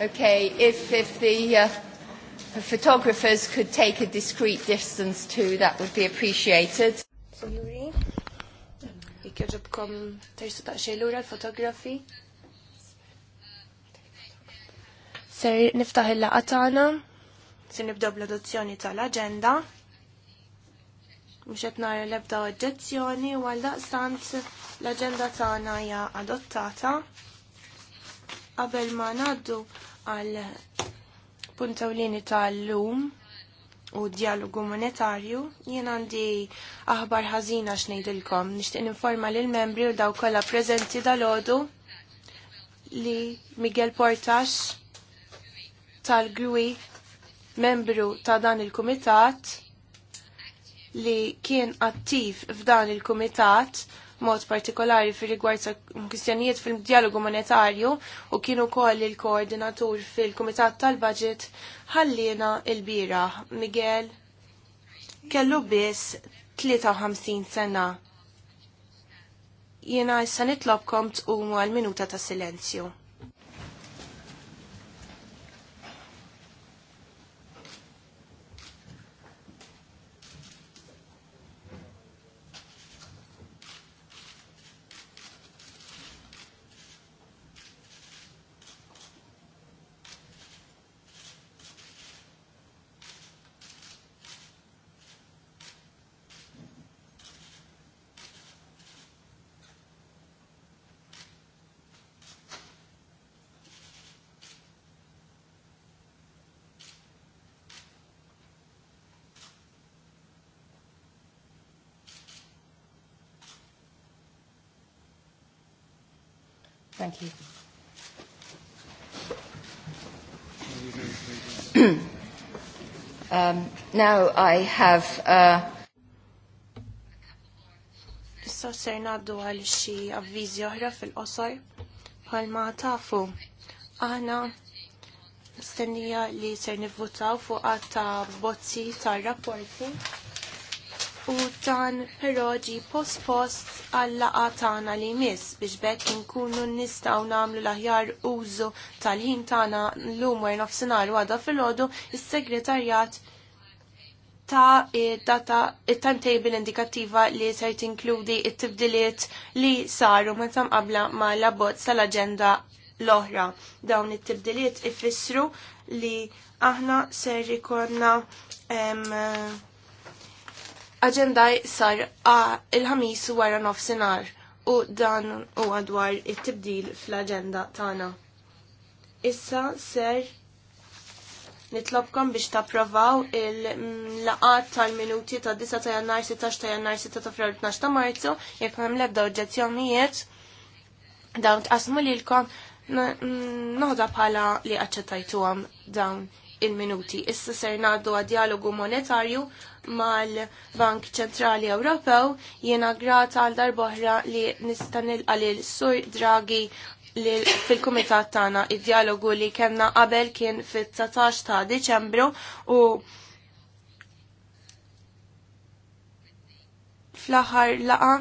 Okay, if, if the uh, photographers could take a discreet distance too, that would be appreciated. Signori, jikġobkom tersu taqxej l-ura l-fotografi. Ser niftaħ il-laqa tagħna, se nibdew bl-adozzjoni tal-aġenda. Mhux qed nara l-ebda oġġezzjoni u għal daqstant l-aġenda tagħna hija adottata. Qabel ma ngħaddu għal puntawlini tal-lum u dialogu monetarju, jien għandi aħbar ħażina x'ngħidilkom. Nixtieq informa lil membri u daw kollha preżenti dal-għodu li Miguel Portax tal-Grui membru ta' dan il-kumitat li kien attiv f'dan il-kumitat mod partikolari fil rigward sa kwistjonijiet fil-dialogu monetarju u kienu koll il-koordinatur fil-Kumitat tal-Budget ħallina il-bira Miguel kellu biss 53 sena. Jena issa nitlobkom tqumu għal-minuta ta' silenzju. Um, now I have uh, Issa ser naddu għal xi avviżi oħra fil-qosor bħalma tafu. Aħna mistennija li ser nivvutaw fuq ta' bozzi ta' rapporti u dan ħeroġi post post għall laqgħa tagħna li jmiss biex bekk inkunu nistgħu nagħmlu l-aħjar użu tal-ħin tagħna llum wara nofsinhar għadha filgħodu is-segretarjat ta' data timetable indikattiva li se tinkludi t tibdiliet li saru meta qabla ma' l-abbozz tal-aġenda l-oħra. Dawn it-tibdiliet ifissru li aħna ser ikonna aġendaj sar il-ħamis wara nofsinhar u dan huwa dwar it-tibdil fl-aġenda tagħna. Issa ser nitlobkom biex tapprovaw il-laqat tal-minuti ta' 9 ta' jannar, 16 ta' jannar, 6 ta' frar, 12 ta' marzu, jek ma' lebda oġġezzjonijiet, dawn tqasmu li l-kom noħda bħala li għacċettajtu dawn il-minuti. Issa ser naddu għad dialogu monetarju mal-Bank Ċentrali Ewropew jiena grata għal darboħra li nista' nilqa' lil Sur Draghi fil-kumitat tagħna id-dialogu li kellna qabel kien fit-19 ta' Diċembru u fl-aħħar laqa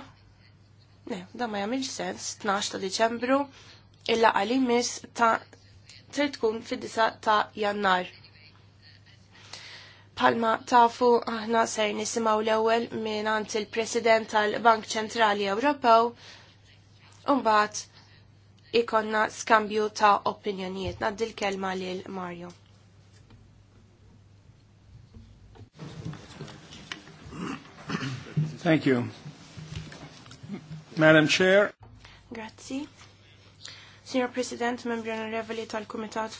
Ne, da ma jagħmilx sens, 12 ta' Diċembru, il-laqa li miss ta' trid tkun fid disa ta' Jannar Palma tafu aħna ser nisimaw l-ewwel minn il-President tal-Bank Ċentrali Ewropew Umbat ikonna skambju ta' opinjonijiet. Naddi l-kelma lil Mario. Thank you. Madam Chair. Grazie. Signor President, membri onorevoli tal-Kumitat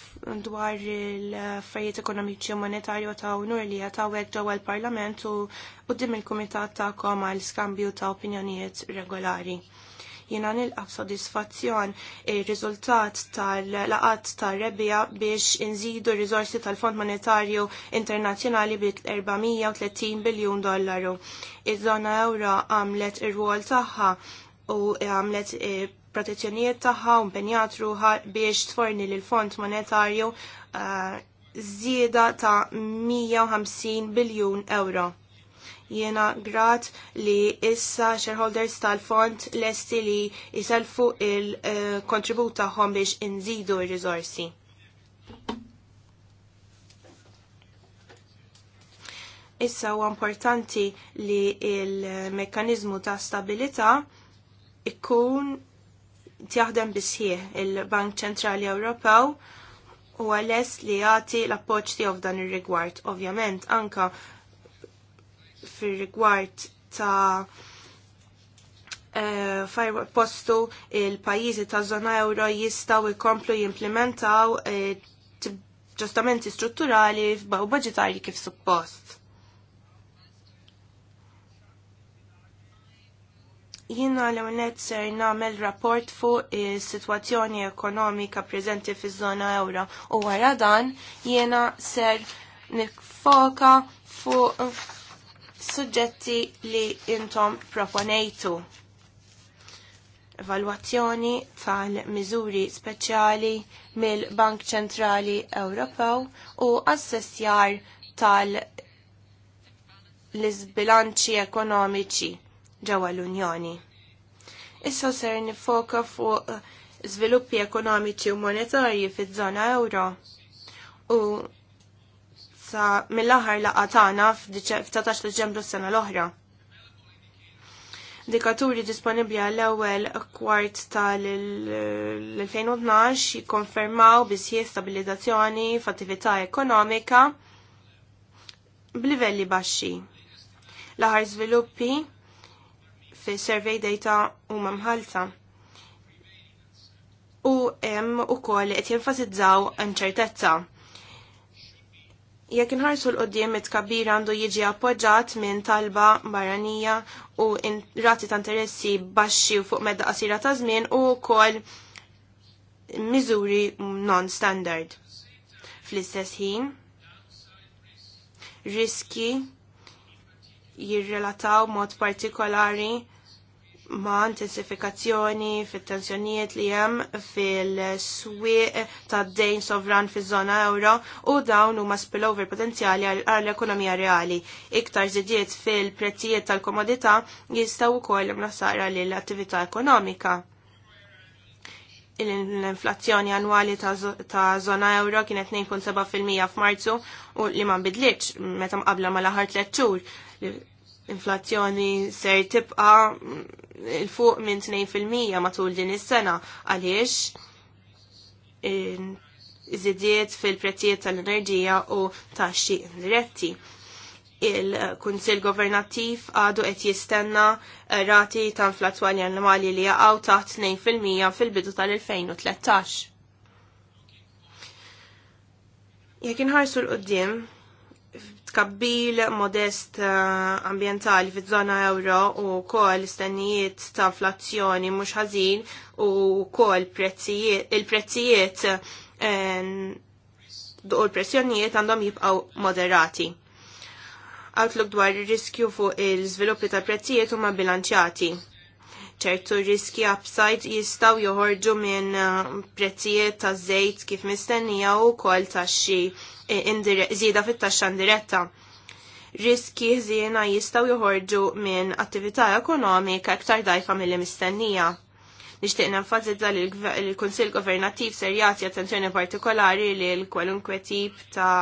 dwar il-Affarijiet Ekonomiċi u Monetarju ta' Unur li għatawek ġewwa l-Parlament u qudiem il-Kumitat koma l skambju ta' opinjonijiet regolari. Jiena nilqab sodisfazzjon ir-riżultat tal-laqat tar-rebija biex inżidu r-riżorsi tal-Fond Monetarju Internazzjonali bi 430 biljun dollaru. Iż-żona ewra għamlet ir-rwol tagħha u għamlet eh, protezzjonijiet tagħha u mpenjat ruħa biex tforni lil fond monetarju eh, żieda ta' 150 biljun euro. Jiena grat li issa shareholders tal-fond lesti li jiselfu il-kontribut eh, tagħhom biex inżidu r-riżorsi. Issa huwa importanti li il mekkaniżmu ta' stabilità ikun tjaħdem bisħieħ il-Bank Ċentrali Ewropew u għales li jagħti l-appoġġ tiegħu f'dan ir-rigward. Ovvjament anka fir-rigward ta' uh, fajr postu il-pajjiżi ta' żona euro jistgħu jkomplu jimplementaw uh, ġustamenti strutturali u budġetarji kif suppost. Jina l-għonet ser namel rapport fuq il-situazzjoni ekonomika prezenti fi zona euro u għara dan jina ser nifoka fuq suġġetti li intom proponejtu. Evalwazzjoni tal-miżuri speċjali mill-Bank Ċentrali Ewropew u assessjar tal-izbilanċi ekonomiċi ġewwa l-Unjoni. Issa ser nifoka fuq eh, żviluppi ekonomiċi u monetarji fiż-żona euro u sa mill-aħħar laqgħa tagħna f'tatax Deċembru s-sena l-oħra indikaturi disponibli għall-ewwel kwart tal-2012 jikkonfermaw bisħie stabilizzazzjoni f'attività ekonomika b'livelli baxxi. L-aħħar żviluppi fil-survey data huma mamħalta. U hemm ukoll qed jenfasizzaw inċertezza. Jekk inħarsu l-qoddim it-kabir għandu jiġi appoġġat minn talba barranija u rati ta' interessi baxxi u fuq medda qasira ta' żmien u wkoll miżuri non-standard. Fl-istess ħin, riski jirrelataw mod partikolari ma' intensifikazzjoni fit-tensjonijiet li hemm fil-swieq ta' dejn sovran fiż-żona euro u dawn huma spillover potenzjali għall ekonomija reali. Iktar żidiet fil-prezzijiet tal-komodità jistgħu wkoll imnasara lill attività ekonomika. L-inflazzjoni annwali ta' żona euro kienet 2.7% f'Marzu u li ma nbidlitx meta mqabla mal laħar 3 xhur inflazzjoni ser tibqa il-fuq minn 2% matul din is-sena għaliex iżidiet fil-prezzijiet tal-enerġija u taxxi indiretti. Il-Kunsil Governattiv għadu qed jistenna rati ta' inflazzjoni annwali li jaqgħu taħt 2% fil-bidu tal-2013. Jekk inħarsu l qudiem tkabbil modest eh, ambientali fi zona euro u kol stennijiet ta' inflazzjoni mhux ħażin u kol il-prezzijiet eh, u l-pressjonijiet għandhom jibqaw moderati. Outlook dwar ir-riskju fuq il-żviluppi tal prezzijiet huma bilanċjati ċertu riski upside jistaw joħorġu minn uh, prezzijiet ta' żejt kif mistennija u kol ta' xi eh, zida fit-taxxa indiretta. Riski ħżiena jistaw joħorġu minn attività ekonomika iktar dajfa mill mistennija. Nixtieq nenfasizza li l-Kunsill Governattiv ser jagħti attenzjoni partikolari lil kwalunkwe tip ta'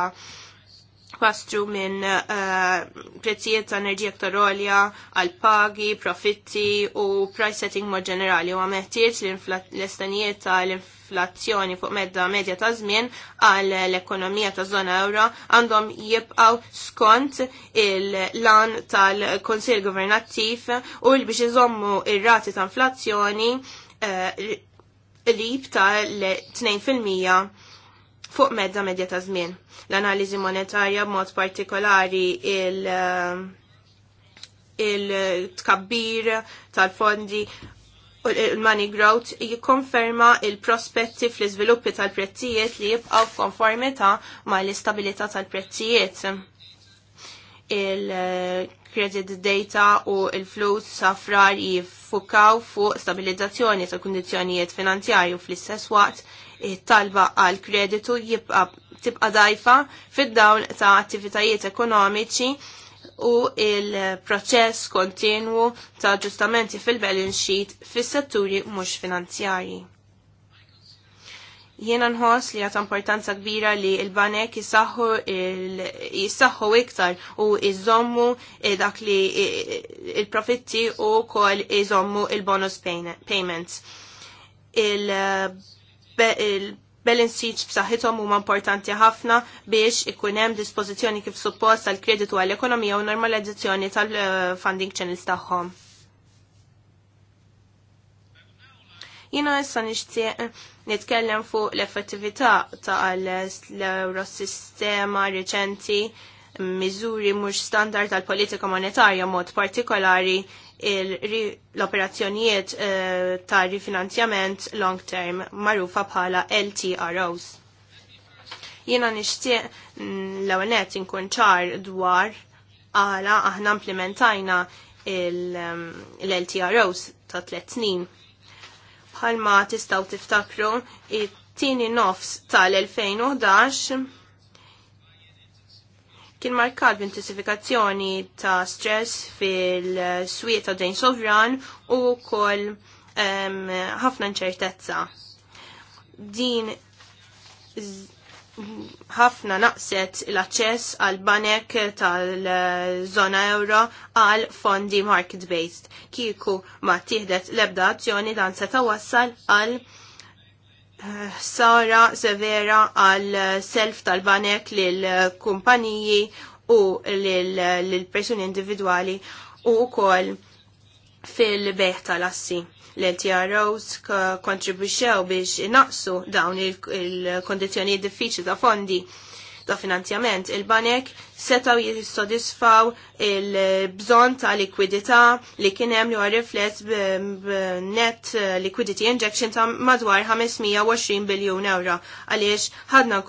pastru minn uh, prezzijiet ta' enerġija ktarolja għal pagi, profitti u price setting mod ġenerali u għamettiet l-estanijiet ta' l-inflazzjoni fuq medda medja ta' żmien għal l-ekonomija ta' zona euro għandhom jibqaw skont il-lan tal-Konsil Governattiv u l biex iżommu ir-rati ta' inflazzjoni uh, eh, li ta' l-2% fuq medda medja ta' żmien. L-analiżi monetarja b'mod partikolari il- eh, il-tkabbir tal-fondi u l-money growth jikkonferma il-prospetti fl-iżviluppi tal-prezzijiet li jibqaw f'konformità ma' l-istabilità tal-prezzijiet. Il-credit eh, data u il-flus safrar jifukaw fuq stabilizzazzjoni tal-kondizjonijiet finanzjarju fl-istess waqt talba għal kreditu jibqa tibqa dajfa fid-dawl ta' attivitajiet ekonomiċi u il-proċess kontinwu ta' ġustamenti fil-balance sheet fis-setturi mhux finanzjarji. Jiena nħoss li għata importanza kbira li il-banek jisaxħu iktar u jizommu dak li il-profitti u kol jizommu il-bonus payments. Il- il-balance sheets b'saħħithom huma importanti ħafna biex ikun hemm dispożizzjoni kif suppost għall kreditu għall ekonomija u normalizzazzjoni tal-funding channels tagħhom. Jina issa nixtieq nitkellem fuq l-effettività tal-eurosistema reċenti miżuri mhux standard tal-politika monetarja mod partikolari l-operazzjonijiet eh, ta' rifinanzjament long term marufa bħala LTROs. Jiena nixtieq mm, l-għonet inkun ċar dwar għala aħna implementajna l-LTROs mm, ta' tliet snin. Bħalma tistgħu tiftakru it-tieni nofs tal-2011 kien markat b'intensifikazzjoni ta' stress fil-swiet ta' dejn sovran u kol ħafna um, nċertezza. Din ħafna naqset l-aċċess għal banek tal-zona euro għal fondi market-based. Kiku ma tieħdet ebda azzjoni dan se wassal għal sara severa għal self tal-banek l-kumpaniji u l-persuni individuali u kol fil-beħ tal-assi. L-LTROs kontribuxew biex naqsu dawn il-kondizjoni diffiċli ta' fondi ta' finanzjament. Il-banek setaw jissodisfaw il-bżon ta' likwidità li kien hemm li għarriflet rifless net liquidity injection ta' madwar 520 biljun euro għaliex ħadna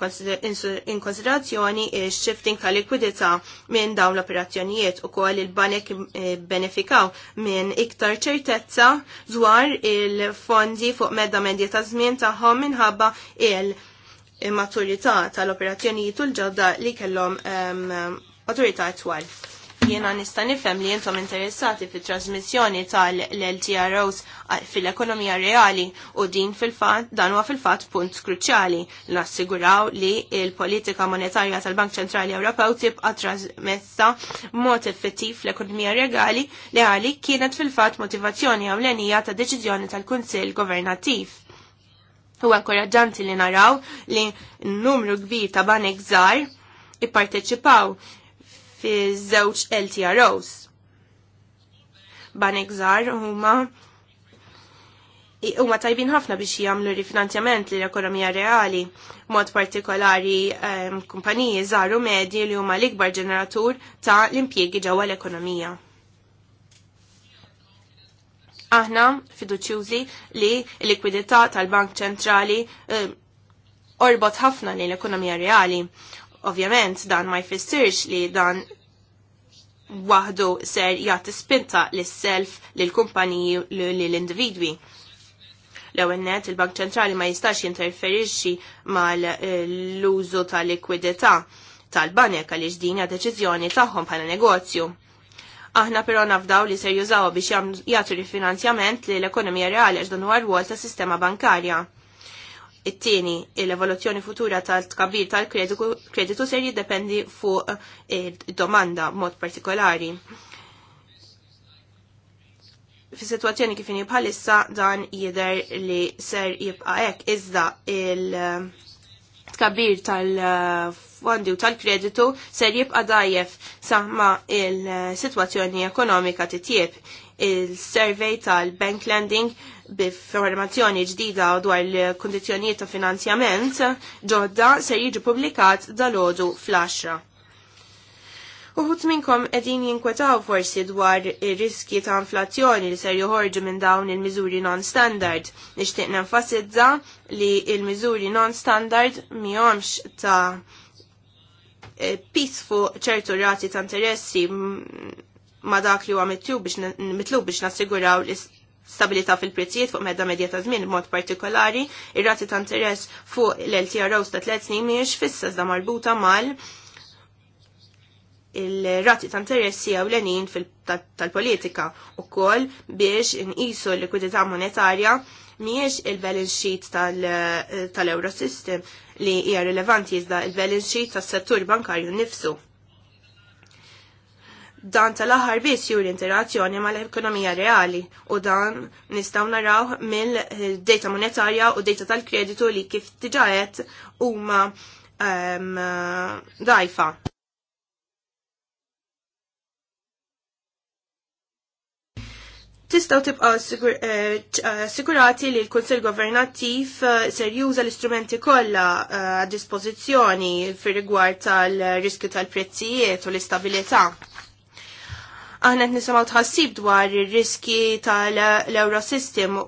in konsiderazzjoni il-shifting ta' likwidità minn dawn l-operazzjonijiet u koll il-banek eh, benefikaw minn iktar ċertezza dwar il-fondi fuq medda zmin ta' żmien tagħhom minħabba il- il maturità tal-operazzjonijiet u l-ġodda li kellhom maturità twal. Jiena nista' nifhem li intom interessati fit trasmissjoni tal-LTROs fil-ekonomija reali u din fil-fatt dan huwa fil-fatt punt kruċjali li nassiguraw li l-politika monetarja tal-Bank Ċentrali Ewropew tibqa' trasmessa mod effettiv l-ekonomija regali li għali kienet fil-fatt motivazzjoni ewlenija ta' deċiżjoni tal-Kunsill Governattiv Huwa inkoraġġanti li naraw li n-numru kbir ta' banek żgħar ipparteċipaw fi żewġ LTROs. Banek żgħar huma huma tajbin ħafna biex jagħmlu rifinanzjament lill ekonomija reali, mod partikolari ehm, kumpaniji żgħar u medji li huma l-ikbar ġeneratur ta' l-impjiegi ġewwa l-ekonomija. Aħna fiduċjużi li l-likwidità tal-Bank Ċentrali eh, orbot ħafna li l-ekonomija reali. Ovvjament dan ma jfissirx li dan waħdu ser jagħti spinta lis-self lill-kumpaniji lill-individwi. L-ewwel net il-Bank Ċentrali ma jistax jinterferixxi mal-użu tal-likwidità tal-banek għaliex din hija deċiżjoni tagħhom bħala negozju. Aħna però nafdaw li ser jużaw biex jagħtu rifinanzjament li l-ekonomija reali għax dan huwa rwol ta' sistema bankarja. It-tieni, l-evoluzzjoni futura tal tkabbir tal-kreditu ser jiddependi fuq domanda mod partikolari. Fi situazzjoni kif bħalissa dan jidher li ser jibqa' hekk iżda il- Kabir tal-fondi u tal-kreditu ser jibqa' dajjef saħma il-sitwazzjoni ekonomika titjieb. Il-survey tal-bank lending b'informazzjoni ġdida dwar l kondizjoniet ta' finanzjament ġodda ser jiġi publikat dal-ħodu fl axra Uħut minnkom edin jinkwetaw forsi dwar ir-riski ta' inflazzjoni li ser joħorġu minn dawn il-miżuri non-standard. Nixtieq nenfasizza li il-miżuri non-standard miħomx ta' e, pisfu ċertu rati ta' interessi ma dak li huwa mitlu biex nassiguraw stabilità fil-prezzijiet fuq medda medja ta' żmien b'mod partikolari, ir-rati ta' interess fuq l-LTROs ta' tliet snin mhijiex fissa da marbuta mal il-rati ta' interessi lenin tal-politika u koll biex n-isu l-likwidità monetarja miex il-balance sheet tal-Eurosystem li hija rilevanti iżda il-balance sheet tas-settur bankarju nifsu. Dan tal-aħħar biss juri interazzjoni mal-ekonomija reali u dan nistgħu naraw mill-data monetarja u data tal-kreditu li kif diġa huma ehm, dajfa. tistaw tibqa eh, eh, assigurati li l-Kunsil Governattiv eh, ser juża l-istrumenti kollha a dispożizzjoni fir rigward tal-riskju tal-prezzijiet u l-istabilità. Aħna qed nisimgħu tħassib dwar ir-riski tal-Eurosystem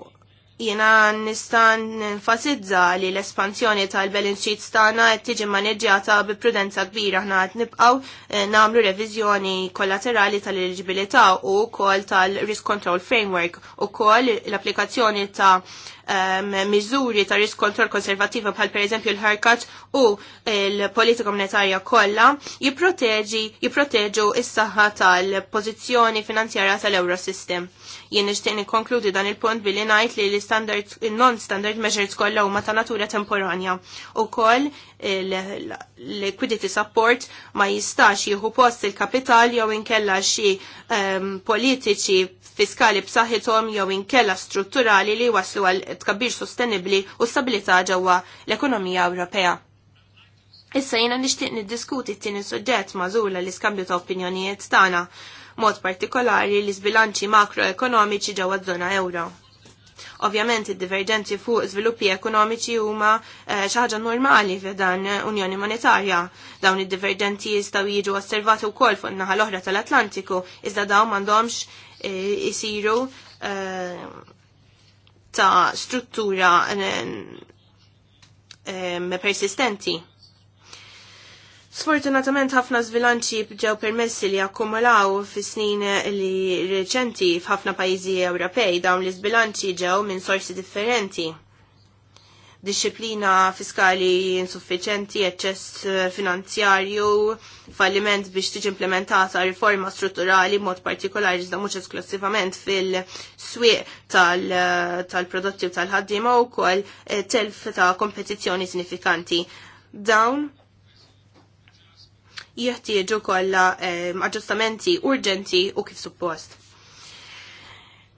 Jiena nista' nfasidza li l-espansjoni tal-balance sheets tagħna qed tiġi maneġġjata bi prudenza kbira aħna qed nibqgħu eh, nagħmlu reviżjoni kollaterali tal-eliġibilità u wkoll tal-risk control framework u kol l-applikazzjoni ta' ehm, miżuri ta' risk control konservativa bħal eżempju l haircut u l-politika monetarja kollha jipproteġi jipproteġu s-saħħa tal-pożizzjoni finanzjarja tal-Eurosystem. Jien nixtieq nikkonkludi dan il-punt billi ngħid li l-standard non-standard measures kollha huma ta' natura temporanja. Ukoll l-liquidity support ma jistax jieħu post il-kapital jew inkella xi um, politiċi fiskali b'saħħithom jew inkella strutturali li waslu għal tkabbir sostenibbli u stabilità ġewwa l-ekonomija Ewropea. Issa jiena nixtieq niddiskuti t-tieni suġġett magħżula l-iskambju ta' opinjonijiet tagħna mod partikolari li sbilanċi makroekonomiċi ġewwa żona euro. Ovvjament id-divergenzi fuq żviluppi ekonomiċi huma eh, xi ħaġa normali f'dan eh, Unjoni Monetarja. Dawn id-divergenti jistgħu jiġu osservati wkoll fuq in-naħa l-oħra tal-Atlantiku, iżda dawn m'għandhomx eh, isiru ta' struttura persistenti Sfortunatament ħafna zvilanċi ġew permessi li akkumulaw fis-snin li reċenti f'ħafna pajjiżi Ewropej dawn l zbilanċi ġew minn sorsi differenti. Disciplina fiskali insuffiċenti, eċċess eh, finanzjarju, falliment biex tiġi implementata riforma strutturali mod partikolari iżda mhux esklusivament fil-swieq eh, tal-prodotti tal u tal-ħaddiema wkoll eh, telf ta' kompetizzjoni sinifikanti. Dawn jeħtieġu kollha ehm, aġġustamenti urġenti u kif suppost.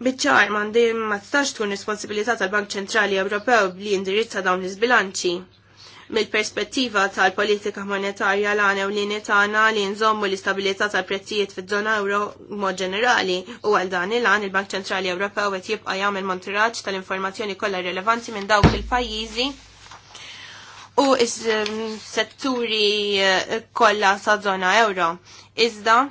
Biċċar mandi ma tistax tkun responsabilità tal-Bank Ċentrali Ewropew li indirizza dawn l-isbilanċi mill-perspettiva tal-politika monetarja l-għana u l-lini tagħna li nżommu l-istabilità tal-prezzijiet fil żona euro mod ġenerali u għal dan il-għan il-Bank Ċentrali Ewropew qed jibqa' jagħmel monitoraġġ tal-informazzjoni kollha rilevanti minn dawk il-pajjiżi u is-setturi e, kollha sa' zona euro. Iżda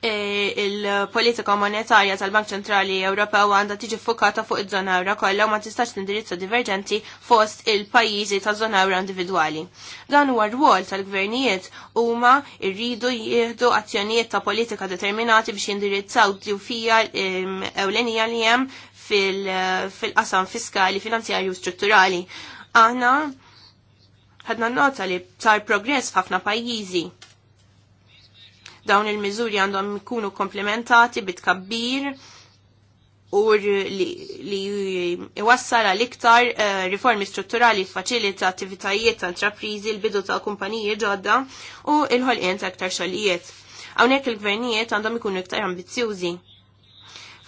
e, il-politika monetarja tal-Bank Ċentrali Ewropew għandha tiġi fukata fuq iż-żona euro kollha u ma tistax tindirizza diverġenti fost il-pajjiżi ta' żona euro individwali. Dan huwa rwol tal-gvernijiet huma rridu jieħdu azzjonijiet ta' politika determinati biex jindirizzaw djufija ewlenija li hemm fil-qasam fiskali, finanzjarju u strutturali. Aħna ħadna nota li sar progress f'ħafna pajjiżi. Dawn il-miżuri għandhom ikunu komplementati bitkabbir u li iwassal għal iktar uh, riformi strutturali faċilita attivitajiet ta' intraprizi l-bidu ta' kumpaniji ġodda u il-ħolqien ta' iktar xogħlijiet. Hawnhekk il-gvernijiet għandhom ikunu iktar ambizzjużi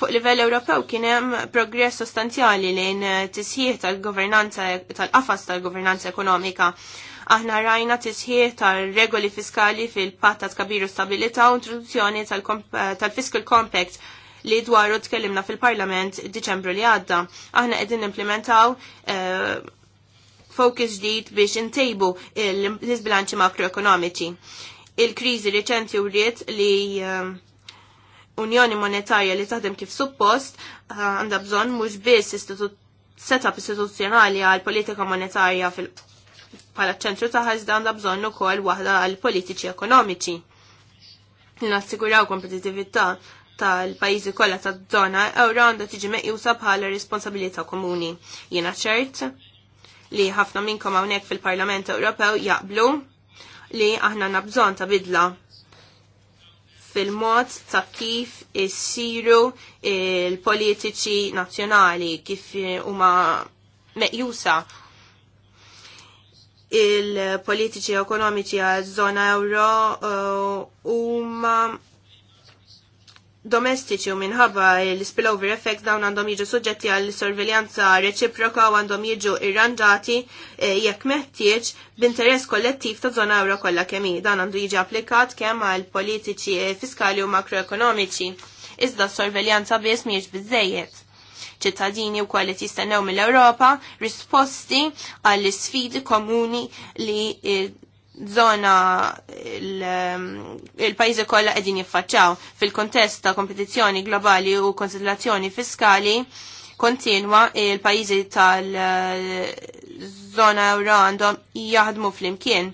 Fuq livell Ewropew kien hemm progress sostanzjali lejn eh, tisħiħ tal-governanza tal-qafas tal-governanza ekonomika. Aħna rajna tisħiħ tal-regoli fiskali fil-patta tkabiru stabilita u introduzzjoni eh, tal-fiscal compact li dwaru tkellimna fil-Parlament Diċembru li għadda. Aħna qegħdin implementaw eh, focus ġdid biex intejbu l isbilanċi makroekonomiċi. Il-kriżi reċenti u li unjoni monetarja li taħdem kif suppost eh, għandha bżonn mhux biss istitut setup istituzzjonali għal politika monetarja fil pala ċentru ta' iżda għandha bżonn ukoll waħda għal politiċi ekonomiċi. Nassiguraw kompetitività tal-pajjiżi kollha tad-żona ewra għandha tiġi meqjusa bħala responsabilità komuni. Jiena ċert li ħafna minnkom hawnhekk fil-Parlament Ewropew jaqblu li aħna nabżon ta' bidla fil-mod ta' kif issiru il-politiċi nazzjonali, kif eh, huma meqjusa il-politiċi ekonomiċi għaż-żona euro eh, huma uh, domestiċi u minħabba l-spillover effect dawn għandhom jiġu suġġetti għall sorveljanza reċiproka u għandhom jiġu irranġati e, jekk meħtieġ b'interess kollettiv ta' zona euro kollha kemm dan għandu jiġi applikat kemm għal politiċi e, fiskali u makroekonomiċi. Iżda s-sorveljanza biss mhijiex biżejjed. ċittadini u kolli jistennew mill-Ewropa risposti għall sfidi komuni li e, zona ehm, il-pajzi kolla edin jiffaċċaw fil-kontest ta' kompetizzjoni globali u konsiderazzjoni fiskali kontinwa il-pajzi tal-zona eh, euro għandhom jaħdmu fl-imkien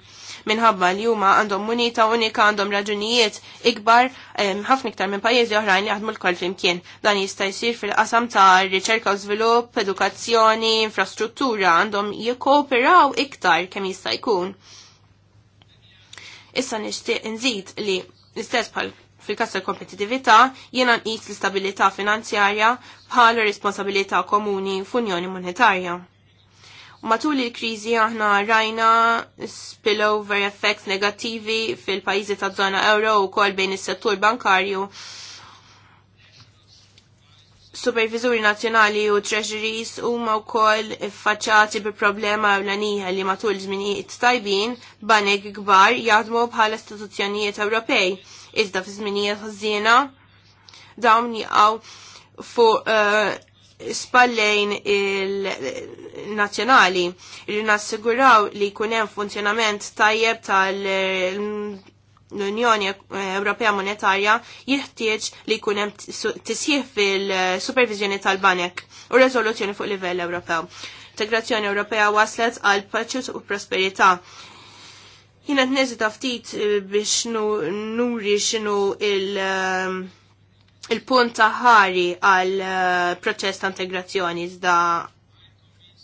minħabba li huma għandhom munita unika għandhom raġunijiet ikbar ehm, ħafna iktar minn pajjiżi oħrajn jaħdmu l-koll flimkien. Dan jista' jsir fil-qasam ta' riċerka u żvilupp, edukazzjoni, infrastruttura għandhom jikkooperaw iktar kemm jista' jkun. Issa nixtieq nżid li l-istess bħal fil-kas tal-kompetitività jiena nqis l-istabilità finanzjarja bħal responsabilità komuni f'Unjoni Monetarja. Matul il-krizi aħna rajna spillover effects negativi fil-pajizi ta' zona euro u kol bejn is-settur bankarju supervizuri nazjonali u treasuries huma wkoll iffaċċati bi problema ewlenija li matul żminijiet tajbin banek kbar jaħdmu bħala istituzzjonijiet Ewropej. Iżda fi żminijiet ħażiena dawn jaqgħu fuq uh, spallejn il-nazjonali li nassiguraw li jkun hemm funzjonament tajjeb tal l-Unjoni Ewropea Monetarja jeħtieġ li jkun hemm tisjih fil-supervizjoni tal-banek u rezoluzzjoni fuq livell Ewropew. Integrazzjoni Ewropea waslet għal paċu u prosperità. Jina t-nezita ftit eh, biex nuri xinu il- eh, il-punt taħari għal eh, proċess ta' integrazzjoni iżda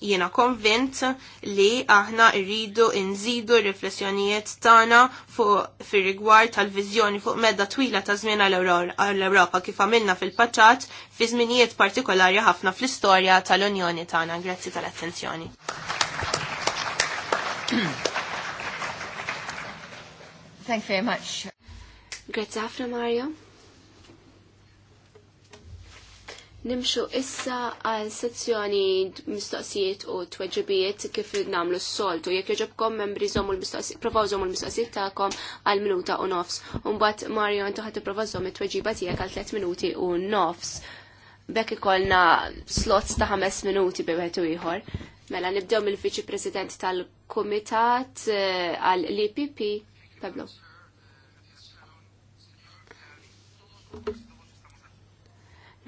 jiena konvint li aħna rridu nżidu riflessjonijiet tagħna fuq fir-rigward tal-viżjoni fuq medda twila ta' żmien għall-Ewropa kif għamilna fil-paċċat fi żminijiet partikolari ħafna fl-istorja tal-Unjoni tagħna. Grazzi tal-attenzjoni. Thank you very much. Grazzi ħafna Mario. Nimxu issa għal sezzjoni mistoqsijiet u tweġibiet kif namlu s-soltu. Jek joġobkom membri zomu l-mistoqsijiet, provaw zomu l-mistoqsijiet ta'kom għal minuta u nofs. Umbat Mario, intu ħat provaw zomu t-tweġiba tijek għal 3 minuti u nofs. Bek ikolna slots ta' 5 minuti bebet u iħor. Mela, nibdew mill-Viċi President tal-Komitat eh, għal l-IPP. Pablo.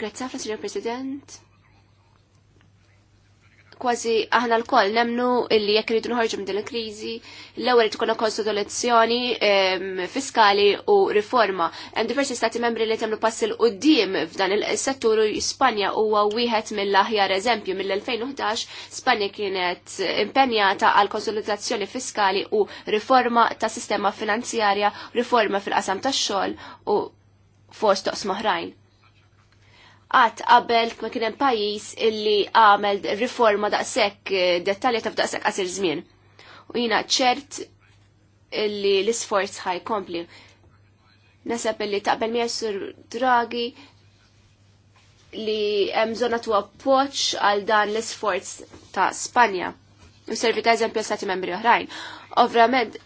Grazie, ħafna, Sir President. Kważi aħna l-koll nemnu illi jekk rridu nħorġu minn din il-kriżi, l-ewwel tkun konsolidazzjoni ehm, fiskali u riforma. Hemm diversi stati membri li temlu pass il qudiem f'dan il-settur u Spanja huwa wieħed mill-aħjar eżempju mill-2011 Spanja kienet impenjata għal konsolidazzjoni fiskali u riforma ta' sistema finanzjarja, riforma fil-qasam tax-xogħol u fost toqs moħrajn Għat qabel ma kien hemm pajjiż illi għamel riforma daqshekk eh, dettalja ta' daqshekk qasir żmien. U jiena ċert illi l-isforz ħajkompli. Nasab illi taqbel mi dragi. li hemm bżonn tu appoġġ għal dan l-isforz ta' Spanja. U servi eżempju stati membri oħrajn. Ovvjament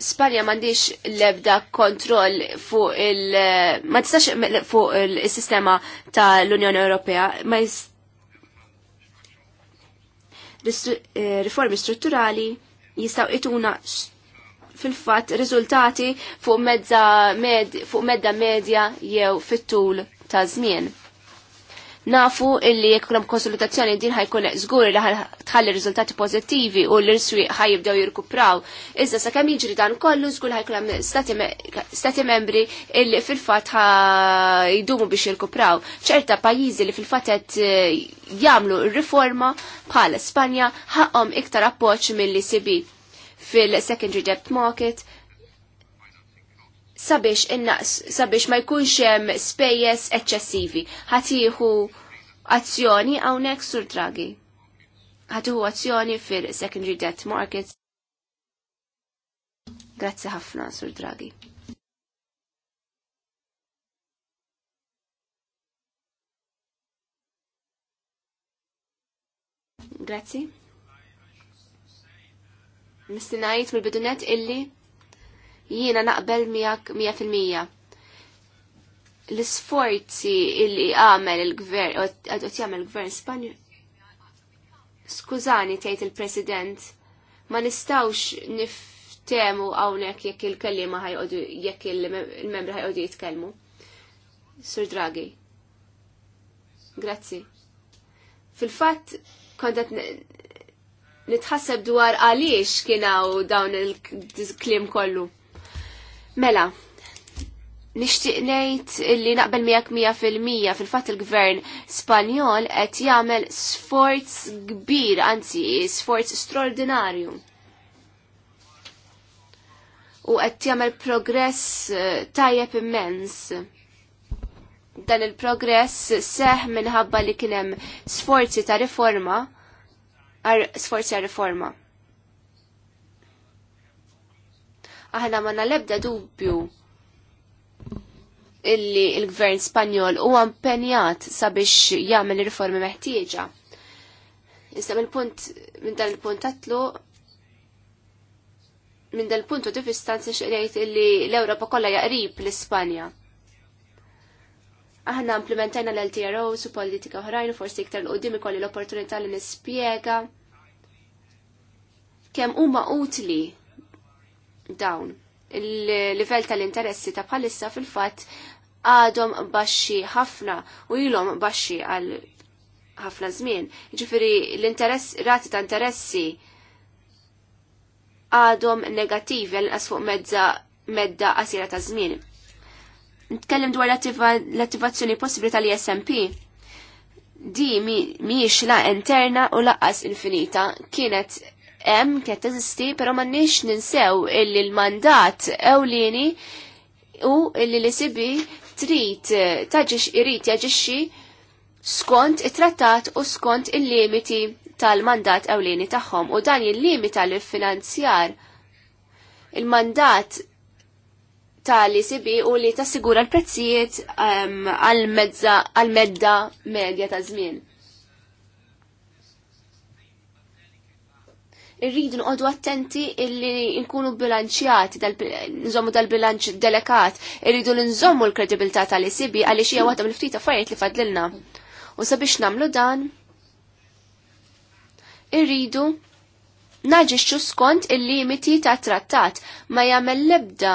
Spanja mandiċ lebda kontroll fuq il- ma tistax fuq il-sistema tal-Unjoni Ewropea, ma eh, riformi strutturali jistaw ituna fil-fat riżultati fuq medda, medja jew fit-tul ta' żmien. Nafu illi jekk konsultazzjoni din ħajkun żgur li tħalli riżultati pożittivi u l-irswieq ħajibdew jirkupraw. Iżda sakemm jiġri dan kollu zgur ħajkun stati membri illi fil-fatt jdumu biex jirkupraw. ċerta pajjiżi li fil-fatt qed eh, jagħmlu r-riforma bħala Spanja ħaqhom iktar appoġġ mill sibi fil-secondary debt market sabiex innaqs sabiex ma jkunx hemm spejjeż eċċessivi. ħadd jieħu azzjoni hawnhekk sur dragi. Ħatiħu azzjoni fil-secondary debt markets. Grazzi ħafna sur dragi. Grazzi. Mistinajt mill-bidunet illi jiena naqbel miegħek 100%. L-isforzi li għamel il-gvern, għadot jagħmel il-gvern Spanju. Skużani tgħid il-President, ma nistawx niftemu hawnhekk jekk il-kellima ħajqodu jekk il-membri ħajqogħdu jitkellmu. Sur Draghi. Grazzi. Fil-fatt kontet nitħasseb dwar għaliex kienaw dawn il-klim kollu. Mela, nixtieq ngħid li naqbel miegħek mija fil-mija fil-fatt il-gvern Spanjol qed jagħmel sforz kbir, anzi sforz straordinarju. U qed jagħmel progress eh, tajjeb immens dan il-progress seħ minħabba li kienem sforzi ta' riforma, ar, sforzi ta' riforma. aħna ma nalebda dubju illi il-gvern Spanjol huwa għampenjat sabiex jagħmel il riformi meħtieġa. Issa mill-punt minn dan il-punt tatlu minn dal punt u tifistanzi xqrejt illi l-Ewropa kollha jaqrib l-Ispanja. Aħna implementajna l ltro u politika uħrajn, u forsi iktar l-qoddim ikolli l-opportunità li nispjega kemm huma utli dawn. Il-livell tal-interessi ta' bħalissa fil-fatt għadhom baxxi ħafna u ilhom baxxi għal ħafna żmien. Ġifieri l-interess rati ta' interessi għadhom negattivi għal inqas fuq mezza medda qasira ta' żmien. Nitkellem dwar l-attivazzjoni possibbli tal-ISMP. Di miex la interna u laqqas infinita kienet hemm kien teżisti, però m'għandniex ninsew illi l-mandat ewlieni u illi li sibi trid taġix irid jaġixxi skont it-trattat u skont il-limiti tal-mandat ewlieni tagħhom u dan jillimita l-finanzjar il-mandat tal-Li sibi u li tassigura l-prezzijiet ehm, għal-medda medja ta' żmien. irridu nqodu attenti illi nkunu bilanċjati, nżommu dal-bilanċ delekat, irridu nżommu l-kredibilità tal-isibi għaliex hija waħda mill-ftit affarijiet li fadlilna. U sabiex namlu dan, irridu naġiċu skont il-limiti ta' trattat ma jagħmel lebda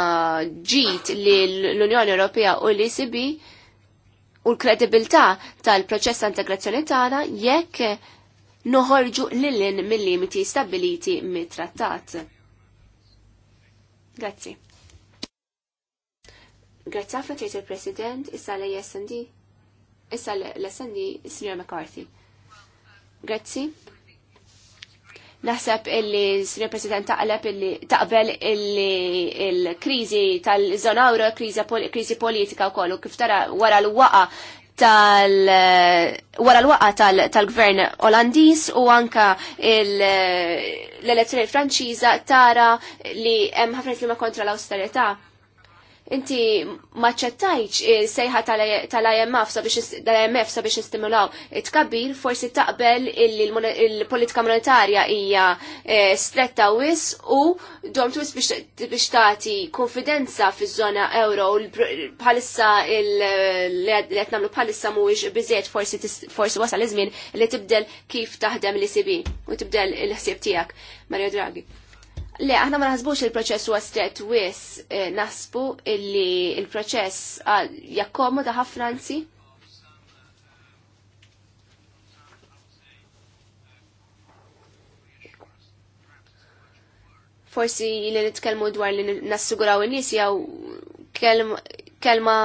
ġit li l-Unjoni Ewropea u l-ECB u l-kredibilità tal-proċess ta' integrazzjoni tagħna jekk noħorġu lillin mill-limiti stabiliti mit-trattat. Grazzi. Grazzi għafna tejt il-President, issa l-SND, issa l-SND, Sr. McCarthy. Grazzi. Naħseb illi Sr. President taqleb illi taqbel illi il-krizi tal zonawra krizi politika u kollu, kif tara wara l-waqa tal eh, wara l-waqa tal-gvern tal Olandiż u anka eh, l-elezzjoni Franċiża tara li hemm ħafna kontra l-austerità inti maċċettajċ eh, sejħa tal-IMF sabiex tal imf sabiex istimulaw it-kabir, forsi taqbel il-politika monetarja hija eh, stretta wis u dom twis biex tagħti konfidenza fiż-żona euro bħalissa li qed nagħmlu bħalissa mhuwiex biżejjed forsi forsi wasal iż-żmien li tibdel kif taħdem l-ECB u tibdel il-ħsieb tiegħek. Mario Draghi. Le, aħna ma naħsbux il-proċess huwa stret wis eh, naħsbu illi il-proċess ah, jakkomu ħafna anzi. Forsi li nitkellmu dwar li nassuguraw in-nies jew kelma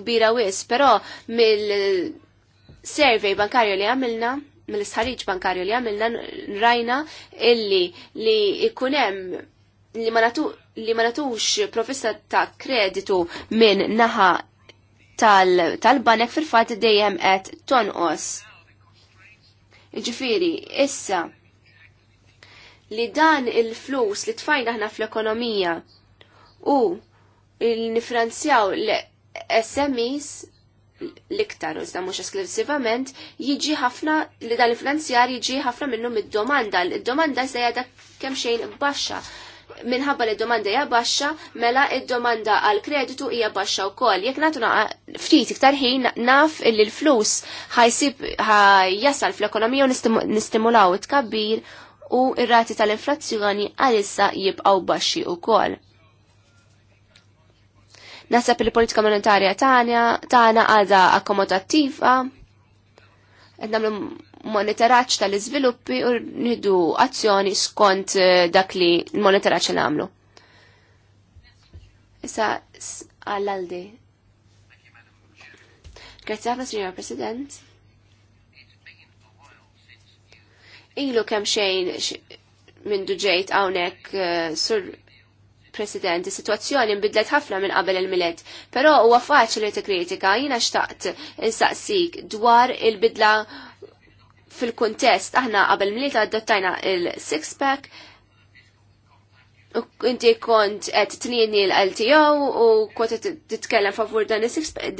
kbira wis, però mill-survey bankarju li għamilna mill-sħariġ bankarju li għamilna rajna illi li ikunem li ma natu li ma natux professa ta' kreditu minn naħa tal-banek tal fil-fat dejjem qed tonqos. Ġifiri, issa li dan il-flus li tfajna ħna fl-ekonomija u il-nifranzjaw l-SMEs l-iktar, iżda mhux esklusivament, jiġi ħafna li dan il finanzjar jiġi ħafna minnu mid-domanda. Id-domanda se jgħadha kemm xejn baxxa. Minħabba li d-domanda hija baxxa, mela id-domanda għal kreditu hija baxxa wkoll. Jekk nagħtu ftit iktar ħin naf li l-flus ħajsib jasal fl-ekonomija u nistimulaw it-kabbir u ir-rati tal-inflazzjoni għalissa jibqgħu baxxi wkoll. Nasab il-politika monetarja tagħna għadha akkomodattiva, qed nagħmlu monitoraġġ tal-iżviluppi u nħidu azzjoni skont eh, dak li l-monitoraġġ li nagħmlu. Issa għall-aldi. Grazie ħafna, Signor President. Ilu kemm xejn minn duġejt hawnhekk eh, sur President, is-sitwazzjoni ħafna minn qabel il-milet, però huwa faċli tikkritika jiena xtaqt insaqsik dwar il-bidla fil-kuntest aħna qabel milet adottajna il-six pack inti kont qed tnieni l-LTO u kont titkellem favur dan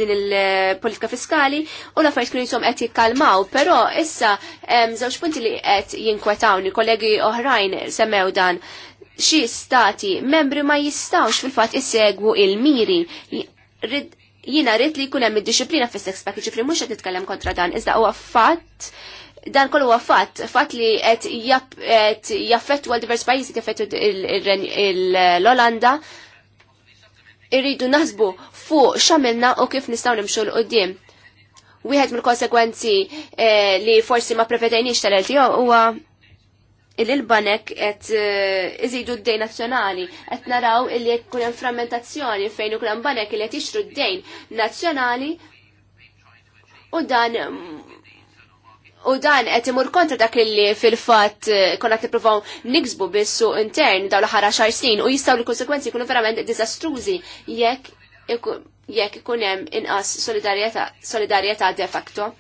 din il-politika fiskali u la fajt kunisom qed jikkalmaw, pero issa żewġ punti li qed jinkwetawni kollegi oħrajn semmew dan xi stati membri ma jistawx fil-fatt issegwu il-miri. Jina rrit li kunem id-disciplina fis sex package, ġifri mux nitkellem kontra dan, iżda huwa fatt dan kollu huwa fatt, fatt li qed jaffettu għal divers pajjiżi jaffettu l-Olanda, irridu naħsbu fuq xamilna u kif nistgħu nimxu l-qudiem. Wieħed mill-konsekwenzi eh, li forsi ma prevedejniex tal-LTO huwa il-banek et eh, iżidu d-dejn nazjonali, et naraw il li hemm frammentazzjoni fejn ikun kunem banek li qed d-dejn nazzjonali u dan u dan qed imur kontra dak li fil-fatt eh, konna qed nippruvaw niksbu bis intern dawn l-ħara xar snin u jistgħu l-konsekwenzi jkunu verament diżastrużi jekk jekk ikun hemm inqas solidarjetà de facto.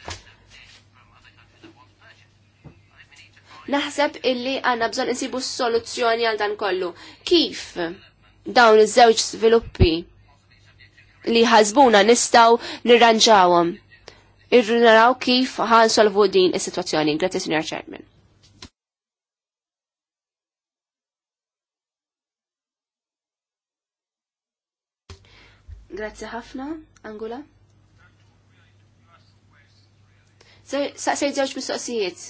Naħseb illi għanna bżon insibu soluzzjoni għal dan kollu. Kif dawn iż-żewġ sviluppi li ħazbuna nistaw nirranġawhom? Irru naraw kif solvu din is-sitwazzjoni. Grazie, Sr. Chairman. Grazie ħafna, Angula. Saqsej ġewġ mistoqsijiet,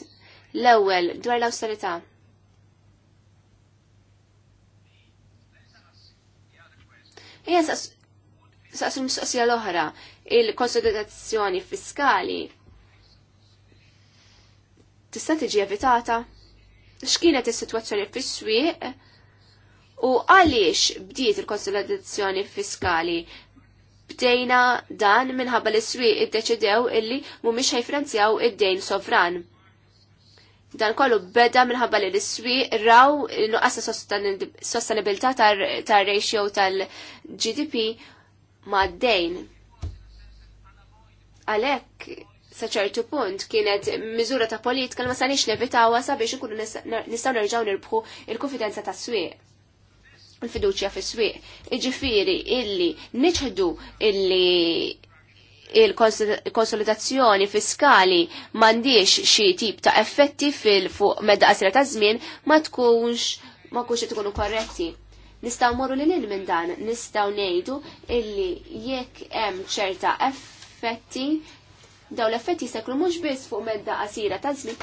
L-ewwel dwar l-awsterità. Ejja saqsu mistoqsija l-oħra, il-konsolidazzjoni fiskali tista' tiġi evitata? X'kienet is-sitwazzjoni fis-swieq u għaliex bdiet il-konsolidazzjoni fiskali? Bdejna dan minħabba li s-swieq iddeċidew illi mhumiex ħajfranzjaw id-dejn sovran. Dan kollu beda minħabba li l-iswi raw nuqqasa sostenibilità tar-ratio tal-GDP ma' d-dejn. Għalek, saċertu punt, kienet miżura ta' politika li ma sanix għasa sabiex nkunu nistaw nerġaw nirbħu il-konfidenza ta' swieq il-fiduċja fis swieq Iġifiri illi niċħdu illi il-konsolidazzjoni fiskali mandiex xi tip ta' effetti fil-fuq medda qasra ta' żmien ma tkunx ma kunx tkunu korretti. Nistgħu morru lil minn dan, nistgħu ngħidu illi jekk hemm ċerta effetti daw l-effetti jistaklu mhux biss fuq medda qasira ta' żmien,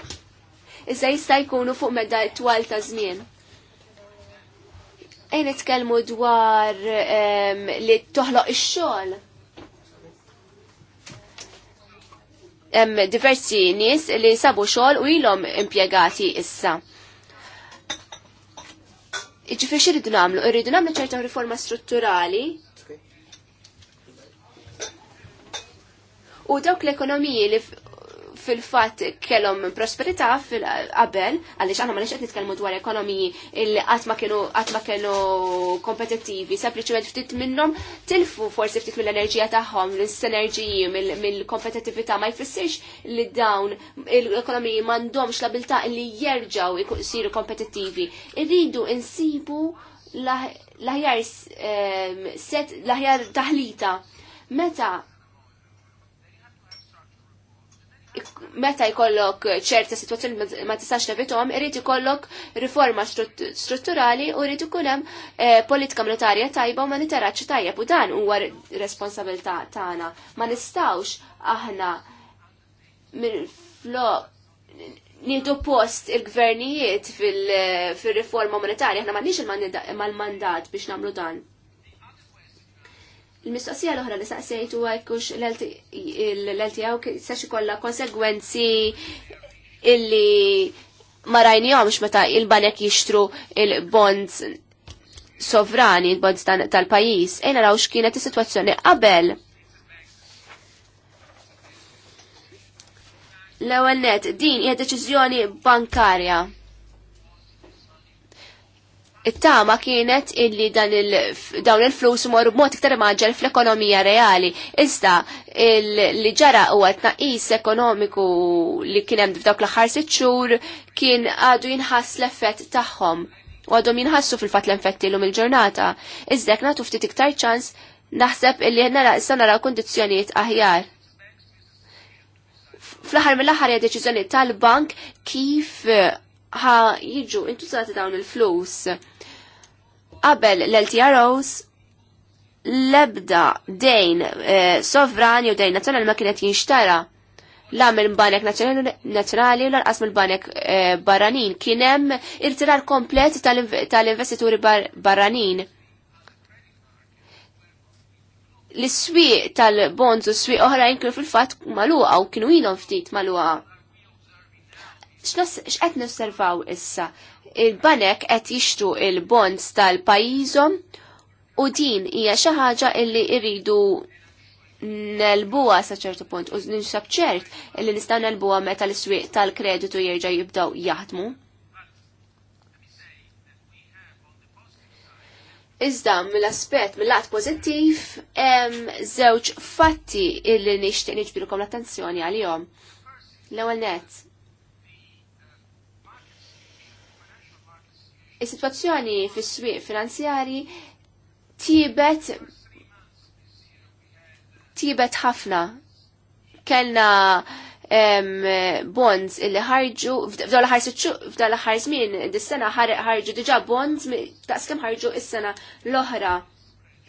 iżda jista' jkunu fuq medda twal ta' żmien. Ejn nitkellmu dwar ehm, li toħloq ix-xogħol hemm diversi nies li sabu xogħol u ilhom impjegati issa. Ġifieri x'iridu nagħmlu? Irridu nagħmlu ċerta riforma strutturali u dawk l-ekonomiji li fil-fat kellhom prosperità fil-qabel, għaliex aħna ma qed nitkellmu dwar ekonomiji illi qatt ma kienu qatt ma kienu kompetittivi, sempliċement ftit minnhom tilfu forsi ftit mill-enerġija tagħhom, l-sinerġiji mill-kompetittività ma jfissirx li dawn l-ekonomiji m'għandhomx l-abilità li jerġgħu jsiru kompetittivi. Irridu insibu l-aħjar set l-aħjar taħlita meta meta jkollok ċerta situazzjoni ma tistax tevitom, irrid ikollok riforma strutturali u rrid ikun hemm eh, politika monetarja tajba u monitoraġġ tajjeb u dan huwa responsabilità tagħna. Ma nistgħux aħna flo nieħdu post il-gvernijiet fil-riforma monetarja, aħna m'għandniex il-mandat biex nagħmlu dan. Il-mistoqsija l-oħra li saqsejtu għajkux l-LTO sax ikolla konsegwenzi illi ma rajnijomx meta il-banek jixtru il-bonds sovrani, il-bonds tal-pajis. Ejna raw x'kienet is-sitwazzjoni qabel. L-ewwel net, din hija deċiżjoni bankarja it-tama kienet illi dan il dawn il-flus mor b'mod iktar maġġel fl-ekonomija reali. Iżda li ġara u naqis ekonomiku li kien hemm f'dawk l-aħħar sitt xhur kien għadu jinħass l-effett tagħhom. U għadhom jinħassu fil-fatt l-infetti l il-ġurnata. Iżda nagħtu ftit iktar ċans naħseb illi nara issa nara kundizzjonijiet aħjar. Fl-aħħar mill-aħħar hija deċiżjoni tal-bank kif ħa jiġu intużati dawn il-flus. Qabel l-LTROs lebda dejn eh, sovrani u dejn nazzjonali ma kienet jinxtara la mill banek nazzjonali u l-arqas mill banek eh, barranin kien hemm irtirar komplet tal-investituri barranin. l swi tal-bonds u swieq oħrajn kienu fil-fatt maluqa u kienu jilhom ftit maluqa x'qed nosservaw issa? Il-banek qed jixtru il-bonds tal-pajjiżhom u din hija xi ħaġa illi jridu nelbuha sa ċertu punt u ninsab ċert illi nistgħu nelbuha meta l-iswieq tal-kreditu jerġa' jibdew jaħdmu. Iżda mill-aspett mill-lat pożittiv hemm żewġ fatti illi nixtieq niġbilkom l-attenzjoni għalihom. L-ewwel nett, Is-sitwazzjoni fis-swieq finanzjari tibet tibet ħafna. Kellna bonds illi ħarġu, f'dawla sitxu f'dawla żmien dis-sena ħarġu diġa bonds, daqskem ħarġu is-sena l-oħra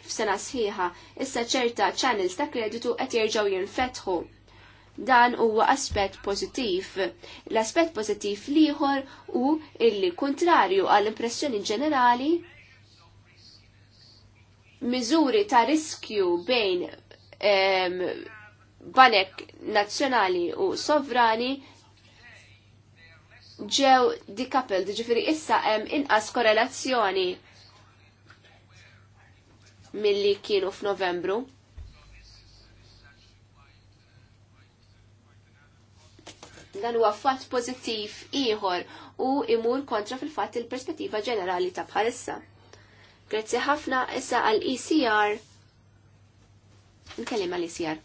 f'sena sħiħa. Issa ċerta channels ta' kreditu qed jerġgħu jinfetħu dan huwa aspett pożittiv. L-aspett pożittiv liħor u illi kontrarju għall-impressjoni ġenerali miżuri ta' riskju bejn em, banek nazzjonali u sovrani ġew decoupled, ġifiri issa hemm inqas korrelazzjoni milli kienu f'Novembru. dan huwa fatt pożittiv ieħor u imur kontra fil-fatt il-perspettiva ġenerali ta' bħalissa. Grazzi ħafna issa għal ECR. Nkellim għal ECR.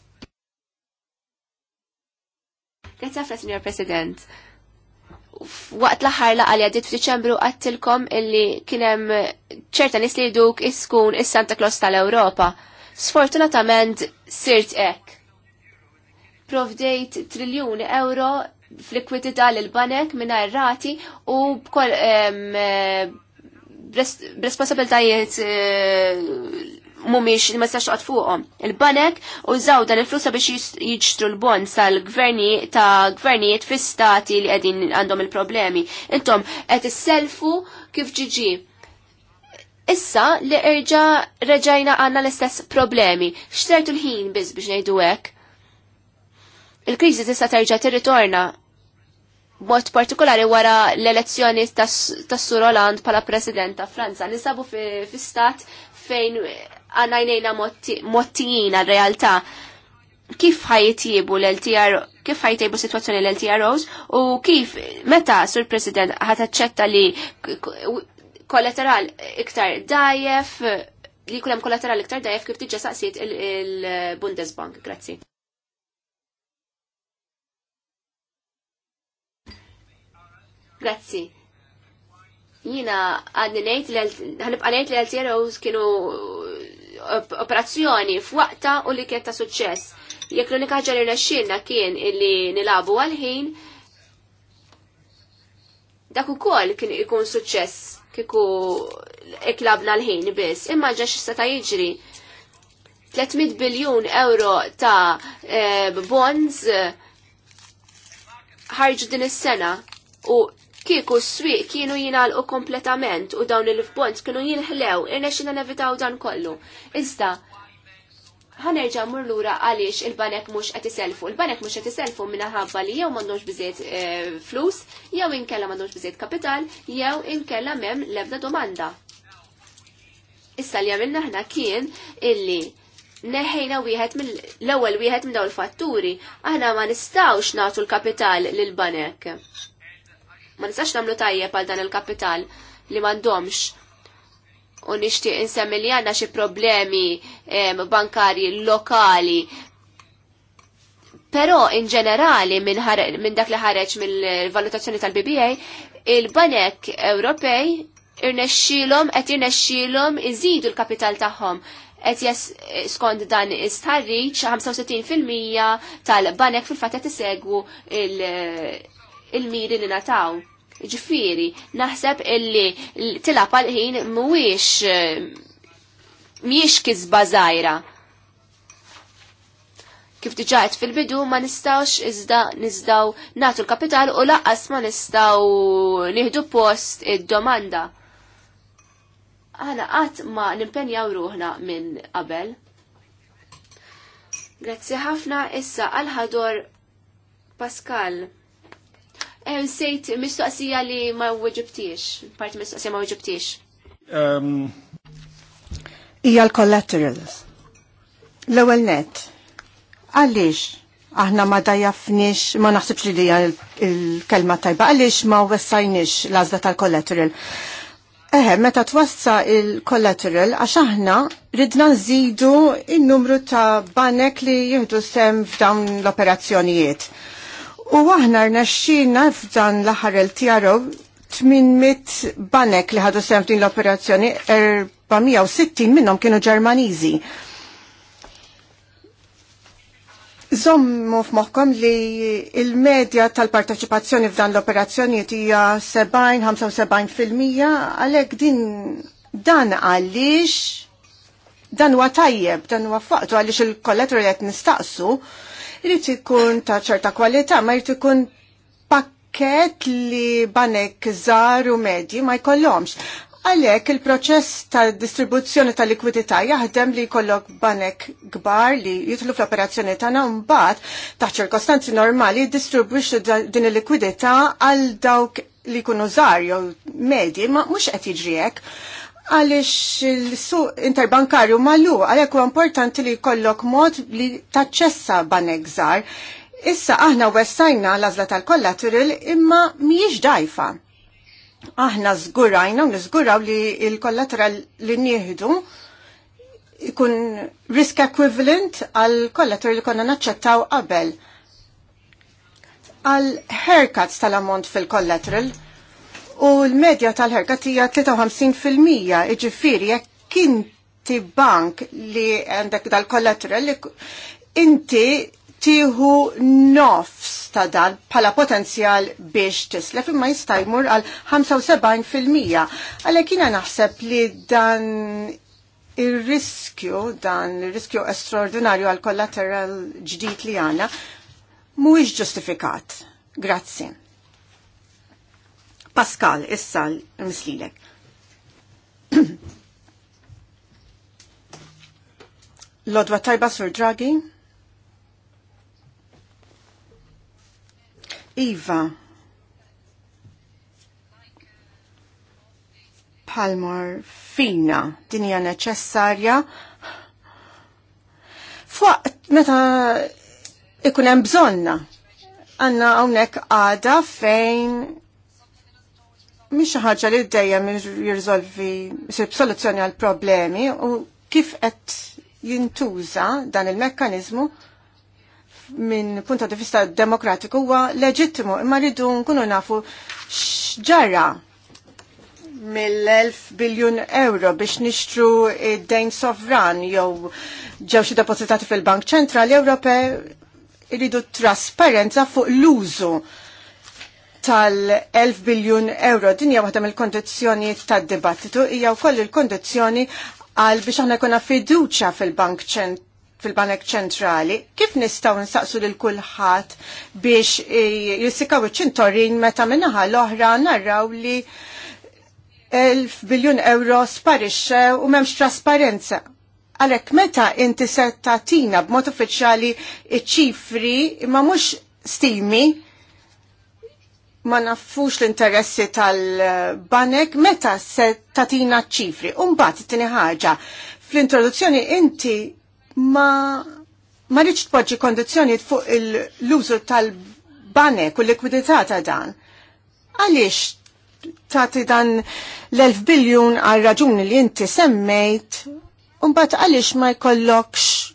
Grazzi ħafna, Signor President. Waqt l-aħħar laqgħa li għaddiet f'Diċembru għattilkom illi kien hemm ċerta nies li jduk iskun is-Santa Claus tal-Ewropa. Sfortunatament sirt hekk provdejt triljuni euro fl-likwidità l-banek minna rati u bkoll eh, responsabiltajiet eh, mumiex ma stax qat fuqhom. Il-banek użaw dan il-flusa biex jiġtru l-bonds tal-gverni ta' gvernijiet fis-stati li qegħdin għandhom il-problemi. Intom qed selfu kif ġiġi. Issa li erġa reġajna għanna l-istess problemi. Xtertu l-ħin biz biex ngħidu hekk il-kriżi tista' terġa' tirritorna mod partikolari wara l-elezzjoni tas Sur Hollande pala president ta' Franza. Nisabu fi, fi stat fejn għanajnejna mottijin għal-realtà kif ħajtibu l-LTR, kif ħajtibu situazzjoni l-LTROs u kif meta sur president ċetta li kollateral iktar dajef, li kulem kollateral iktar dajef kif tiġġa il-Bundesbank. Grazie. Grazzi. Jina għadni nejt l-ħanibqa nejt l-LTROs kienu uh, operazzjoni f'waqta u li kien ta' suċċess. Jekk l-unika ġalli rexxilna kien illi nilabu għal-ħin, dak ukoll kien ikun suċċess kieku iklabna l-ħin biss. Imma ġax ta' jiġri 300 biljun euro ta' eh, bonds eh, ħarġu din is-sena u Kieku s-swiq kienu jinalqu kompletament u dawn il fbont kienu jinħlew jina nevitaw dan kollu. Iżda, ħanerġa' mur lura għaliex il-banek mhux qed iselfu. Il-banek mhux qed iselfu minħabba li jew m'għandhomx biżejjed eh, flus, jew inkella mandux bizet kapital, jew inkella mem l-ebda domanda. Issa li għamilna ħna kien illi neħejna wieħed mill l-ewwel wieħed minn dawn il-fatturi, aħna ma nistgħux nagħtu l-kapital lil banek. Ma nistax namlu tajjeb għal dan il-kapital li mandomx. U nixtieq insemmi li għandna xi problemi bankarji lokali. Però in ġenerali minn dak li ħareġ mill-valutazzjoni tal-BBA, il-Banek Ewropej irnexxilhom qed irnexxilhom iżidu l-kapital tagħhom et jes skont dan istħarriċ 65% tal-banek fil fatet qed isegwu il-miri li nataw. Ġifiri, naħseb illi tilab għal-ħin mwix eh, miex kizba zaħira. Kif diġajt fil-bidu ma nistawx izda nizdaw natu l-kapital u laqqas ma nistaw nieħdu post id-domanda. Għana qatt ma nimpenjaw ruħna minn qabel. Grazzi ħafna issa għal-ħador Pascal. Sejt, mistoqsija li ma uġibtiex, parti mistoqsija ma uġibtiex. Ija l-collaterals. L-ewel net, għalix aħna ma dajafniex, ma naħsibx li dija il-kelma tajba, għalix ma wessajniex l-azda tal-collateral. Eħe, meta twassa il-collateral, għax aħna ridna nżidu il-numru ta' banek li jihdu sem f'dawn l-operazzjonijiet. U aħna rnaxxina f'dan l-aħħar il-tjaru 800 banek li ħadu sem din l-operazzjoni 460 minnhom kienu Ġermaniżi. Zommu f'moħħkom li il-medja tal-parteċipazzjoni f'dan l-operazzjonijiet hija 70-75% għalhekk din dan għaliex dan huwa tajjeb, dan huwa faqtu għaliex il li qed nistaqsu Irid ikun ta' ċerta kwalità, ma jrid ikun pakket li banek żgħar u medji ma jkollhomx. Għalek il-proċess ta' distribuzzjoni ta' likwidità jaħdem li jkollok banek gbar li jitlu fl-operazzjoni tagħna mbagħad ta' ċirkostanzi normali distribwix din il-likwidità għal dawk li jkunu żgħar jew medji ma mhux qed jiġri hekk għalix il-suq interbankarju mallu, għalek u importanti li kollok mod li taċċessa banek zar. Issa aħna wessajna l-azla tal-kollateral imma miex dajfa. Aħna zgurajna u nizguraw li il-kollateral li njihdu ikun risk equivalent għal kollateral li konna naċċettaw qabel. Għal haircuts tal-ammont fil-collateral, u l-medja tal-ħerqa tija 53% iġifiri jekk inti bank li għandek dal-kollateral inti tiħu nofs ta' dan pala potenzjal biex tislef imma jista' jmur għal 75%. Għalhekk jiena naħseb li dan ir-riskju, dan ir-riskju estraordinarju għal kollateral ġdid li għandna mhuwiex ġustifikat. Grazzi. Pascal, issa mislilek. Lodwa tajba sur Draghi? Iva. Palmar fina dinja neċessarja Fuqt meta ikunem bżonna. Għanna hawnhekk għada fejn mhix xi ħaġa li dejjem jirriżolvi soluzzjoni għal problemi u kif qed jintuża dan il-mekkaniżmu minn punta di vista demokratiku huwa leġittimu imma rridu nkunu nafu x'ġarra mill-1000 biljun euro biex nixtru id-dejn sovran jew ġew xi depositati fil-Bank Ċentrali Ewropej iridu trasparenza fuq l-użu tal-1000 biljun euro. Din hija waħda mill-kondizzjoni tad-dibattitu hija wkoll il-kondizzjoni għal biex aħna jkunna fiduċja fil-Bank ċent fil-Banek ċentrali, kif nistaw nsaqsu lil kulħadd biex e, jissikaw iċ-ċintorin meta minnaħa l-oħra narraw li 1000 biljun euro sparixxe u m'hemmx trasparenza. Għalhekk meta inti se tagħtina b'mod uffiċjali ċifri imma mhux stimi ma nafux l-interessi tal-banek meta se tatina ċifri. Umbat, t ħaġa, fl-introduzzjoni inti ma ma rridx tpoġġi kondizzjoni fuq l-użu tal-banek u l-likwidità ta' dan. Għaliex tagħti dan l-1000 biljun għal raġuni li inti semmejt, bat għaliex ma jkollokx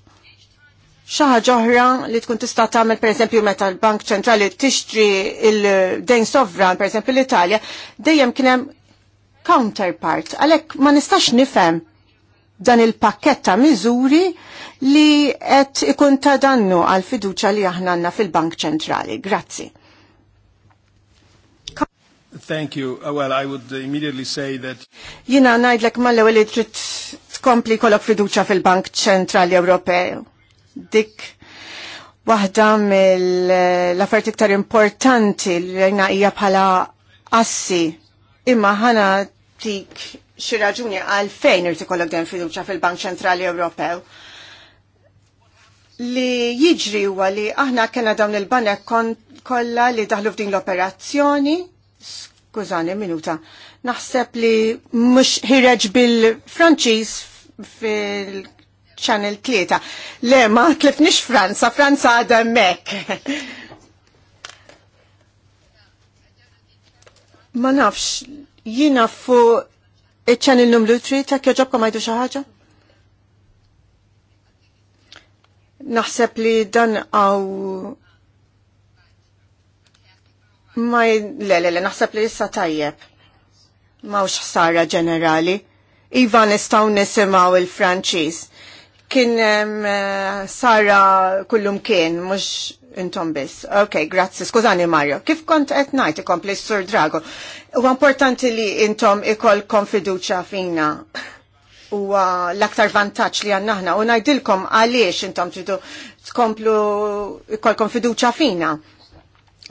xaħġa ġoħra li tkun tista' tagħmel pereżempju meta l-Bank Ċentrali tixtri il-dejn sovran, pereżempju l-Italja, dejjem kien hemm counterpart. Għalhekk ma nistax nifhem dan il-pakket ta' miżuri li qed ikun ta' dannu għal fiduċa li aħna għandna fil-Bank Ċentrali. Grazzi. Thank you. Uh, well, I would immediately say that... Jina najdlek mal-ewel li trid tkompli kollok fiduċa fil-Bank Ċentrali Ewropew dik waħda mill-affarijiet iktar importanti li rejna hija bħala assi imma ħana tik xi raġuni għalfejn irid ikollok dejjem fiduċja fil-Bank Ċentrali Ewropew. Li jiġri huwa li aħna kellna dawn il-banek kollha li daħlu f'din l-operazzjoni, skużani minuta, naħseb li mhux ħireġ bil-Franċiż fil Channel 3. Le, ma tlifnix Franza, Franza għadha mek. ma nafx, jina fu il-channel numru 3 ta' kjoġobkom għajdu xaħġa? Naħseb li dan għaw ma le le le naħseb li issa tajjeb. Mawx ħsara ġenerali. Iva nistgħu nisimgħu il-Franċiż kien eh, Sara kullum kien, mux intom biss. Ok, grazzi, skużani Mario. Kif kont qed ngħid ikompli Sur Drago? Huwa importanti li intom ikolkom fiduċja fina. u l-aktar vantaġġ li għannaħna u ngħidilkom għaliex intom tridu tkomplu ikol fiduċja fina.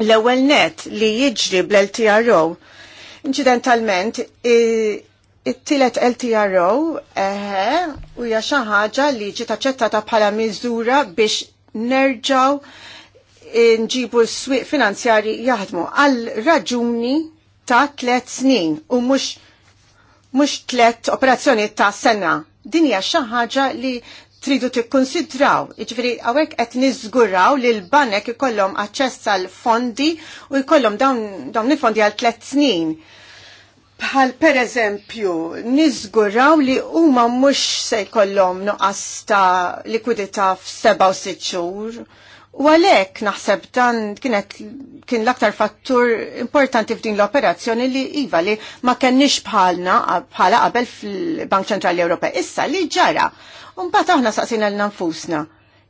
L-ewwel net li jiġri bl-LTRO incidentalment it-tielet LTRO eħe u hija xi ħaġa li ġiet aċċettata bħala miżura biex nerġaw nġibu s-swieq finanzjari jaħdmu għal raġuni ta' tlet snin u mhux mux tlet operazzjoni ta' sena. Din hija xi ħaġa li tridu tikkonsidraw. Iġveri, għawek qed niżguraw li l-banek ikollhom aċċess għal fondi u jkollhom dawn, dawn il-fondi għal tlet snin bħal per eżempju nizguraw li huma mhux se jkollhom nuqqas ta' likwidità f'seba' u sitt xhur. U għalhekk naħseb dan kienet kien l-aktar fattur importanti f'din l-operazzjoni li iva li ma kenniex bħalna bħala qabel fil-Bank Ċentrali Ewropej. Issa li ġara. u mbagħad aħna saqsina l nfusna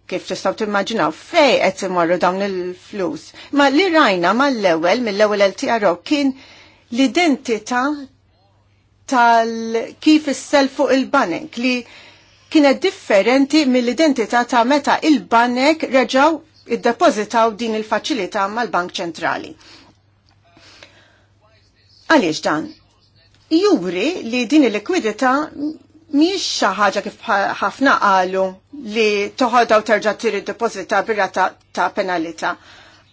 kif tistgħu timmaġinaw fej qed imorru dawn il-flus. Ma li rajna mal-ewwel mill-ewwel LTRO kien l-identità tal kif is-self fuq il-banek li kienet differenti mill-identità ta' meta il-banek reġaw id-depozitaw din il-faċilità mal-Bank Ċentrali. Għaliex dan? Juri li din il-likwidità miex xi ħaġa kif ħafna qalu li toħodaw terġa' tir id-depożita birra ta' penalità. Ta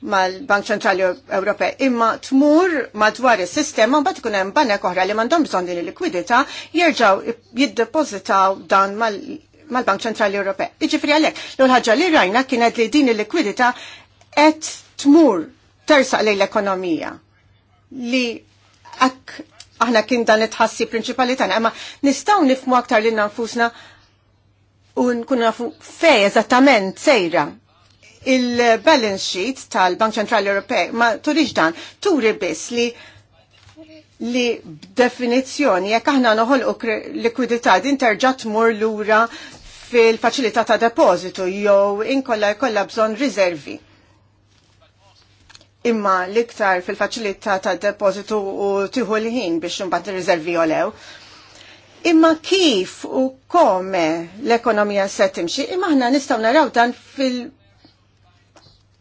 mal-Bank Ċentrali Ewropej imma tmur madwar is-sistema mbagħad ikun hemm banek oħra li m'għandhom bżonn din il-likwidità jerġgħu jiddepożitaw dan mal-Bank Ċentrali Ewropej. Jiġifieri għalhekk l ħaġa li rajna kienet li din il-likwidità qed tmur tersaq lejn l-ekonomija li hekk aħna kien dan it-ħassi prinċipali tagħna, imma nistgħu nifmu aktar lil nfusna u nkunu nafu fej eżattament sejra il-balance sheet tal-Bank Ċentrali Ewropej ma turix dan turi biss li li b'definizzjoni jekk aħna noħolqu likwidità din terġa' tmur lura fil-faċilità ta' depożitu jew inkolla jkollha bżonn riservi. Imma l-iktar fil-faċilità ta' depożitu u tieħu l-ħin biex imbagħad ir-riservi jolew. Imma kif u kome l-ekonomija se timxi, imma aħna nistgħu naraw dan fil-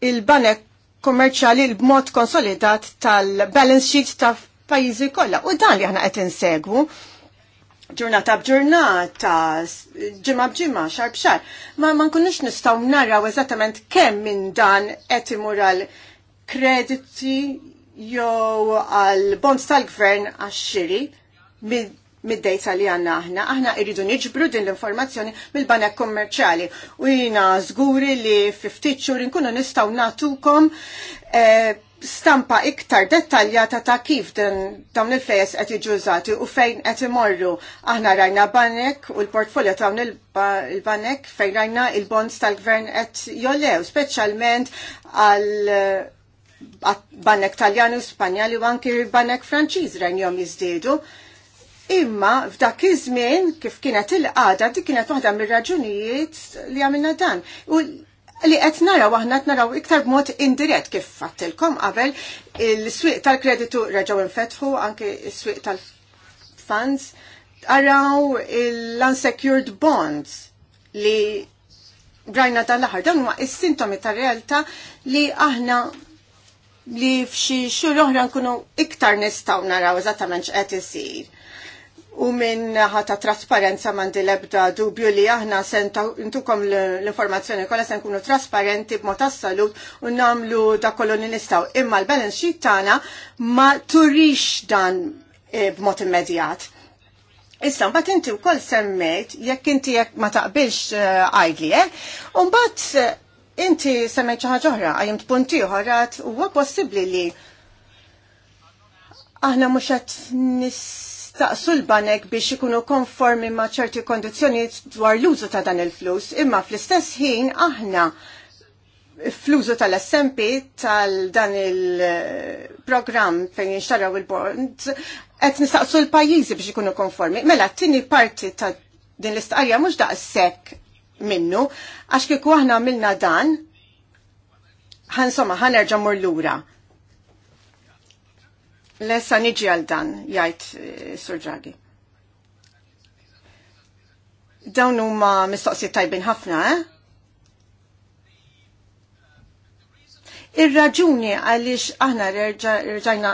il-banek kommerċali l-b'mod konsolidat tal-balance sheet ta' pajizi kollha. U dan li aħna qed insegwu ġurnata bġurnata, ġimma bġimma, xar bxar. Ma ma kunnux nistaw naraw eżattament kemm minn dan qed imur għal krediti jew għal bonds tal-gvern għax-xiri mid-dejta li għanna aħna, aħna irridu niġbru din l-informazzjoni mill-banek kommerċali u jina zguri li 50 xhur inkunu nistaw natukom e, eh, stampa iktar dettaljata ta' kif dawn il-fejes qed jiġużati u fejn qed imorru. Aħna rajna banek u l-portfolio ta' il-banek fejn rajna il-bonds tal-gvern qed jollew, speċjalment għal eh, banek Taljan u spanjali u anki banek franċiż rajnjom jiżdiedu. Imma f'dak iż-żmien kif kienet il-qada dik kienet waħda mir-raġunijiet li għamilna dan. U li qed naraw aħna qed naraw iktar b'mod indirett kif fattilkom qabel il-swieq tal-kreditu reġgħu infetħu anke s-swieq tal-funds araw l-unsecured bonds li brajna dan l-aħħar dan huwa is-sintomi tar-realtà li aħna li f'xi xhur oħra nkunu iktar nistgħu naraw eżattament x'qed isir. U minn ħata trasparenza mandi lebda dubju li aħna sen intukom l-informazzjoni kolla sen kunu trasparenti b'mod tas-salut u namlu da kollu nistaw. Imma l-balance sheet tagħna ma turix dan eh, b'mod immedjat. Issa, mbagħad inti wkoll semmejt jekk inti jekk ma taqbilx għajli, eh, eh? U mbagħad eh, inti semmejt xi ħaġa oħra, għajjem punt ieħor huwa possibbli li aħna mhux qed nis jistaqsu l-banek biex ikunu konformi ma' ċerti kondizjoni dwar l-użu ta' dan il-flus, imma fl-istess ħin aħna fl-użu tal-SMP tal-dan il-program fejn jinxtaraw il-bond, qed nistaqsu l-pajjiżi biex ikunu konformi. Mela, t-tini parti ta' din l-istqarja mhux daqshekk minnu, għax kieku aħna għamilna dan, ħan ħanerġa' mur lura Lessa niġi għal dan, jgħid eh, Sur Draghi. Dawn huma mistoqsijiet tajbin ħafna, eh? Ir-raġuni għaliex aħna rġajna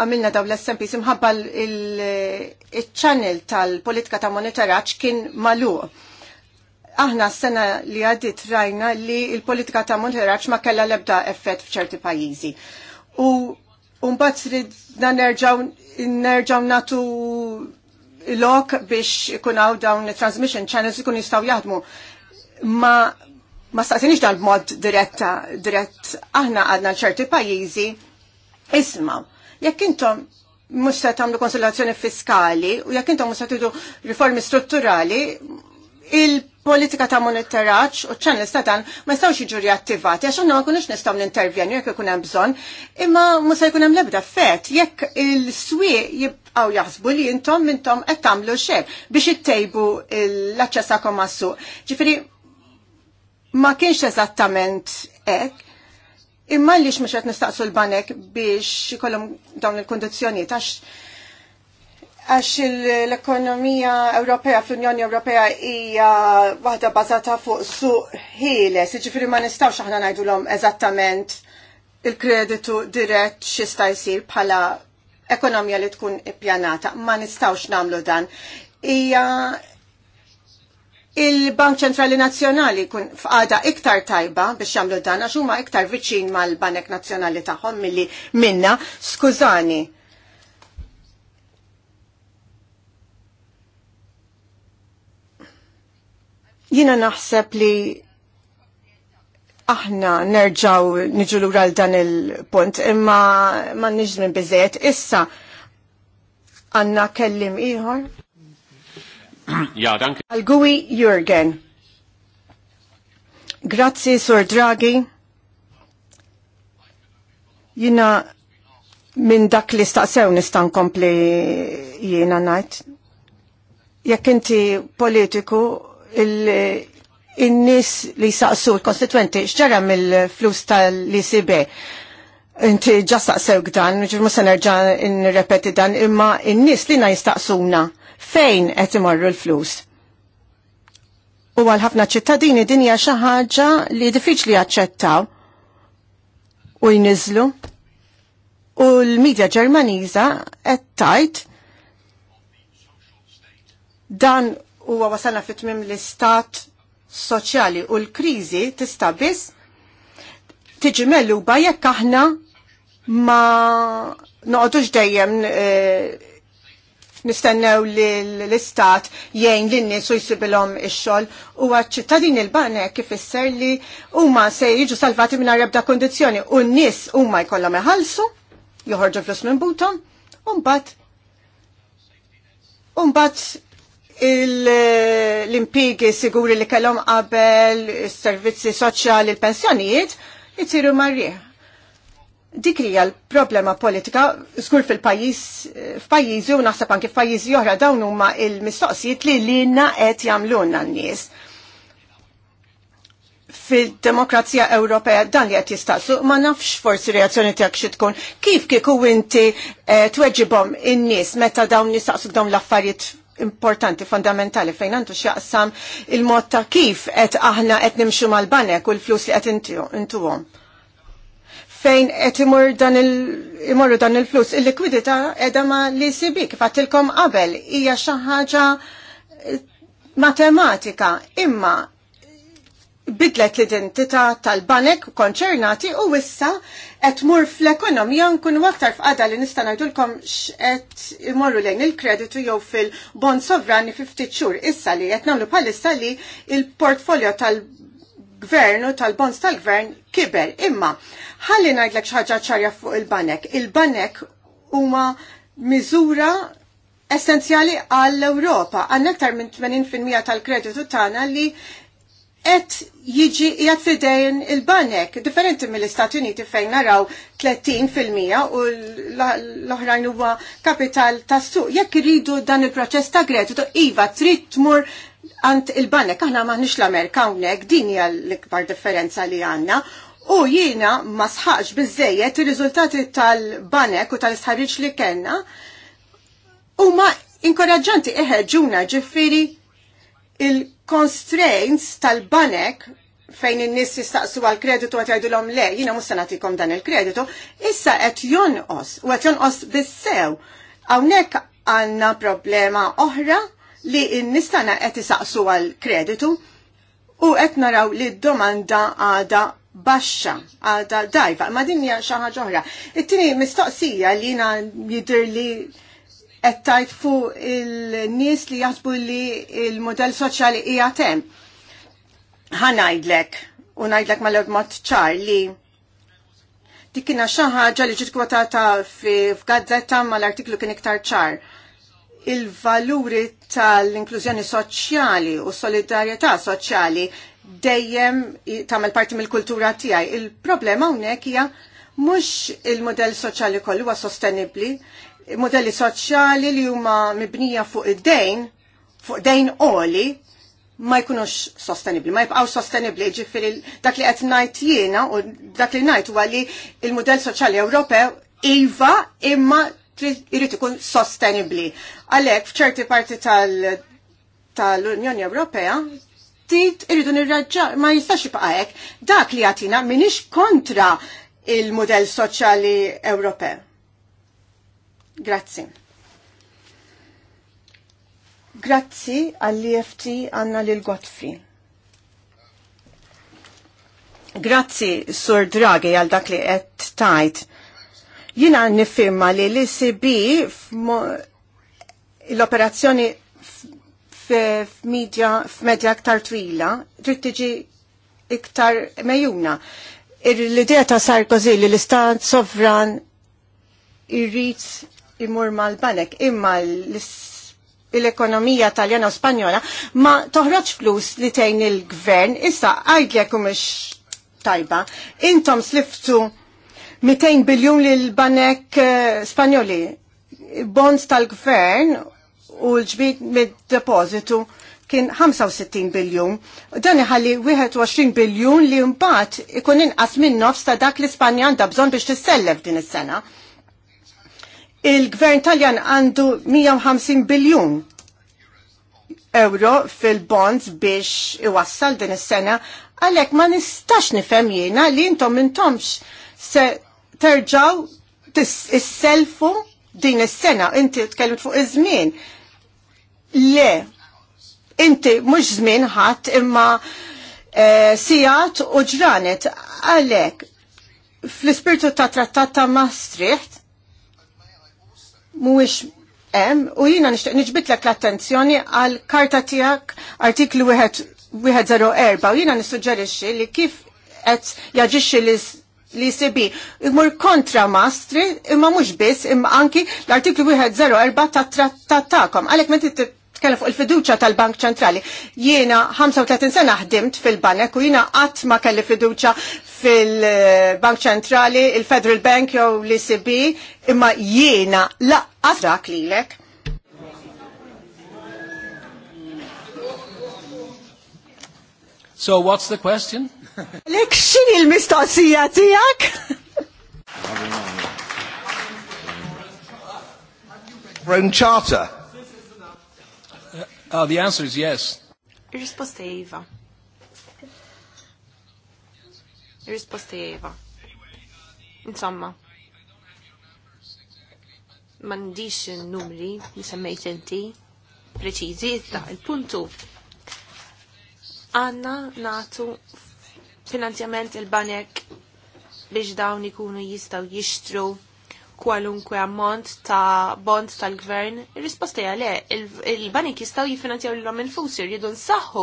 għamilna daw l-SMP simħabba il-channel tal-politika ta' monitoraċ kien malu. Aħna s-sena li għaddit rajna li il-politika ta' monitoraċ ma kella lebda effett fċerti pajizi. U Umbat ridna nerġaw natu lok biex ikunaw dawn transmission channels ikun jistaw jaħdmu. Ma ma iġdan dan b'mod diretta, dirett aħna għadna ċerti pajjiżi isma' jekk intom mhux se tagħmlu konsultazzjoni fiskali u jekk intom mhux tidu riformi strutturali, il politika ta' monitoraġġ u ċ-channels ta' dan ma jistgħux jiġu riattivati għax għandna ma kunux nistgħu nintervjenu jekk ikun hemm bżonn, imma mhux jkun hemm l-ebda fett jekk il-swieq jibqgħu jaħsbu li intom intom qed tagħmlu xejn biex ittejbu l-aċċess tagħkom għas-suq. Ġifieri ma kienx eżattament hekk. Imma li xmux qed nistaqsu l-banek biex kollhom dawn il kondizjoni tax għax l-ekonomija Ewropea fl-Unjoni Ewropea hija waħda bażata fuq suq ħieles, siġifieri ma nistgħux aħna ngħidulhom eżattament il-kreditu dirett xista jsir bħala ekonomija li tkun ippjanata. Ma nistgħux nagħmlu dan. Hija il-Bank Ċentrali Nazzjonali kun f'għada iktar tajba biex jagħmlu dan għax huma iktar viċin mal-Banek Nazzjonali tagħhom milli minna. Skużani, Jina naħseb li aħna nerġaw niġu lura dan il-punt, imma ma nix minn bizet. Issa, għanna kellim iħor? Ja, danke. Għal-gui Jürgen. Grazzi, Sur Draghi. Jina minn dak li staqsew nistan kompli jiena najt. Jekk inti politiku il-nis li saqsu l-konstituenti xġara mill-flus tal-ICB. Inti ġa saqsew ġur ġurmu nerġa n-repeti dan, imma in-nis li na jistaqsuna fejn qed imorru l-flus. U għal ħafna ċittadini dinja xi ħaġa li diffiċli jaċċettaw u jniżlu. U l-medja Ġermaniża qed tajt dan huwa wasalna fit tmim l-istat soċjali u l-kriżi tista' biss tiġi melluba jekk aħna ma noqgħodux dejjem eh, nistennew li l-istat jgħin lin nies u jsibilhom ix-xogħol u għaċ-ċittadini l-banek kif isser li huma se jiġu salvati mingħajr ebda kondizzjoni u n-nies huma jkollhom iħallsu joħorġu flus minn butom u mbagħad u mbagħad Eh, l-impigi siguri li kellhom qabel, is-servizzi soċjali, l-pensjonijiet, jitiru marri. Dik hija l-problema politika żgur fil-pajjiż f'pajjiżi u naħseb anke f'pajjiżi oħra dawn huma l-mistoqsijiet li lilna qed jagħmluna n-nies. Fil-demokrazija Ewropea dan li qed jistaqsu ma nafx forsi reazzjoni tiegħek xi tkun kif kieku inti eh, tweġibhom in-nies meta dawn nistaqsuk dawn l-affarijiet importanti, fondamentali, fejn għandu xjaqsam il-mod ta' kif qed aħna qed nimxu mal-banek u l-flus li qed intuhom. Fejn qed imur dan il dan il-flus, il-likwidità qiegħda ma li sibi kif għatilkom qabel hija xi ħaġa matematika, imma bidlet l-identità tal-banek konċernati u issa qed mur fl-ekonomija nkunu aktar f'qada li nista' ngħidulkom x'qed imorru lejn il-kreditu jew fil-bond sovrani fi ftit xhur issa li qed nagħmlu bħalissa li il-portfolio tal- gvern u tal-bonds tal-gvern kiber. Imma, ħalli najdlek xaġa ċarja fuq il-banek. Il-banek huma miżura essenzjali għall-Europa. Għanna aktar minn 80% tal-kreditu tagħna li et jiġi jgħat fidejn il-banek, differenti mill-Istati Uniti fejn naraw 30% u l-oħrajn huwa kapital ta' suq. Jekk iridu dan il-proċess ta' to' iva trid tmur għand il-banek, aħna maħnix l-Amerika hawnhekk din hija l-ikbar differenza li għandna. U jiena ma sħaqx biżejjed ir-riżultati tal-banek u tal-istħarriġ li kellna huma inkoraġġanti iħeġġuna ġifieri il-constraints tal-banek fejn in-nies jistaqsu għal kreditu għat jgħidulhom le, jiena mhux se nagħtikom dan il-kreditu, issa qed jonqos u qed jonqos bissew. Hawnhekk għandna problema oħra li n nistana tagħna qed għal kreditu u qed naraw li d-domanda għada baxxa għada dajfa, ma din hija xi ħaġa oħra. It-tieni mistoqsija li jiena jidr li qed fu fuq il-nies li jasbu li il-modell soċjali hija tem. Ħanajdlek u ngħidlek mal-ewwel mod ċar li dik kienha xi ħaġa li ġit kwotata f'gazzetta mal-artiklu kien iktar ċar. Il-valuri tal-inklużjoni soċjali u solidarjetà soċjali dejjem tagħmel parti mill-kultura tiegħi. Il-problema hawnhekk hija mux il-modell soċjali kollu huwa sostenibbli, modelli soċjali li huma mibnija fuq id-dejn, fuq dejn oli, ma jkunux sostenibli, ma jibqaw sostenibli, ġifiri dak li qed ngħid jiena u dak li najt u li il-mudell soċjali Ewropew iva imma irid ikun sostenibli. Għalhekk f'ċerti parti tal-Unjoni Ewropea tit irridu nirraġġa, ma jistax jibqa' hekk. Dak li għatina minix kontra il-modell soċjali Ewropew. Grazzi. Grazzi għall-EFT għanna lil Gottfri. Grazzi, Sur Draghi, għal dak li qed tajt. Jina nifirma li l-ECB l-operazzjoni f'medja aktar twila trid tiġi iktar mejjuna. L-idea ta' Sarkozy li l-istat sovran irrit imur mal-banek imma l-ekonomija taljana u spanjola ma toħroġ flus li tejn il-gvern issa għajdja kumix tajba intom sliftu 200 biljun l-banek eh, spanjoli bonds tal-gvern u l-ġbit mid-depositu kien 65 biljun. Dan iħalli 21 biljun li mbagħad ikun inqas minn nofs ta' dak l-Ispanja għandha bżonn biex tissellef din is-sena. Il-gvern taljan għandu 150 biljun euro fil-bonds biex iwassal din is-sena għalhekk ma nistax nifhem jiena li intom intomx se terġaw tisselfu din is-sena inti tkellimt fuq iż-żmien. Le, inti mhux żmien ħadd imma e, sijat u ġranet għalhekk fl-ispirtu ta' trattat ta' Maastricht mhuwiex hemm u jiena nixtieq niġbitlek l-attenzjoni għal karta tiegħek artiklu 104 u jiena nissuġġerixxi li kif qed jaġixxi li sibi imur kontra mastri imma mhux biss imma anki l-artiklu 104 ta' trattatakom. Għalek Għalhekk meta nitkellem fuq il-fiduċa tal-Bank Ċentrali. Jiena 35 sena ħdimt fil-banek u jiena qatt ma kelli fiduċa fil-Bank Ċentrali, il-Federal Bank jew l-ECB, imma jiena laqqas dak lilek. So what's the question? Lek xini l-mistoqsija tijak? Rome Charter. Uh, the answer is yes. risposta è Iva. risposta è Iva. Insomma, mandiċ numri li semmejt inti preċizi, da il-puntu Anna natu finanzjament il-banek biex dawn ikunu jistaw jixtru kwalunkwe ammont ta' bond tal-gvern, il-risposta jgħale, il banik jistaw jifinanzjaw li l-om il-fusir, jidun saħħu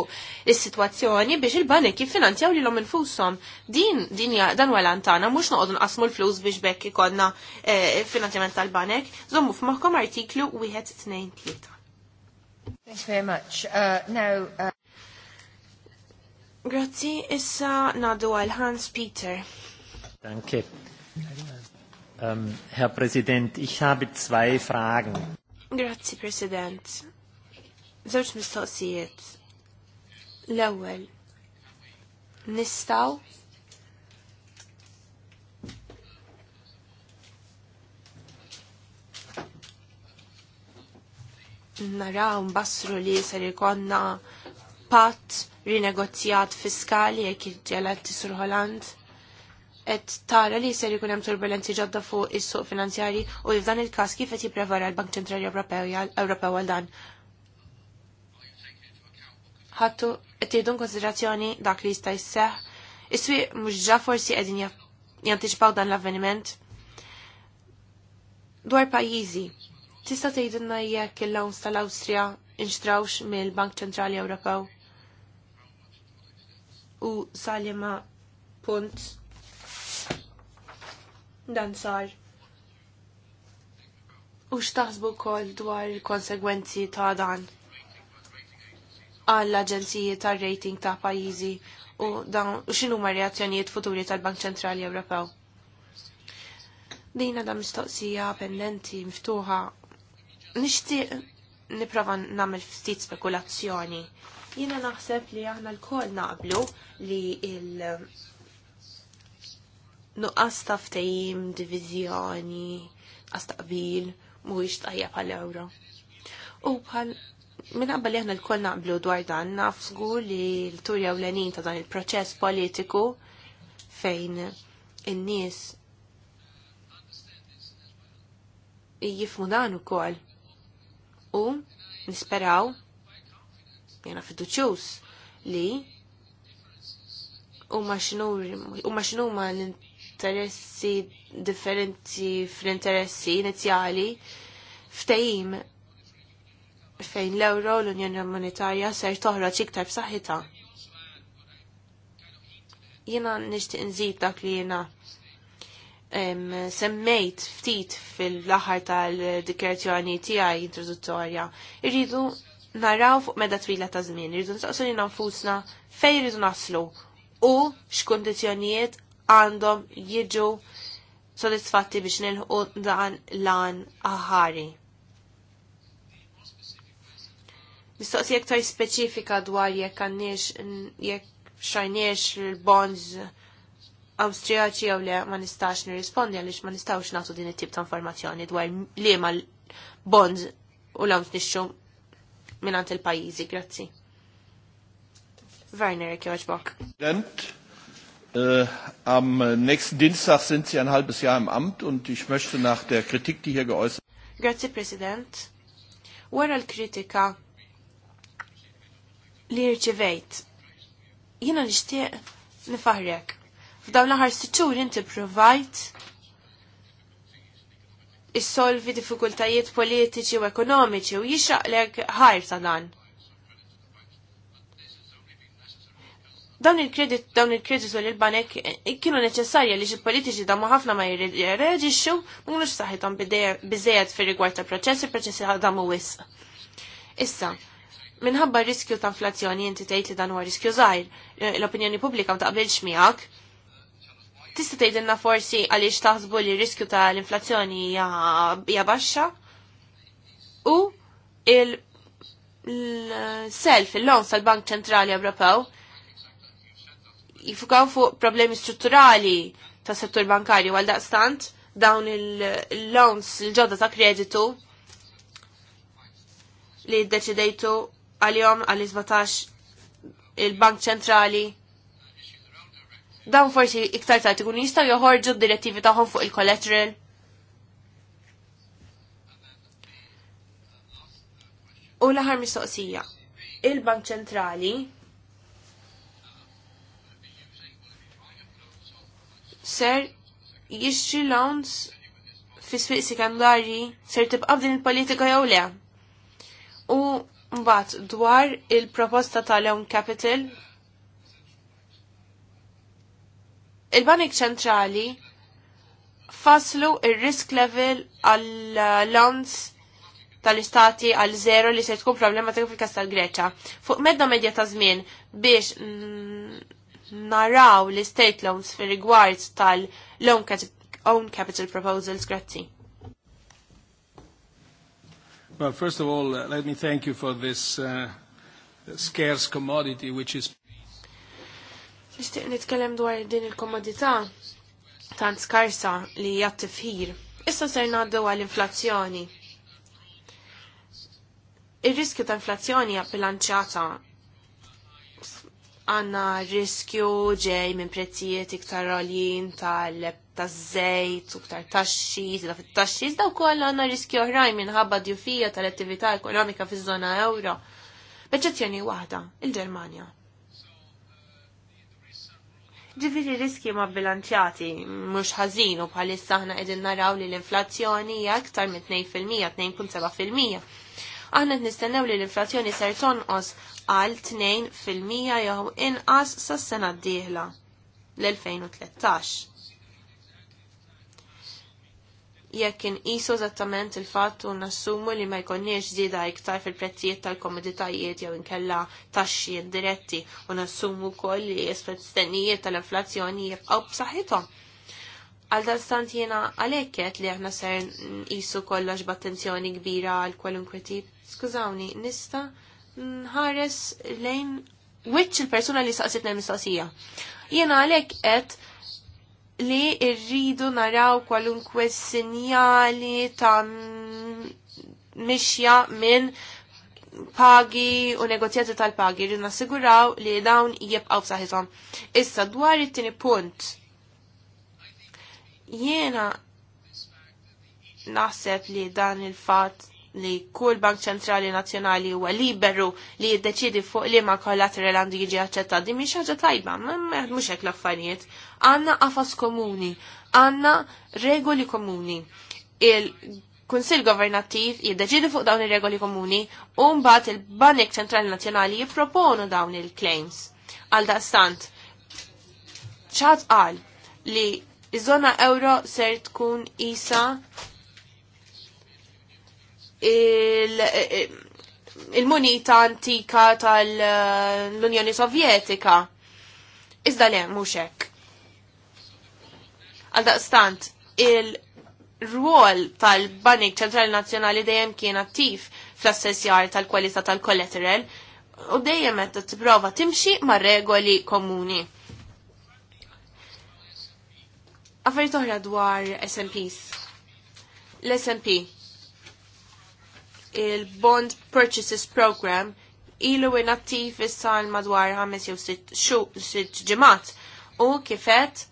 il-situazzjoni biex il banik jifinanzjaw li l-om fusom Din, din dan antana mux noqodun nqasmu l-flus biex bekk ikonna eh, finanzjament tal-banek, zommu f'maħkom artiklu 1-2-3. Thanks very much. Uh, now, uh... Grazzi, issa nadu għal Hans Peter. Danke. Um, Herr Präsident, ich habe zwei Fragen. Grazzi, President. Żewġ mistoqsijiet. L-ewwel, nistaw. naraw mbassru li ser ikonna patt rinegozjat fiskali jekk ġelat Sur Holland qed tara li jser ikun hemm turbulenzi ġodda fuq is-suq finanzjarji u li f'dan il-każ kif qed jipprevara l-Bank Ċentrali Ewropew għal dan. Ħattu qed jieħdu konsiderazzjoni dak li jista' jseħħ. Is-swieq mhux ġa forsi qegħdin jantiċipaw dan l-avveniment. Dwar pajjiżi, tista' tgħidilna jekk il-lawns tal-Awstrija inxtrawx mill-Bank Ċentrali Ewropew u salima punt dan sar. U x'taħsbu wkoll dwar il-konsegwenzi ta' dan għall aġenziji tar rating ta' pajjiżi u dan u x'inhu reazzjonijiet futuri tal-Bank Ċentrali Ewropew. Dina da mistoqsija pendenti miftuħa nixtieq nipprova nagħmel ftit spekulazzjoni. Jiena naħseb li aħna lkoll naqblu li il- nuqqas ta' ftehim, diviżjoni, qbil mhuwiex tajjeb għal ewro U bħal minna qabel li aħna l-koll naqblu dwar dan, nafsgu li l-tur jawlenin ta' dan il-proċess politiku fejn in-nies jifmu dan ukoll. U nisperaw jena fiduċus, li u ma xinu ma interessi differenti fl-interessi inizjali ftehim fejn l-Euro l-Unjoni Monetarja ser toħroġ iktar b'saħħitha. Jiena nixtieq nżid dak li jiena semmejt ftit fil-aħħar tal-dikjerazzjoni tiegħi introduttorja. Irridu naraw fuq meda twila ta' żmien, irridu nsaqsu li nfusna fejn irridu naslu u x'kundizzjonijiet għandhom jiġu sodisfatti biex nilħu dan lan aħari. Mistoqsi jektar speċifika dwar jekk għanniex jekk xajniex l-bonds Awstrijaċi jew le ma nistax nirrispondi għaliex ma nistax nagħtu din it-tip ta' informazzjoni dwar li ma bonds u l-għamt nixxu minnant il-pajizi. Grazzi. Werner, kjoġbok. Dent. Äh, am nächsten Dienstag sind Sie ein halbes Jahr im Amt und ich möchte nach der Kritik, die hier geäußert Grazie President. Wara l-kritika li rċivejt, jina nishtiq nifahrek. F'daw l-ħar siċur inti provajt issolvi diffikultajiet politiċi u ekonomiċi u jixaqlek ħajr ta' dan. Dawn il-kredit, dawn il-kredit u l-banek eh, kienu neċessarja li xil-politiċi da ħafna ma jirreġiċu, ma kienux saħitom bizzejad fil rigward ta' proċessi, proċessi għadamu wis. Issa, minħabba riskju ta' inflazzjoni inti tgħid li dan huwa riskju zaħir, eh, l-opinjoni pubblika ma taqbilx miegħek. Tista' tgħidilna forsi għaliex taħsbu li riskju ta' l-inflazzjoni hija baxxa? U il-self, il lons tal-Bank Ċentrali Ewropew, jifukaw fuq problemi strutturali ta' settur bankarju għal daqstant dawn il-loans il-ġodda ta' kreditu li d-deċidejtu għal-jom għal-17 il-Bank ċentrali dawn forsi iktar ta' tkun jistaw joħorġu d-direttivi tagħhom fuq il-collateral. U l-aħar mistoqsija. Il-Bank ċentrali ser jixtri loans fi sfiq sekandari ser tibqa' din il-politika jew le. U mbagħad dwar il-proposta tal-Own Capital il-Banik ċentrali faslu il-risk level għal loans tal-istati għal zero li se tkun problematika fil-kas tal-Greċa. Fuq medda medja ta' żmien biex naraw li state loans fi rigward tal-own loan capital, proposals, grazzi. Well, first of all, uh, let me thank you for this uh, scarce commodity, which is... Nishtiq nitkellem dwar din il-komodità tan skarsa li hija tifħir. Issa ser ngħaddu għall-inflazzjoni. Ir-riskju ta' inflazzjoni hija bilanċjata għanna riskju ġej minn prezzijiet iktar għalin tal-żejt u ktar taxxi, da fit-taxxi, daw koll għanna riskju oħrajn minħabba djufija tal-attività ekonomika fiż-żona euro. Eċċezzjoni waħda, il-Ġermanja. Ġifiri riski ma bilanċjati, mux ħazinu bħalissa ħna edin naraw li l-inflazzjoni hija aktar minn 2%, 2.7%. Aħna qed nistennew li l-inflazzjoni ser tonqos għal 2% jew inqas sas-sena d-dieħla l-2013. Jekk inqisu eżattament il-fatt u nassumu li ma jkunniex żieda iktar fil-prezzijiet tal-komoditajiet jew inkella taxxi indiretti u nassumu wkoll li s-stennijiet tal-inflazzjoni jibqgħu b'saħħithom għal dan stant jena li aħna ser nqisu kollox b'attenzjoni kbira għal kwalunkwe tip skużawni, nista nħares lejn wiċċ il-persuna li saqsitna mistoqsija. Jiena għalhekk qed li rridu naraw kwalunkwe sinjali ta' mixja minn pagi u negozjati tal-pagi rridu nassiguraw li dawn jibqaw saħitom. Issa dwar it-tieni punt. Jiena naħseb li dan il-fatt li kull Bank Ċentrali Nazzjonali huwa liberu li jiddeċidi fuq li ma kollateral għandu jiġi aċċettat di miex ħaġa tajba, ma mhux hekk l-affarijiet. Għandna qafas komuni, għandna regoli komuni. Il-Kunsill Governattiv jiddeċidi fuq dawn ir-regoli komuni u mbagħad il-Banek Ċentrali Nazzjonali jipproponu dawn il-claims. Għal daqstant, ċad qal li iż-żona euro ser tkun isa il-munita antika tal-Unjoni Sovjetika. Iżda le, mhux hekk. Għaldaqstant, il-rwol tal-Banik Ċentrali Nazzjonali dejjem kien attiv fl-assessjar tal-kwalità tal-kollateral u dejjem qed tipprova timxi ma' regoli komuni. Affarijiet oħra dwar SMPs. L-SMP il-Bond Purchases Program ilu inattiv is-sal madwar 5 jew sitt ġimgħat u kifet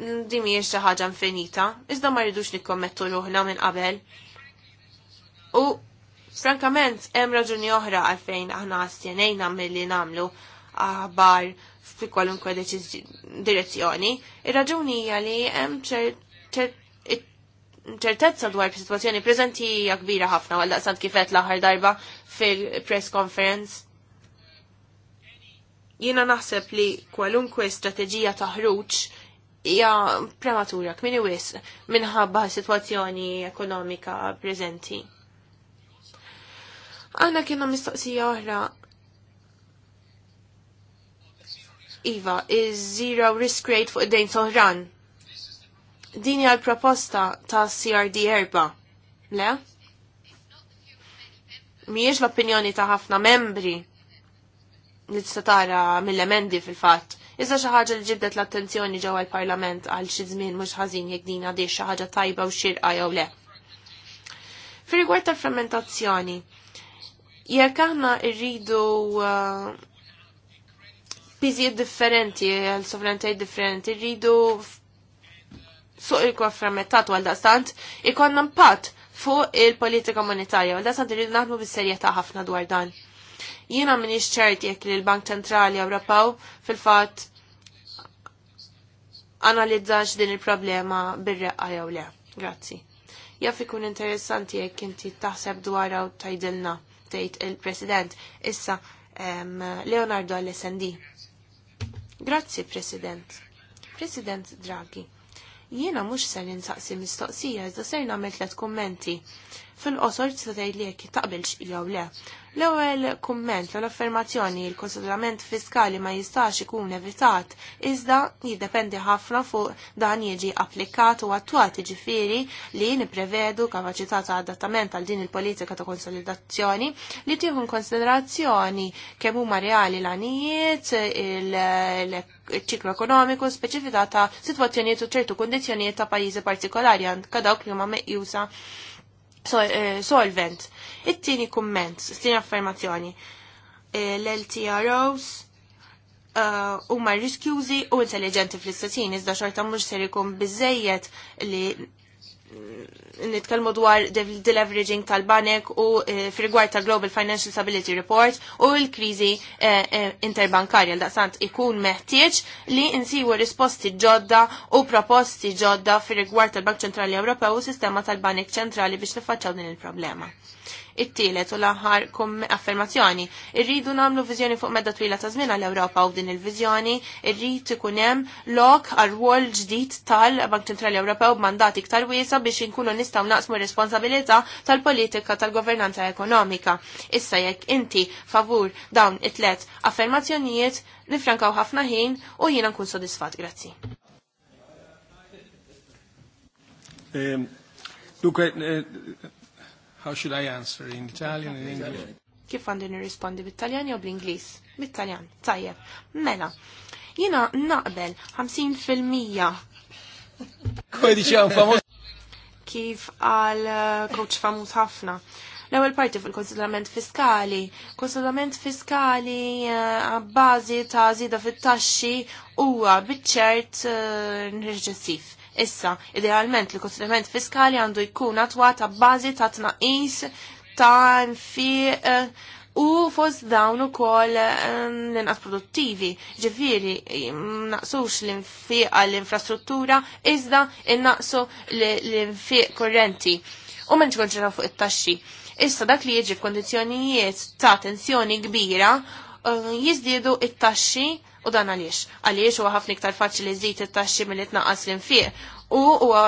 din mhijiex xi ħaġa infinita, iżda ma rridux nikkommettu ruħna minn qabel. U frankament hemm raġuni oħra għalfejn aħna stjenejna milli nagħmlu aħbar fi kwalunkwe direzzjoni. Ir-raġuni hija li hemm ċert ċertezza dwar situazzjoni preżenti hija kbira ħafna għal daqsant kifet l-aħħar darba fil-press conference. Jiena naħseb li kwalunkwe strateġija taħruċ hija prematura kmini wis minħabba situazzjoni ekonomika preżenti. Għanna kienu mistoqsija oħra Iva, iż zero risk rate fuq id-dejn soħran Dini għal proposta ta' CRD erba. Le? Miex l-opinjoni ta' ħafna membri li tista' tara mill-emendi fil-fatt. Iżda xi ħaġa li ġibdet l-attenzjoni ġewwa għal parlament għal xi żmien mhux ħażin jekk din għadix xi ħaġa tajba u xirqa jew le. Fir-rigward tal-fermentazzjoni, jekk aħna rridu biżijiet uh, differenti, għal sovrantajiet differenti, rridu suq il-konframmentat għal daqstant ikonna impatt fuq il-politika monetarja għal daqstant irridu naħdmu bis-serjetà ħafna dwar dan. Jiena m'iniex ċert jekk li l-Bank Ċentrali Ewropew fil-fatt analizzax din il-problema bir-reqqa jew le. Grazzi. Jaf ikun interessanti jekk inti taħseb dwar u tajdilna tgħid il-President. Issa Leonardo Alessandi. Grazzi, President. President Draghi Jiena mhux se ninsaqsi mistoqsija, iżda ser nagħmel tliet kummenti fil-qosor tista' tgħid li jekk taqbilx jew le. L-ewwel kumment l affermazzjoni l konsolidament fiskali ma jistax ikun evitat iżda jiddependi ħafna fuq dan jiġi applikat u attwat ġifieri li niprevedu kapaċità ta' adattament għal din il-politika ta' konsolidazzjoni li tieħu konsiderazzjoni kemm huma reali l-għanijiet, il- ċiklu ekonomiku speċifika ta' situazzjonijiet u ċertu kundizzjonijiet ta' pajjiżi partikolari għandka dawk li huma meqjusa Eh, solvent. It-tieni kumment, it tini affermazzjoni. Eh, L-LTROs eh, huma riskjużi u intelligenti fl istatini iżda xorta mhux ser ikun biżejjed li nitkellmu dwar deleveraging tal-banek u e, eh, fil tal-Global Financial Stability Report u l-krizi eh, eh, interbankarja l-daqsant ikun meħtieġ li insiwu risposti ġodda u proposti ġodda fil tal-Bank Ċentrali Ewropew u sistema tal-Banek Ċentrali biex nifacċaw din il-problema. It-tielet u l-aħħar affermazzjoni. Irridu nagħmlu viżjoni fuq medda twila ta' żmien għall-Ewropa u din il-viżjoni irrid ikun hemm lok għal rwol ġdid tal-Bank Ċentrali Ewropew b'mandat iktar wiesa biex inkunu nistgħu naqsmu responsabilità tal-politika tal-governanza ekonomika. Issa jekk inti favur dawn it-tlet affermazzjonijiet nifrankaw ħafna ħin u jiena nkun sodisfat. Grazzi. Ehm, dunque, eh, How should I answer? In Italian, in English? Kif għandi nirrispondi bit-Taljan jew bl-Ingliż? Bit-Taljan, tajjeb. Mela, jina naqbel 50%. Kwa diċan famos. Kif għal eh, coach famos ħafna. L-ewwel parti fil-konsidrament fiskali. Konsidrament fiskali eh, għabbażi ta' zida fit-taxxi huwa biċ-ċert eh, reġessiv Issa, idealment l-kostriment fiskali għandu jkun ta' bażi ta' tnaqis ta' fi eh, u fost dawn ukoll eh, l-inqas produttivi. Ġifieri naqsux l-infiq għall-infrastruttura iżda innaqsu l-infiq korrenti. U menċi konċena fuq it-taxxi. Issa dak li jiġi f'kondizzjonijiet ta' tensjoni kbira eh, jizdiedu it-taxxi U dan għaliex. Għaliex huwa ħafna iktar faċli żid it-taxxi milli tnaqqas l-infieq. U huwa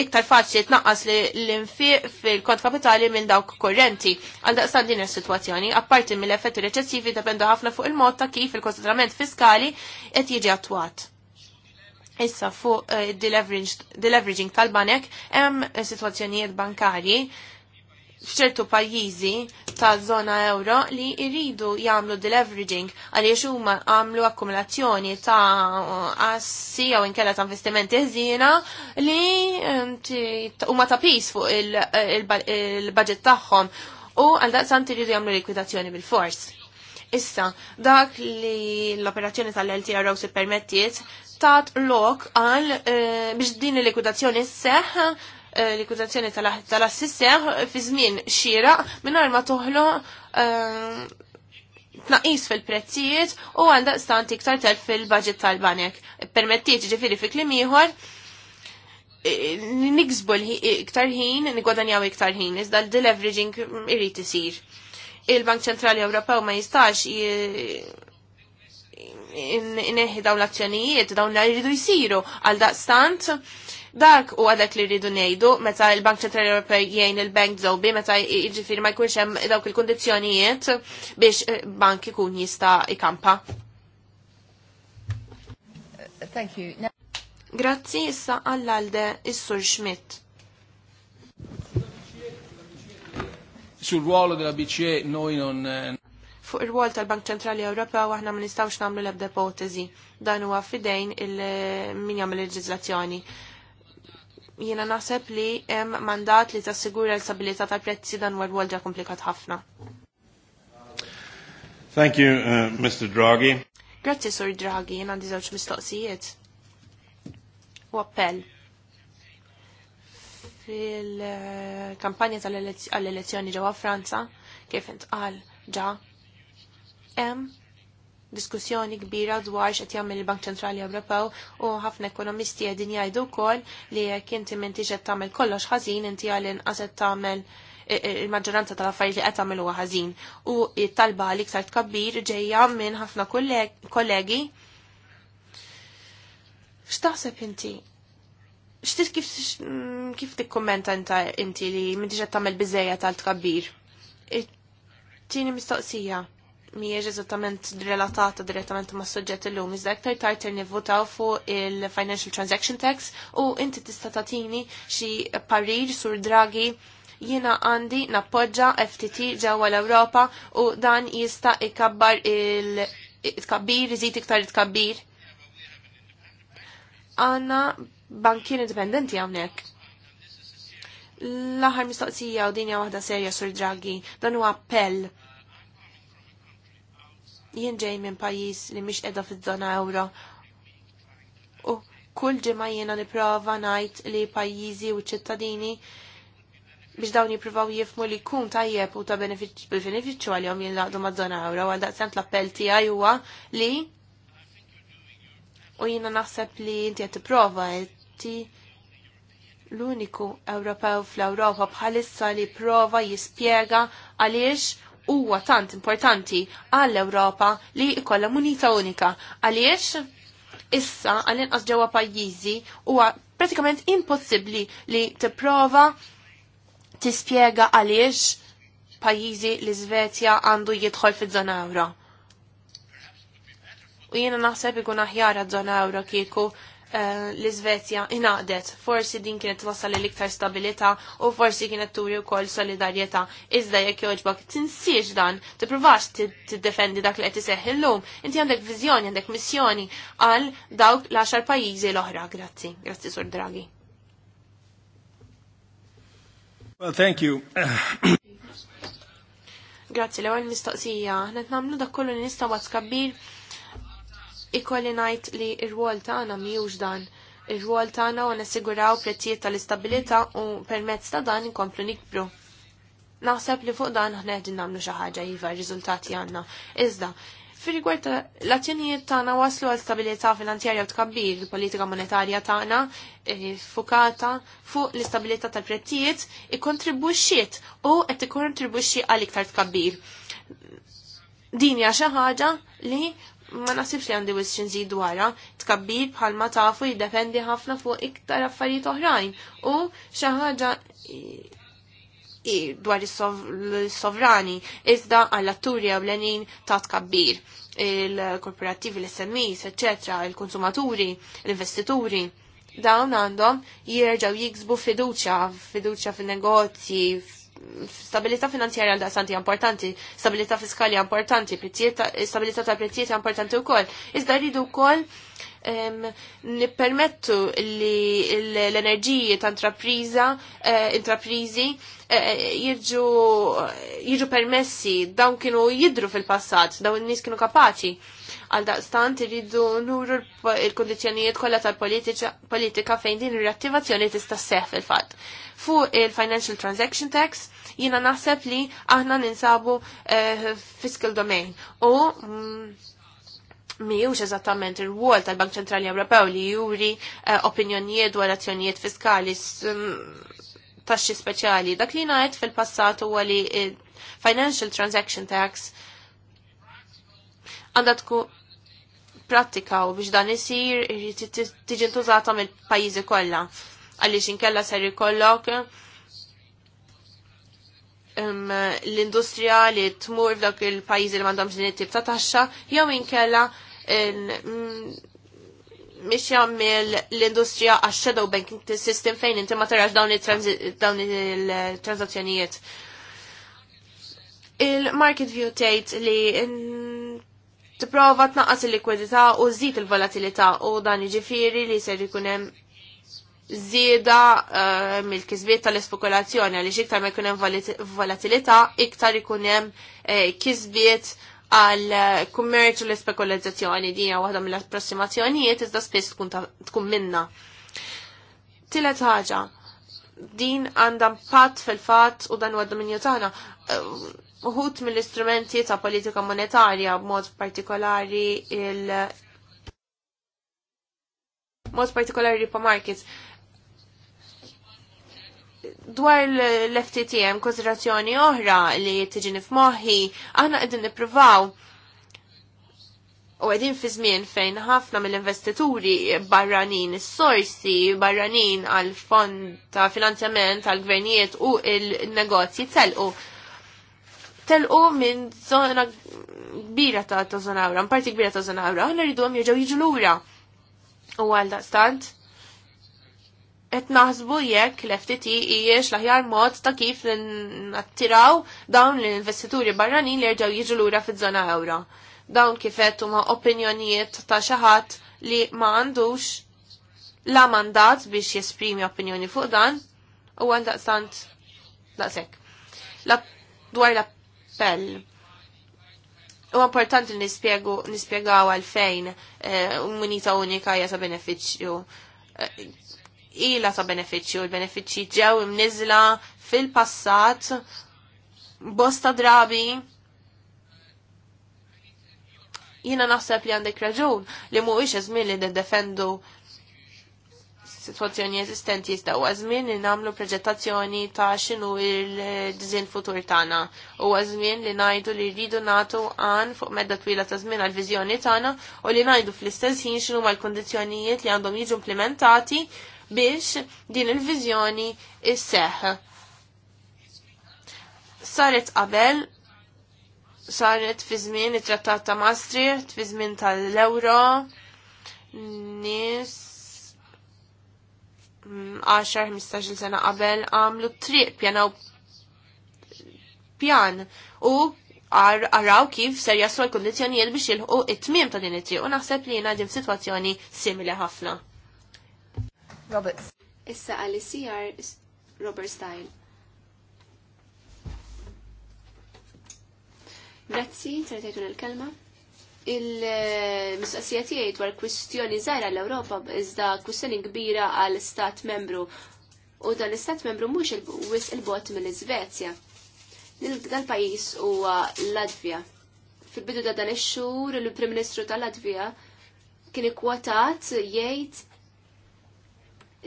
iktar faċli tnaqqas l-infieq fil-kont kapitali minn dawk korrenti. Għal din is-sitwazzjoni, apparti mill-effetti reċessivi dependu ħafna fuq il-mod ta' kif il-konsentrament fiskali qed jiġi attwat. Issa fuq uh, deleveraging tal-banek hemm sitwazzjonijiet bankarji f'ċertu pajjiżi ta' zona euro li jridu jagħmlu deleveraging għaliex huma għamlu akkumulazzjoni ta' assi jew inkella ta' investimenti ħżiena li um, huma ta' pis fuq il-budget tagħhom u għal daqsan iridu jagħmlu likwidazzjoni bil-fors. Issa, dak li l-operazzjoni tal-LTRO si permettiet tat lok għal eh, biex din il-likwidazzjoni seħ Eh, likwidazzjoni tal-assister fi żmien xira mingħajr ma toħlo eh, tnaqis fil-prezzijiet u għanda stanti iktar tel fil-budget tal-banek. Permettiet ġifiri fi klimiħor ieħor eh, niksbu iktar ħin, nigwadanjaw iktar ħin, iżda l-deleveraging irrid isir. Il-Bank Ċentrali Ewropew ma jistax inneħi dawn l-azzjonijiet, dawn l jridu jisiru għal daqstant Dak u għadek li rridu nejdu, meta il-Bank Ċentrali Ewropej jgħin il-Bank Zobi, meta jiġifieri ma jkunx hemm dawk il-kundizzjonijiet biex eh, bank ikun jista' ikampa. Thank you. Grazzi issa għall-għalde is-Sur Schmidt. Sul ruolo della BCE noi non eh, fuq ir-rwol tal-Bank Ċentrali Ewropew aħna ma nistgħux nagħmlu l-ebda ipotezi. Dan huwa fidejn il min jagħmel leġiżlazzjoni jiena naħseb li hemm mandat li tassigura l-stabilità tal-prezzi dan war walġa komplikat ħafna. Thank you, uh, Mr. Draghi. Grazzi, Sur Draghi, jiena għandi żewġ mistoqsijiet. U appell. Fil-kampanja tal-elezzjoni ġewwa Franza, kif intqal ġa, hemm diskussjoni kbira dwar x'qed jagħmel il-Bank Ċentrali Ewropew u ħafna ekonomisti qegħdin jgħidu wkoll li jekk inti m'intix qed tagħmel kollox ħażin inti għal inqas qed tagħmel eh, eh, il-maġġoranza tal-affarijiet li qed tagħmel huwa ħażin. U t-talba li iktar tkabbir ġejja minn ħafna kollegi. X'taħseb inti? X'tit kif mm, kif tikkummenta inti li m'intix qed tagħmel biżejja tal-tkabbir? Tieni mistoqsija mhijiex eżattament relatata direttament ma' l-lum, iżda aktar tard nivvutaw fuq il-Financial Transaction Tax u inti tista' tatini xi parir sur Draghi jiena għandi nappoġġa FTT ġewwa l-Ewropa u dan jista' ikabbar il-tkabbir, iżid iktar it-tkabbir. Għanna bankier indipendenti hawnhekk l aħħar mistoqsija u dinja waħda serja sur Draghi, dan huwa appell jien ġej minn pajjiż li mhix qiegħda fiż-żona ewro. U kull ġimgħa jiena nipprova ngħid li pajjiżi u ċittadini biex dawn jippruvaw jifmu li kun tajjeb u ta' benefiċċju għalihom jinlaqdu maż żona ewro għal daqsant l-appell tiegħi huwa li u jiena naħseb li inti qed tipprova ti l-uniku Ewropew fl-Ewropa bħalissa li prova jispjega għaliex huwa tant importanti għall-Ewropa li jkollha munita unika. Għaliex issa għall-inqas ġewwa pajjiżi huwa pratikament impossibbli li tipprova tispjega għaliex pajjiżi li Svezja għandu jidħol fiż-żona euro. U jiena naħseb ikun aħjar għad-żona euro kieku Eh, l-Izvezja inaqdet. Forsi din kienet wasal l-iktar stabilita u forsi kienet turi wkoll solidarjetà. Iżda jekk joġbok tinsiex dan, tippruvax tiddefendi dak li qed iseħħ illum. Inti għandek viżjoni, għandek missjoni għal dawk l-għaxar pajjiżi l-oħra. Grazzi, grazzi Sur Draghi. Well, thank you. Grazzi, l għal mistoqsija. Qed nagħmlu dak kollu nista' wazz kabbir ikolli ngħid li r-rwol tagħna mhijiex dan. Ir-rwol tagħna u nassiguraw prezzijiet tal-istabilità u permezz ta' dan inkomplu nikbru. Naħseb li fuq dan aħna qegħdin nagħmlu xi ħaġa iva r-riżultati għandna. Iżda, Fil-rigward l-azzjonijiet tagħna waslu għal stabilità finanzjarja u tkabbir il-politika monetarja tagħna eh, fukata fuq l-istabilità tal-prezzijiet ikkontribwixxiet u qed ikkontribwixxi għal iktar tkabbir. Din hija xi ħaġa li ma nasibx li għandi wisċ nżid wara, tkabbir bħalma tafu jiddependi ħafna fuq iktar affarijiet oħrajn u xi ħaġa dwar is-sovrani iżda għall-atturi l-enin ta' tkabbir il-korporattivi, l smis eccetera, il-konsumaturi, l-investituri dawn għandhom jirġaw jiksbu fiduċa, fiduċa fil-negozji, stabilità finanzjarja għal daqsanti importanti, stabilità fiskali importanti, stabilità ta' prezzijiet importanti u koll. Iżda rridu koll ehm, nippermettu li l-enerġiji ta' intrapriza, eh, intraprizi, eh, jirġu eh, permessi, dawn kienu jidru fil-passat, dawn nis kienu kapaċi Għal daqstant irridu nuru il-kondizjonijiet kollha tal-politika fejn din ir-reattivazzjoni tista' seħ fil-fatt. Fuq il-Financial Transaction Tax jiena naħseb li aħna ninsabu eh, fiscal domain u mm, miħuċ eżattament il-wol tal-Bank Ċentrali Ewropew li juri eh, opinjonijiet dwar azzjonijiet fiskali taxxi speċjali. Dak li ngħid fil-passat huwa li eh, financial transaction tax għandha tkun prattika u biex dan isir tiġi tużata mill-pajjiżi kollha. Għaliex inkella ser ikollok l-industrija li tmur f'dak il-pajjiżi li m'għandhomx din it ta' taxxa jew inkella miex jammil l-industrija għax shadow banking system fejn inti ma tarax dawn il-transazzjonijiet. Il-market view tgħid li tipprova tnaqqas il-likwidità u żid il-volatilità u dan jiġifieri li ser jkun hemm żieda eh, mill-kisbiet tal-espekulazzjoni għaliex iktar ma jkun hemm volatilità iktar ikun hemm eh, kisbiet għal eh, kummerċu u l-espekulazzjoni di waħda mill-approssimazzjonijiet iżda spiss tkun, tkun minna. Tilet ħaġa, din għandha impatt fil-fatt u dan huwa dominju tagħna uħut mill-istrumenti ta' politika monetarja b'mod partikolari il mod partikolari pa' markets. Dwar l-FTT hemm konsiderazzjoni oħra li tiġini f'moħħi, aħna qegħdin nippruvaw u għedin fi żmien fejn ħafna mill-investituri barranin, s-sorsi barranin għal fond ta' finanzjament għal gvernijiet u il-negozji telqu telqu minn zona kbira ta' ta' zona awra, parti kbira ta' zona awra, għanna rridu għom jirġaw jiġu lura. U għal da' stant, et naħsbu jekk l-FTT ijiex laħjar mod ta' kif nattiraw dawn l-investituri barranin li jirġaw jiġu lura fi zona awra. Dawn kifet huma opinjonijiet ta' xaħat li ma' għandux la mandat biex jesprimi opinjoni fuq dan u għal daqstant daqsek. La, dwar la appell. U importanti li nispjegaw għalfejn eh, munita unika hija beneficju. benefiċċju. Eh, ila ta' benefiċċju, il-benefiċċji ġew imniżla fil-passat bosta drabi jina naħseb li għandek raġun li mu iċe zmin li defendu situazzjoni eżistenti jistgħu għazmin li nagħmlu proġettazzjoni ta' x'inhu l-diżin futur tagħna u għazmin li ngħidu li rridu nagħtu għan fuq medda twila ta' żmien għall-viżjoni tagħna u li ngħidu fl-istess ħin ma' l kondizjonijiet li għandhom jiġu implementati biex din il vizjoni isseħ. Saret qabel saret fi żmien it-Trattat ta' Maastricht, fi żmien tal-Euro, nis 10-15 sena qabel għamlu triq pjanaw pjan u għaraw kif ser jaslu l-kondizjonijiet biex jilħu it-tmim ta' din it-triq u naħseb li jina din situazzjoni simili ħafna. Robert. Issa għal-CR Robert Style. Grazzi, trattajtun il-kelma il-mistoqsija tiegħi dwar kwistjoni żgħira l-Ewropa iżda kwistjoni kbira għal stat membru u dan l-istat membru mhux wisq il-bot mill-Iżvezja. Dal-pajjiż huwa Latvja. Fil-bidu ta' dan ix-xhur il-Prim Ministru ta' Latvja kien ikkwotat jgħid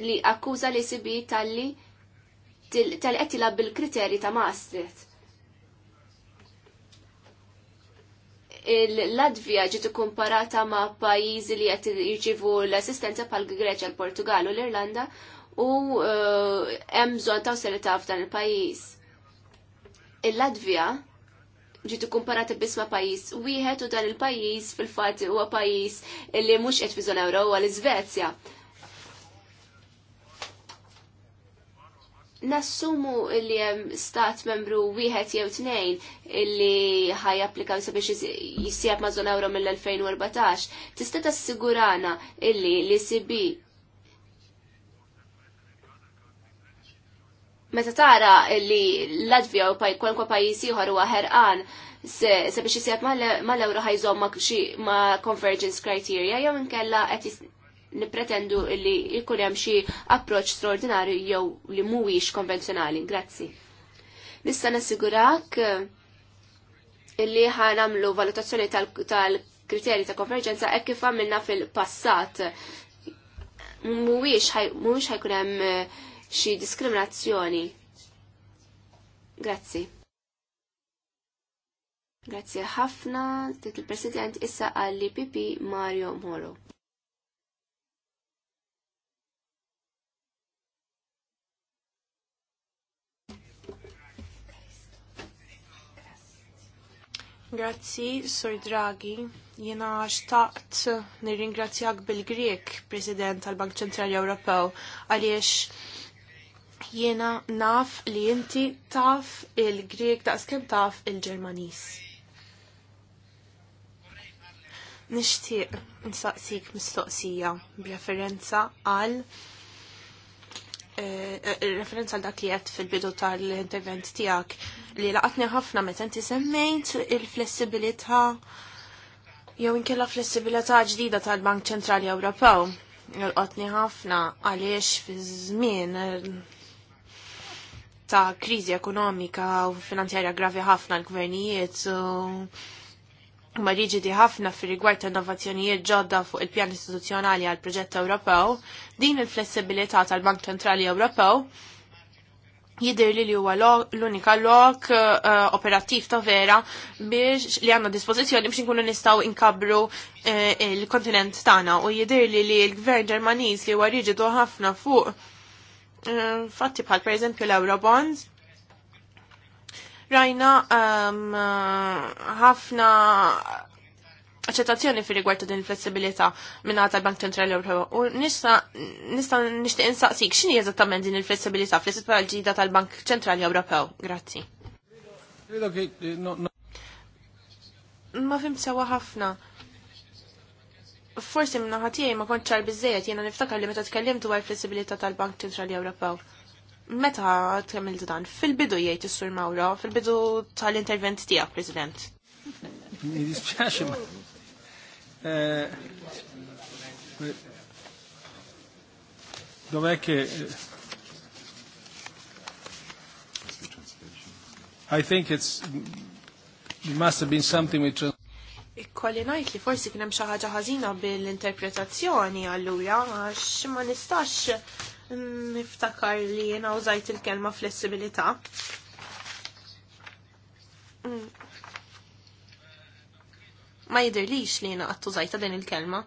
li akkuża li sibi talli tal-qed bil-kriterji ta' Maastricht il-Latvija ġiet ikkumparata ma' pajjiżi li qed jirċivu l-assistenza bħal Greċja, l-Portugal u l-Irlanda u eh, hemm bżonn ta' awsterità f'dan il-pajjiż. Il-Latvija ġiet ikkumparata biss ma' pajjiż wieħed u dan il-pajjiż fil-fatt huwa pajjiż li mhux qed fi żona Ewro huwa l-Iżvezja. nassumu li jem stat membru wieħed jew tnejn illi ħaj applikaw sabiex jissijab ma' zona euro mill-2014, tista' tassigurana illi li sibi Meta tara illi Latvija u kwalunkwa pajjiż ieħor huwa ħerqan sabiex jisjab mal-ewro ħajżom ma' convergence criteria jew inkella qed nipretendu li jkun hemm xi approċċ straordinarju jew li mhuwiex konvenzjonali. Grazzi. Nista' nassigurak eh, li ħan nagħmlu valutazzjoni tal-kriterji ta' konverġenza hekk kif għamilna fil-passat. Mhuwiex ħajkun hemm eh, xi diskriminazzjoni. Grazzi. Grazzi ħafna, tit il-President issa għalli pp Mario Moro. Grazzi, Sur Draghi. Jena xtaqt nirringrazzjak bil-Grek, President tal-Bank Ċentrali Ewropew, għaliex jena naf li inti taf il-Grek daqskem taf il-Ġermanis. Nishtiq nsaqsik mistoqsija b'referenza għal Eh, eh, referenza għal dak li għed fil-bidu tal-intervent tijak li laqatni ħafna meta inti semmejt il-flessibilità jew inkella flessibilità ġdida tal-Bank Ċentrali Ewropew. Laqatni ħafna għaliex fi żmien eh, ta' kriżi ekonomika u finanzjarja gravi ħafna l-gvernijiet u ma riġidi ħafna fir rigward ta' innovazzjonijiet ġodda fuq il-pjan istituzzjonali għal proġett Ewropew, din il-flessibilità tal-Bank Centrali Ewropew jidir li li huwa l-unika lok eh, operattiv ta' vera biex li għanna dispozizjoni biex nkunu nistaw inkabru eh, il-kontinent tagħna u jidir li li l-gvern Ġermaniż li huwa riġidu ħafna fuq eh, fatti bħal per eżempju l-Eurobonds Rajna um, ħafna aċċettazzjoni fi rigward din il-flessibilità minn għata l-Bank Ċentrali Ewropew. U nista nixtieq insaqsik x'inhi eżattament din il-flessibilità fl l-ġida tal-Bank Ċentrali Ewropew. Grazzi. Eh, ma fim sewa ħafna. Forsi minna ħatijaj ma kontx ċar biżejjed jiena niftakar li meta tkellimt għal flessibilità tal-Bank Ċentrali Ewropew Meta temmil dan, fil-bidu jgħid is-Sur Mawra, fil-bidu tal-intervent tiegħek, President. Eh, dov'è che eh, I think it's it must have been something with Ikkolli najt li forsi kienem xaħġa ħazina bil-interpretazzjoni allura għax ma nistax niftakar li jena użajt il-kelma flessibilità. Mm. Ma jidirlix li jena għattu użajta din il-kelma.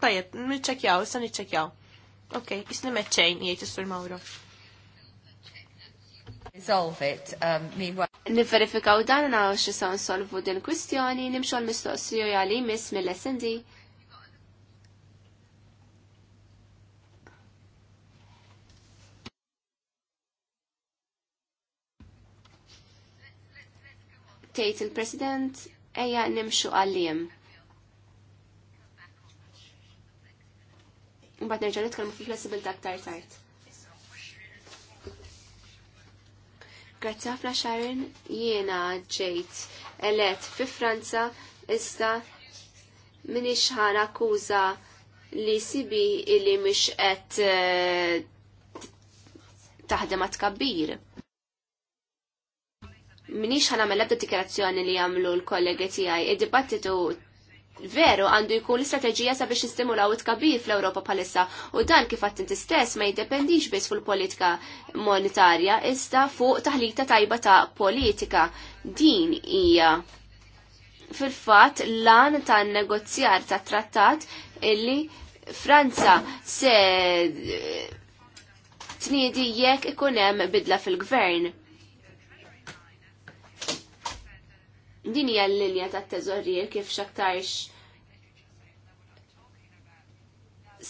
Tajet, nċekjaw, issa nċekjaw. Ok, isni meċċejn jgħid is Mauro. Mawro. Resolve it, um, Niverifikaw dan għax xi sa nsolvu din kwistjoni nimxol l-mistoqsija li miss mill-SND tgħid il-President ejja nimxu għallim. Mbagħad nerġa' nitkellmu fuq flessibilità aktar tard. Grazzi ħafna Sharon, jiena ġejt elett fi Franza issa minix ħana akkuża li sibi illi mhix qed eh, taħdem għat kabbir minix ħanamel ebda dikjerazzjoni li jagħmlu l-kollegi tiegħi. Id-dibattitu veru għandu jkun l-istrateġija sabiex nistimulaw it-kabir fl-Ewropa palissa u dan kif għatt inti ma jiddependix biss fuq politika monetarja issa fuq taħlita tajba ta' politika. Din hija fil-fatt lan ta' negozjar ta' trattat illi Franza se tniedi jekk ikun hemm bidla fil-gvern Din hija l-linja tat-teżorir kif xaktarx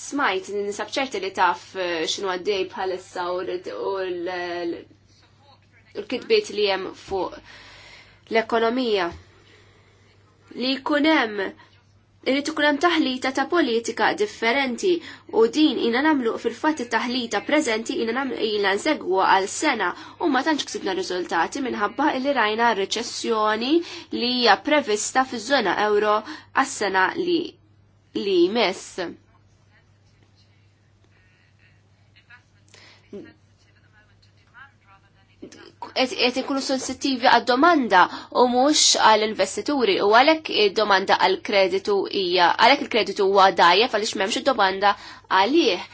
smajt nisab ċerti li taf eh, xinu għaddej bħalissa u l-kitbiet li jem fuq l-ekonomija. Li kunem Irrid ikun hemm taħlita ta' politika differenti u din ina nagħmlu fil fat taħlita prezenti ina namlu ila nsegwa għal sena u ma tantx ksibna riżultati minħabba li rajna r-reċessjoni li hija prevista fiż-żona euro għas-sena li li jmiss. et ikunu sensittivi għad-domanda u mhux għall-investituri u għalhekk id-domanda għall-kreditu hija għalhekk il-kreditu huwa dajjeb għaliex m'hemmx id-domanda għalih.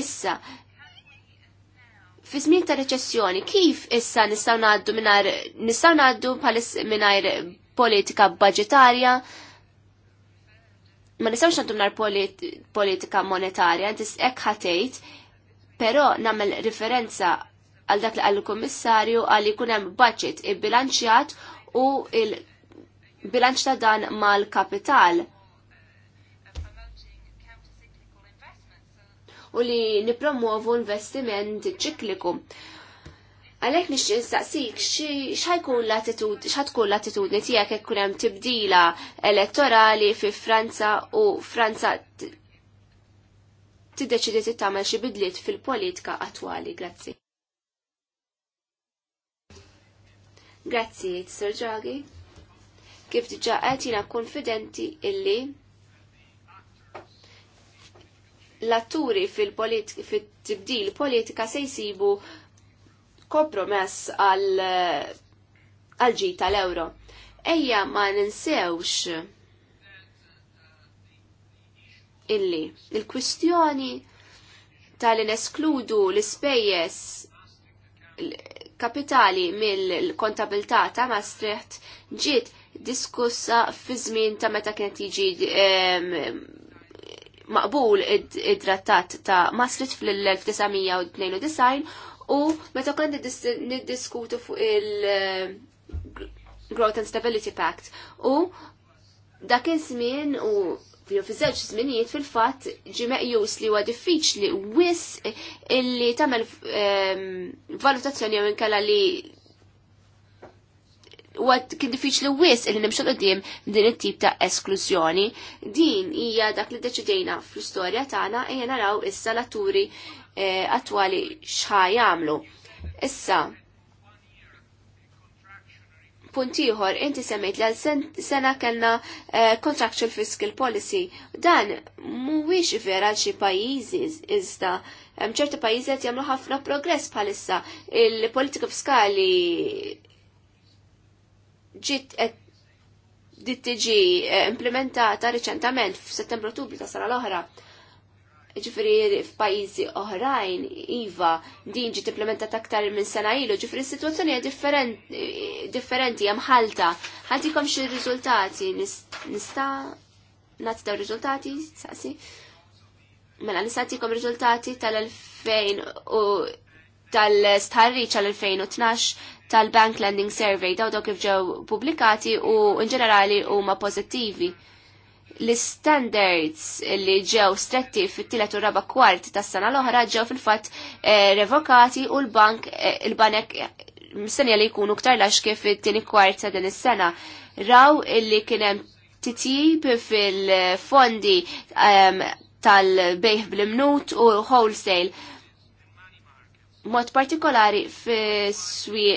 Issa, fi żmien ta' reċessjoni, kif issa nistgħu ngħaddu mingħajr nistgħu ngħaddu mingħajr politika budgetarja, ma nistgħux ngħaddu mingħajr polit politika monetarja, intis hekk ħatejt, però nagħmel referenza għal dak li għall Kommissarju għal jkun hemm budget ibbilanċjat u il-bilanċ ta' dan mal-kapital. U li nipromuovu investiment ċikliku. Għalek nix nistaqsik, xħajkun l-attitudni, xħatkun l-attitudni tijak ekkunem tibdila elettorali fi Franza u Franza t-deċidiet t-tamel xibidliet bidliet fil-politika attwali. Grazie. Grazzi, Sir Draghi. Kif diġa qed jiena konfidenti illi l-atturi fil-tibdil politika se jsibu kompromess għal ġi tal-euro. Ejja ma ninsewx illi il-kwistjoni tal-neskludu l-spejjes kapitali mill-kontabilità ta' Maastricht ġiet diskussa fi żmien ta' meta kienet jiġi maqbul id drattat ta' Maastricht fl-1992 u meta kont niddiskutu fuq il-Growth eh, and Stability Pact u dakin żmien u jew fi żewġ żminijiet fil-fatt ġi meqjus li huwa diffiċli wis illi tagħmel ehm, valutazzjoni jew inkella li huwa kien diffiċli wis illi nimxu qudiem din it-tip ta' esklużjoni. Din hija dak li deċidejna fl-istorja tagħna ejja naraw issa l-atturi eh, attwali x'ħa jagħmlu. Issa, Puntiħor, inti semmejt li għal sena kellna eh, contractual fiscal policy. Dan mhuwiex vera għal xi pajjiżi iżda hemm ċerti pajjiżi qed jagħmlu ħafna progress bħalissa. Il-politika fiskali ġiet qed tiġi eh, implementata riċentament f'Settembru Ottubru ta' sara l-oħra ġifiri f'pajjiżi oħrajn, iva, din ġiet implementa aktar minn sena ilu, ġifiri s-situazzjoni hija differenti, hemm ħalta. Ħadikom xi riżultati nista' nagħti daw riżultati, saqsi. Mela nistatikom riżultati tal-2000 u tal-starriċ tal-2012 tal-Bank Lending Survey daw daw kif ġew publikati u in ġenerali huma pożittivi l-standards li ġew stretti fit-tielet u raba kwart tas-sena l-oħra ġew fil-fatt eh, revokati u l-bank eh, il-banek mistennija li jkunu ktar lax kif it-tieni kwart ta' din is-sena. Raw illi kien hemm titjib fil-fondi ehm, tal-bejħ bl-imnut u wholesale. Mod partikolari fi-swi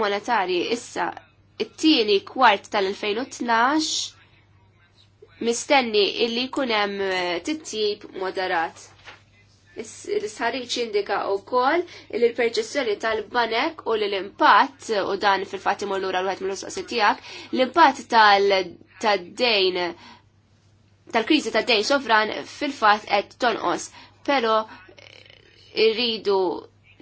monetari issa it-tieni kwart tal-2012 mistenni illi kunem eh, tittib moderat. l sħarriċ indika u kol il perċessjoni tal-banek u l-impatt, eh, u dan fil-fatti mollura l-għet mill-usqasi tijak, l-impatt tal-dejn, tal-krizi tal-dejn sovran fil-fatt qed tonqos. Pero eh, irridu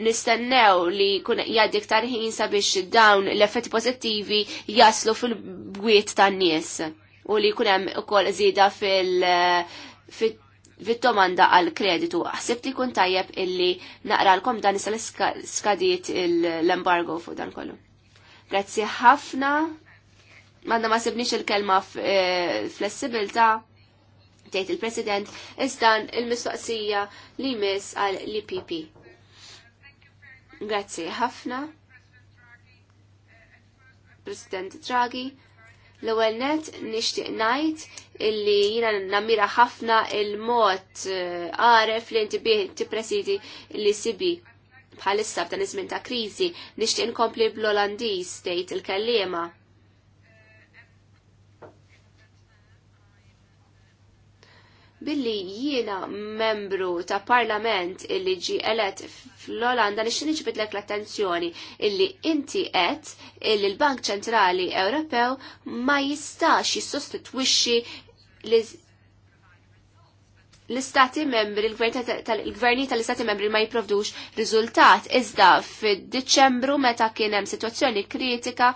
nistennew li kun jaddik tarħin sabiex dawn l-effetti pozittivi jaslu fil-bwiet tan-nies u li jkun hemm ukoll zida fil- fit-domanda għal kreditu. aħsib li kun tajjeb illi naqralkom dan issa l-skadiet l-embargo fuq dan kollu. Grazzi ħafna. Manna ma sibniex il-kelma eh, flessibilta tgħid il-President, iżdan il-mistoqsija li mis għal l-IPP. Grazzi ħafna. President Draghi, L-ewwel net nixtieq ngħid illi jiena nammira ħafna il-mod eh, għaref li inti bih tippresidi li sibi bħalissa f'dan iż-żmien ta' kriżi nixtieq inkompli bl-Olandiż tgħid il-kellima. billi jiena membru ta' parlament illi ġi elet fl-Olanda li xini ġibitlek l-attenzjoni illi inti qed illi l-Bank Ċentrali Ewropew ma jistax jissostitwixxi l-istati membri, il-gverni tal-istati membri ma jiprovdux riżultat. Iżda fid-Diċembru meta kien hemm sitwazzjoni kritika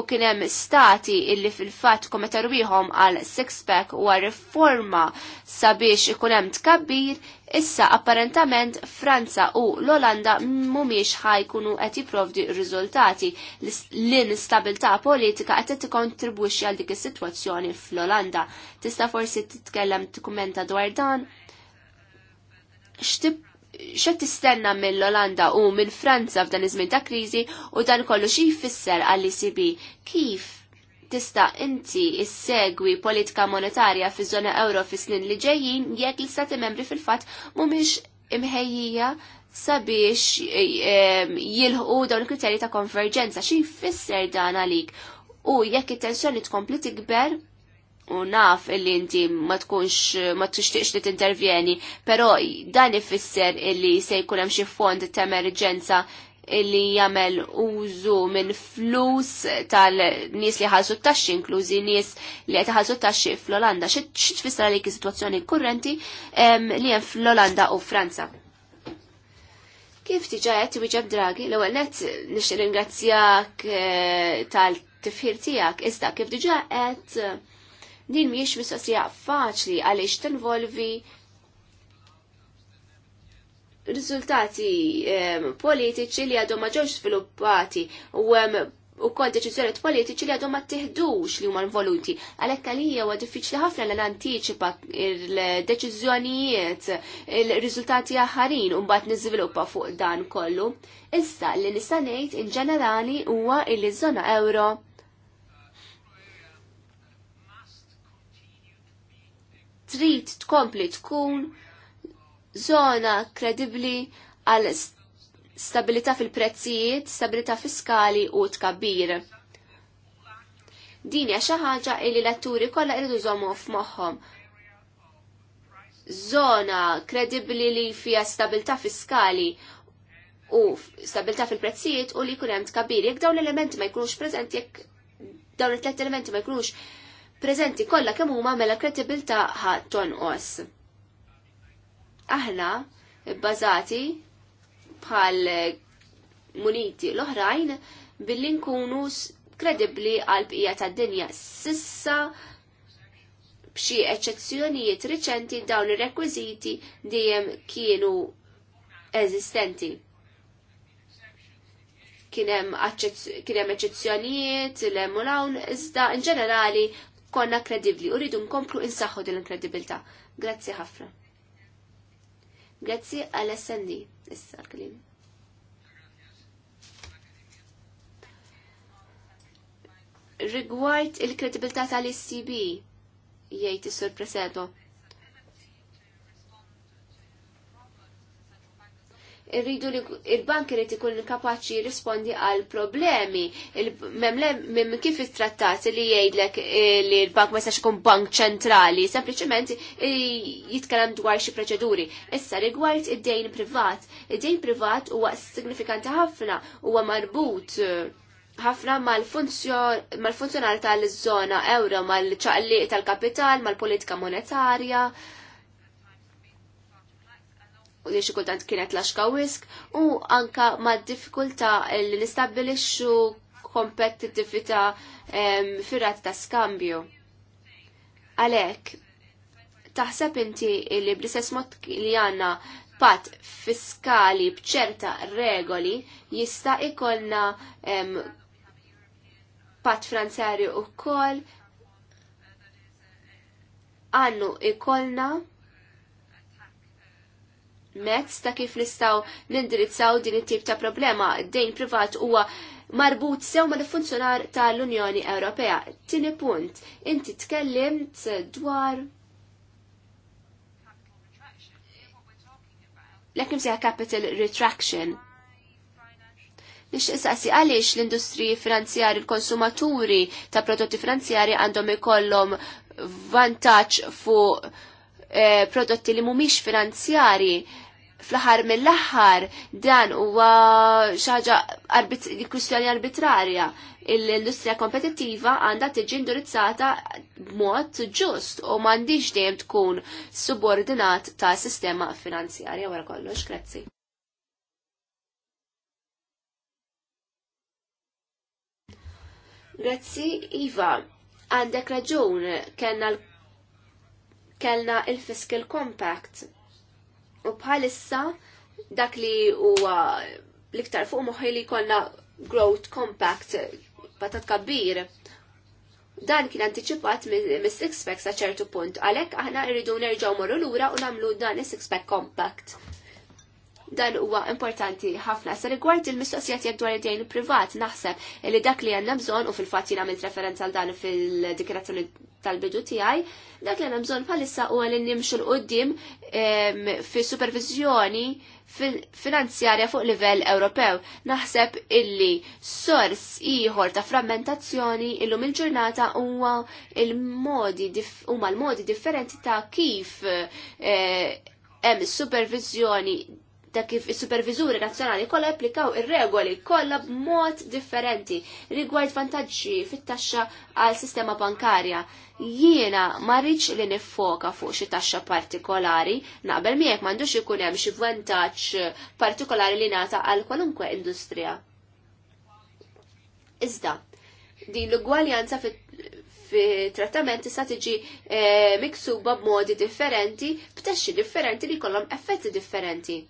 u kien hemm stati illi fil-fatt kometaru għal six-pack u riforma sabiex ikun hemm tkabbir, issa apparentament Franza u l-Olanda mhumiex ħajkunu qed jipprovdi riżultati. L-instabilità politika qed tikkontribwixxi għal dik is-sitwazzjoni fl-Olanda. Tista' forsi titkellem tikkumenta dwar dan? xa tistenna mill-Olanda u mill Franza f'dan iż-żmien ta' kriżi u dan kollu xi jfisser għall-ECB kif tista' inti issegwi politika monetarja fi żona euro fi snin li ġejjin jekk l-istati membri fil-fatt mhumiex imħejjija sabiex eh, eh, jilħu dawn il-kriterji ta' konverġenza xi jfisser dan għalik u jekk it-tensjoni tkompli tikber u naf illi inti ma tkunx ma tixtiqx li tintervjeni, però dan ifisser illi se jkun hemm xi fond ta' emerġenza illi jagħmel użu minn flus tal-nies li ħalsu t-taxxi, inklużi nies li qed iħallsu t-taxxi fl-Olanda. Xi tfisser għalik is-sitwazzjoni kurrenti li hemm fl-Olanda u Franza. Kif diġà qed wieġeb dragi, l-ewwel nett nixtieq ringrazzjak eh, tal-tifħir tiegħek, iżda kif diġà qed Din miex mistoqsija faċli għaliex tinvolvi riżultati ehm, politiċi li għadhom ma ġewx sviluppati u ehm, u ukoll deċizjoniet politiċi li għadhom ma tiħdux li huma involuti. Għalhekk għalija huwa diffiċli ħafna li nantiċipa il-deċiżjonijiet, il-riżultati aħħarin u mbagħad niżviluppa fuq dan kollu. Issa li nista' ngħid in ġenerali huwa li żona euro trid tkompli tkun zona kredibli għal stabilità fil-prezzijiet, stabilità fiskali u tkabbir. Din hija xi ħaġa li l-atturi kollha jridu żommhom f'moħħhom. Zona kredibbli li fiha stabilità fiskali u stabilità fil-prezzijiet u li jkun hemm tkabbir. Jekk dawn l-elementi ma jkunux preżenti, jekk dawn it-tlet elementi ma jkunux preżenti kollha kemm huma mela kredibilta ħadd tonqos. Aħna bbażati bħal muniti l-oħrajn billi nkunu kredibbli għal bqija tad-dinja sissa b'xi eċċezzjonijiet riċenti dawn ir-rekwiżiti dejjem kienu eżistenti. Kien hemm eċċezzjonijiet l hemm hawn iżda in ġenerali konna kredibli u rridu nkomplu insaħħu din l inkredibilità Grazzi ħafna. Grazzi għal SND issa l-klim. Rigward il-kredibilità tal-ICB, jgħid is-sur Presedo irridu li il-bank irid ikun kapaċi jirrispondi għal problemi. Mem kif it-trattat li jgħidlek eh, li l-bank ma jistax ikun bank ċentrali, sempliċement eh, jitkellem dwar xi proċeduri. Issa rigward id-dejn privat, id-dejn privat huwa signifikanti ħafna, huwa marbut eh, ħafna mal-funzjonalità tal-żona euro, mal-ċaqliq tal-kapital, mal-politika monetarja, u li xikultant kienet laxka wisk u anka ma' diffikulta li nistabilixxu kompetittività firat ta' skambju. Għalek, taħseb inti li bl-istess mod li għanna pat fiskali bċerta regoli jista' ikolna pat franzari u kol għannu ikolna mezz ta' kif nistaw nindirizzaw din it-tip ta' problema. Dejn privat huwa marbut sew ma' l-funzjonar tal-Unjoni Ewropea. Tini punt, inti tkellimt dwar l-ekim capital retraction. Nix isaqsi għaliex l-industri finanzjari, l-konsumaturi ta' prodotti finanzjari għandhom ikollhom vantaġġ fuq eh, prodotti li mhumiex finanzjari fl-aħħar mill-aħħar dan huwa xaġa kwistjoni arbitrarja. L-industrija kompetittiva għandha tiġi indirizzata b'mod ġust u m'għandix dejjem tkun subordinat ta' sistema finanzjarja wara kollox. Grazzi. Grazzi, Iva, għandek raġun, kellna l-Kellna il-Fiscal Compact U bħalissa dak li huwa l-iktar fuq moħħi li konna Growth Compact patat kabbir. Dan kien antiċipat mis six pack sa ċertu punt, għalhekk aħna rridu nerġgħu morru lura u nagħmlu dan is six pack compact dan huwa importanti ħafna. Sa rigward il mistoqsijiet jekk dwar id-dejn privat, naħseb li dak li għandna bżonn u fil-fatt jiena għamilt referenza għal dan fil-dikrazzjoni tal-bidu tiegħi, dak li għandna bżonn bħalissa huwa li nimxu l-qudiem fi supervizjoni finanzjarja fuq livell Ewropew. Naħseb illi sors ieħor ta' frammentazzjoni illum il-ġurnata huwa il-modi huma l-modi differenti ta' kif eh, hemm supervizjoni ta' kif is-supervizuri nazzjonali kolla applikaw ir-regoli kollha b'mod differenti rigward vantaġġi fit-taxxa għal sistema bankarja. Jiena ma rridx li niffoka fuq xi taxxa partikolari, naqbel miegħek m'għandux ikun hemm xi vantaġġ partikolari li nata għal kwalunkwe industrija. Iżda, din l-ugwaljanza fit trattamenti sa tiġi eh, miksuba b'modi differenti, b'taxxi differenti li jkollhom effetti differenti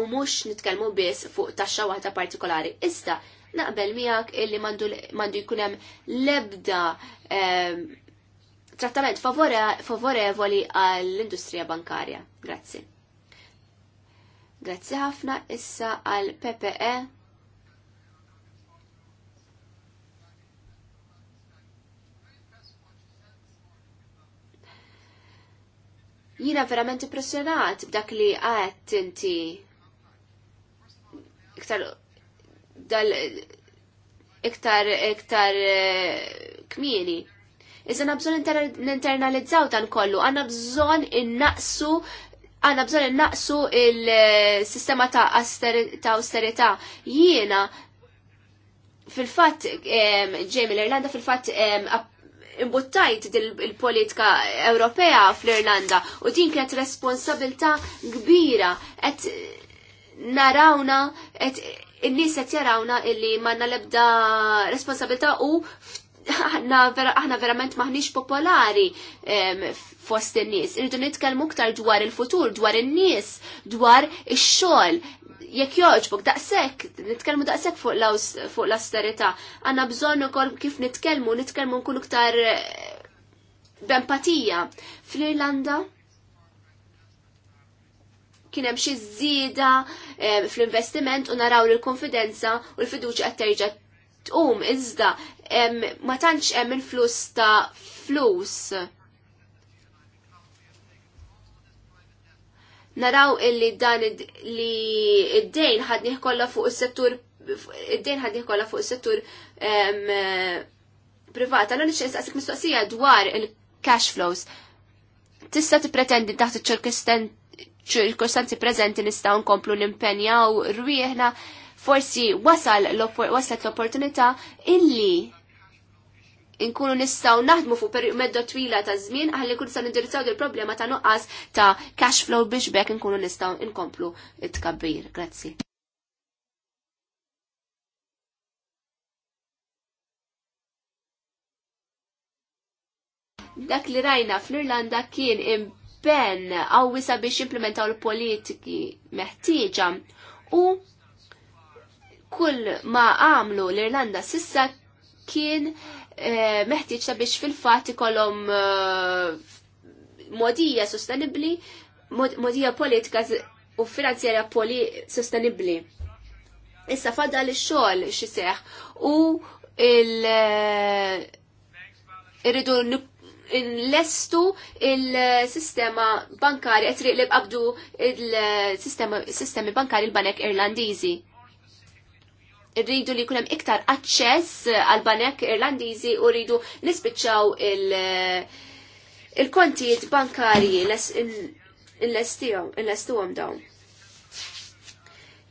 u mhux nitkellmu biss fuq taxxa waħda partikolari. Issa naqbel miegħek illi mandu jkun hemm lebda eh, trattament favorevoli għall-industrija bankarja. Grazzi. Grazzi ħafna issa għal PPE jina verament impressionat b'dak li għat inti iktar dal iktar iktar eh, kmieni. Iżda għanna bżon n-internalizzaw tan kollu, għanna bżon innaqsu għanna bżon innaqsu il-sistema ta' austerita. Jiena fil-fat Jamie l irlanda fil-fat imbuttajt il-politika Ewropea fl-Irlanda u din kienet responsabilta kbira narawna et in-nies qed jarawna illi manna lebda responsabilità u aħna verament maħniex popolari fost in-nies. Irridu nitkellmu iktar dwar il-futur, dwar in-nies, dwar ix-xogħol, jekk joġbok daqsek, nitkellmu daqsek fuq l-austerità. Għanna bżonn ukoll kif nitkellmu, nitkellmu nkunu ktar eh, b'empatija. Fl-Irlanda, kien hemm xi żieda eh, fl-investiment u naraw li l-konfidenza u l-fiduċja qed terġa' tqum iżda ma tantx hemm il-flus ta' flus. Naraw illi dan li id-dejn ħadnieh kollha fuq is-settur id-dejn ħadnieh kollha fuq is-settur privat. Allora nixtieq nistaqsik mistoqsija dwar il-cash flows tista' tippretendi taħt iċ-ċirkistenza ċirkostanzi preżenti nistgħu nkomplu nimpenjaw rwieħna forsi wasal waslet l-opportunità illi inkunu nistgħu naħdmu fuq medda twila ta' żmien ħalli nkunu nistgħu nindirizzaw il-problema ta' nuqqas ta' cash flow biex bekk inkunu nistgħu nkomplu it-tkabbir. Grazzi. Dak li rajna fl-Irlanda kien impenn għawi biex implementaw l-politiki meħtieġa u kull ma għamlu l-Irlanda sissa kien eh, meħtieġ sabiex fil-fat ikollhom eh, modija sostenibli, mod modija politika u finanzjarja poli sostenibli. Issa fadda li xogħol xi u il- eh, irridu inlestu il-sistema bankari, għetri li bqabdu il-sistemi bankari l-banek irlandizi. Rridu li kunem iktar aċċess għal-banek irlandizi u rridu nispiċċaw il-kontijiet bankari l għom dawn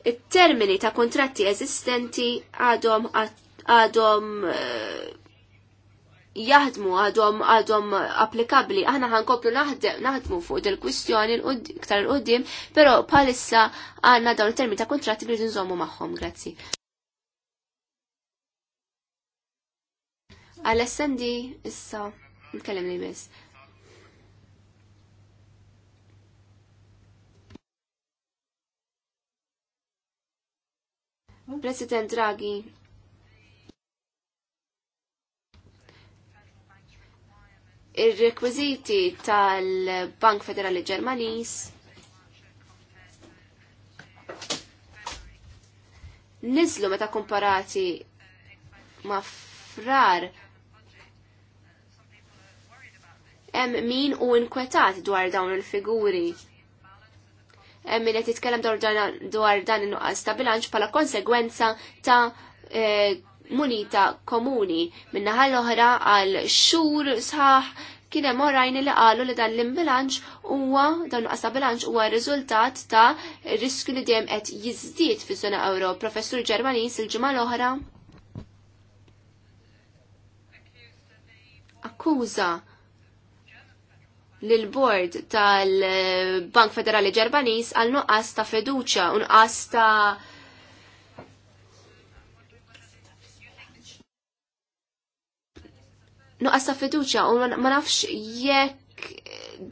it-termini ta' kontratti eżistenti għadhom għadhom uh, jaħdmu għadhom għadhom applikabli. Aħna ħankoplu naħdmu fuq il kwistjoni iktar il-qoddim, però palissa għandna dawn il-termi ta' kontratti li nżommu magħhom. Grazzi. Alessandi issa nkellem li bis. President Draghi, ir-rekwiżiti tal-Bank Federali Ġermaniż nizlu meta komparati ma' frar hemm min u inkwetat dwar dawn il-figuri. Hemm min qed jitkellem dwar dan in-nuqqas ta' bilanċ bħala konsegwenza ta' eh, munita komuni. minna l-oħra għal xur sħaħ kien hemm orajni li qalu li dan l-imbilanċ huwa dan qasa bilanċ huwa riżultat ta' riskju li dejjem qed jiżdied fiż-żona Ewro. Professur Ġermaniż il-ġimgħa l-oħra akkuża l-bord tal-Bank Federali Ġermaniż għal nuqqas ta' fiduċja u nqas ta' nuqqas ta' fiduċja u ma nafx jekk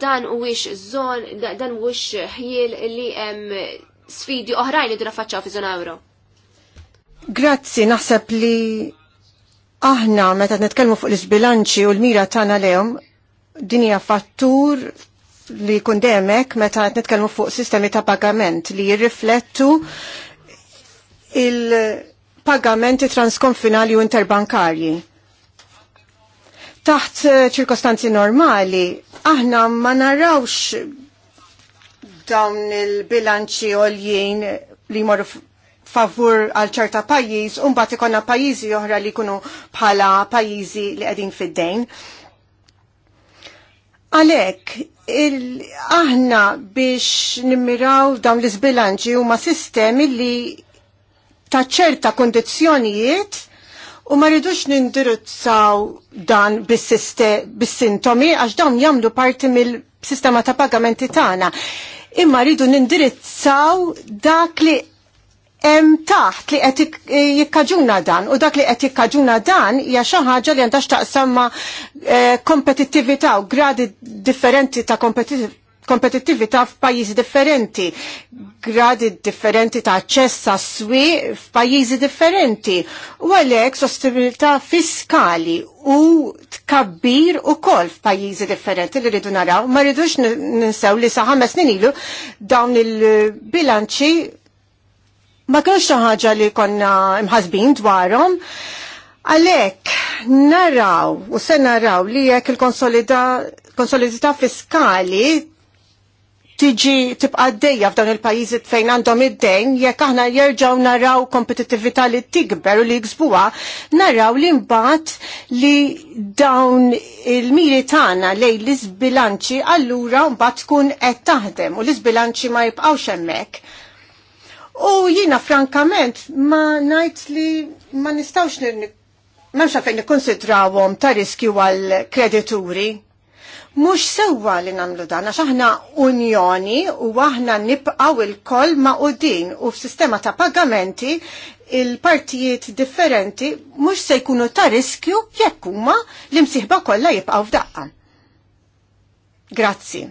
dan huwiex zon, dan wix ħjil li hemm sfidi oħrajn li dura faċċaw fi żona euro. Grazzi, naħseb li aħna meta nitkellmu fuq l-isbilanċi u l-mira tagħna lehom din hija fattur li jkun demek meta qed nitkellmu fuq sistemi ta' pagament li jirriflettu il-pagamenti transkonfinali u interbankarji taħt eh, ċirkostanzi normali aħna ma narawx dawn il-bilanċi oljien li morru favur għal ċerta pajjiż, un bat ikonna pajjiżi oħra li kunu bħala pajjiżi li qegħdin fid-dejn. Għalek, aħna biex nimmiraw dawn l-izbilanċi huma sistemi li ta' ċerta kondizjonijiet U ma rridux nindirizzaw dan bis-sintomi għax dawn jagħmlu parti mill-sistema ta' pagamenti tagħna. Imma rridu nindirizzaw dak li hemm taħt li qed jikkaġuna dan u dak li qed jikkaġuna dan hija xi ħaġa li għandha x'taqsam ma' eh, kompetittività u gradi differenti ta' kompetittività kompetittività f'pajjiżi differenti, gradi differenti ta' aċċess swi f'pajjiżi differenti u għalhekk sostenibilità fiskali u tkabbir u kol f'pajjiżi differenti li rridu naraw, ma rridux ninsew li sa' ħames snin ilu dawn il-bilanċi ma kienx xi ħaġa li konna mħasbin dwarhom. Għalek, naraw, u se naraw li jekk il-konsolidità fiskali tiġi tibqa' dejja f'dan il-pajjiżi fejn għandhom id-dejn, jekk aħna jerġgħu naraw kompetittività li tikber u li jiksbuha, naraw li mbagħad li dawn il-miri tagħna lejn l-isbilanċi allura mbagħad tkun qed taħdem u l-isbilanċi ma jibqgħux hemmhekk. U jiena frankament ma ngħid li ma nistgħux Memx għafen nikonsidrawom ta' riskju għal kredituri, Mux sewa li namlu dan, għax aħna unjoni u aħna nibqaw il-koll ma' u din u f-sistema ta' pagamenti il-partijiet differenti mux se jkunu ta' riskju jekk huma li msiħba kollha jibqaw f'daqqa. Grazzi.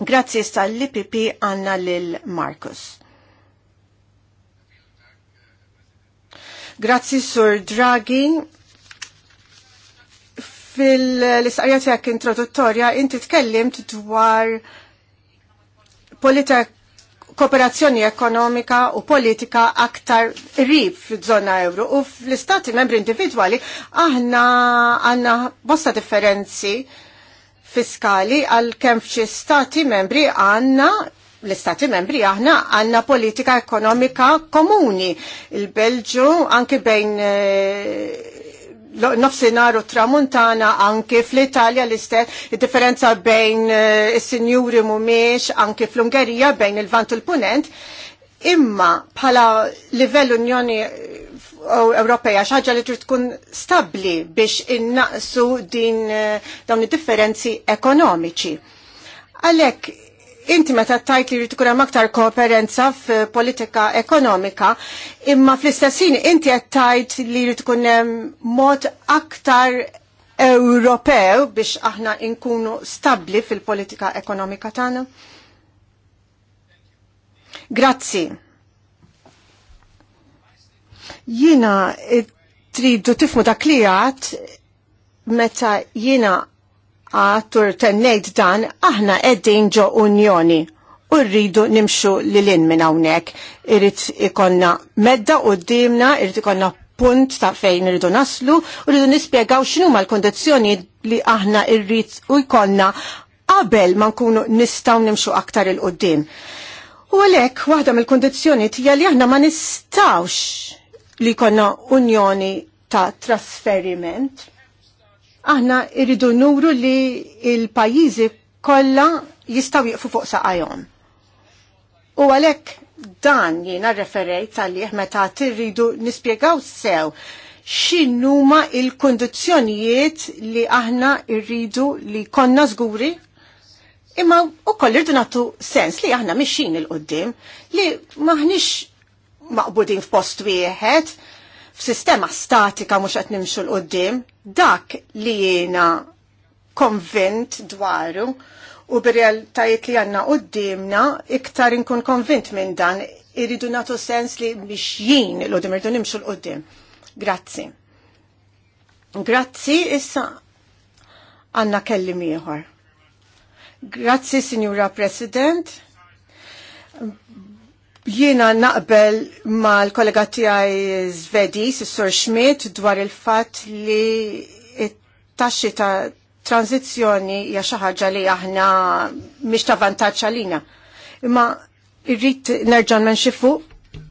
Grazzi sal-IPP għanna lil Markus. Grazzi Sur Draghi Fil-istqarja tiegħek introduttorja inti tkellimt dwar politika kooperazzjoni ekonomika u politika aktar rib fil zona euro u fl-istati membri individuali aħna għanna bosta differenzi fiskali għal kemm f'xi stati membri għanna l-istati membri aħna għanna politika ekonomika komuni. Il-Belġu anki bejn eh, nofsinhar u tramuntana anke fl-Italja l-istess id-differenza bejn eh, is-sinjuri mhumiex anke fl-Ungerija bejn il-Vant u l-Punent. Imma bħala livell Unjoni eh, Ewropea xaġa li trid tkun stabbli biex innaqsu din eh, dawn id-differenzi ekonomiċi. Għalhekk inti meta tajt li hemm maktar kooperenza f'politika ekonomika, imma fl-istessin inti qed tajt li rritkun mod aktar Ewropew biex aħna inkunu stabli fil-politika ekonomika tagħna? Grazzi. Jiena eh, tridu tifmu dak li meta jiena għattur tennejt dan, aħna eddin ġo unjoni u rridu nimxu li l-in minn hawnhekk. Irrid ikonna medda u dimna, irrit ikonna punt ta' fejn irridu naslu u rridu nispjegaw ma' l kondizjoni li aħna irrit u jkollna qabel ma nkunu nistgħu nimxu aktar il-qudiem. U għalhekk waħda mill kondizjoni tija li aħna ma nistawx li konna unjoni ta' trasferiment aħna irridu nuru li il-pajizi kolla jistaw jiqfu fuq saqajom. U għalek dan jiena referejt għalli meta tirridu nispiegaw sew x'inhuma il kondizjonijiet li aħna rridu li konna żguri imma wkoll irridu nagħtu sens li aħna mixin il-qoddim li maħniex maqbudin f'post wieħed f'sistema statika mhux qed nimxu l qoddim dak li jiena konvint dwaru u bir-realtajiet li għanna qoddimna iktar inkun konvint minn dan irridu natu sens li biex jien l-qoddim irridu nimxu l-qoddim. Grazzi. Grazzi issa għanna kellim ieħor. Grazzi, Signora President. Jiena naqbel mal-kollega tiegħi Zvedi, Sissur Schmidt, dwar il-fatt li it-taxxi ta' tranzizjoni hija xi ħaġa li aħna mhix ta' vantaġġ għalina. Imma irrid nerġa' menxifu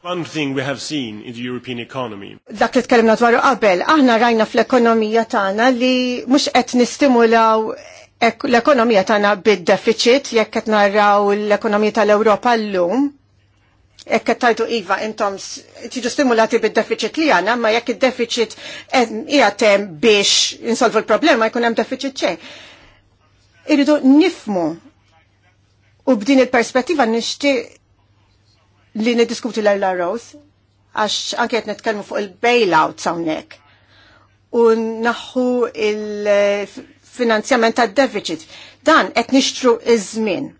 One thing we have seen in the European economy. Dak li tkellimna dwaru qabel, aħna rajna fl-ekonomija tagħna li mhux qed nistimulaw l-ekonomija tagħna bid-deficit jekk qed narraw l-ekonomija tal-Ewropa llum Ekk tajtu Iva, intom tiġu stimulati bid-deficit li għana, ma jekk il-deficit jgħatem biex insolvu l-problema, jkun hemm deficit ċej. Irridu nifmu u b'din il-perspettiva nixti li nidiskuti l-Erla Rose, għax anke qed nitkellmu fuq il-bailout hawnhekk. U naħħu il-finanzjament tad-deficit. Dan qed nixtru iż-żmien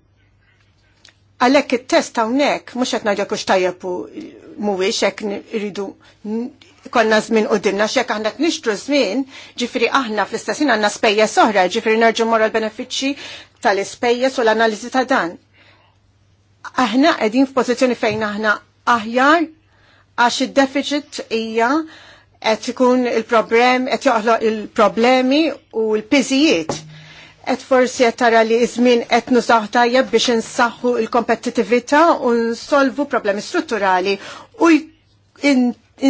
Għalhekk it-test hawnhekk mhux qed ngħidlek hux tajjeb u mhuwiex xek iridu konna żmien dinna, xek aħna qed nixtru żmien, ġifri aħna fl-istessin għandna spejjeż oħra, ġifieri nerġu morra l-benefiċċji tal-ispejjeż u l-analiżi ta' dan. Aħna qegħdin f'pożizzjoni fejn aħna aħjar għax id-deficit hija qed ikun il-problem qed joħloq il-problemi u l-piżijiet Et forsi qed tara li żmien qed nużaw tajjeb biex insaħħu l kompetitivita u nsolvu problemi strutturali u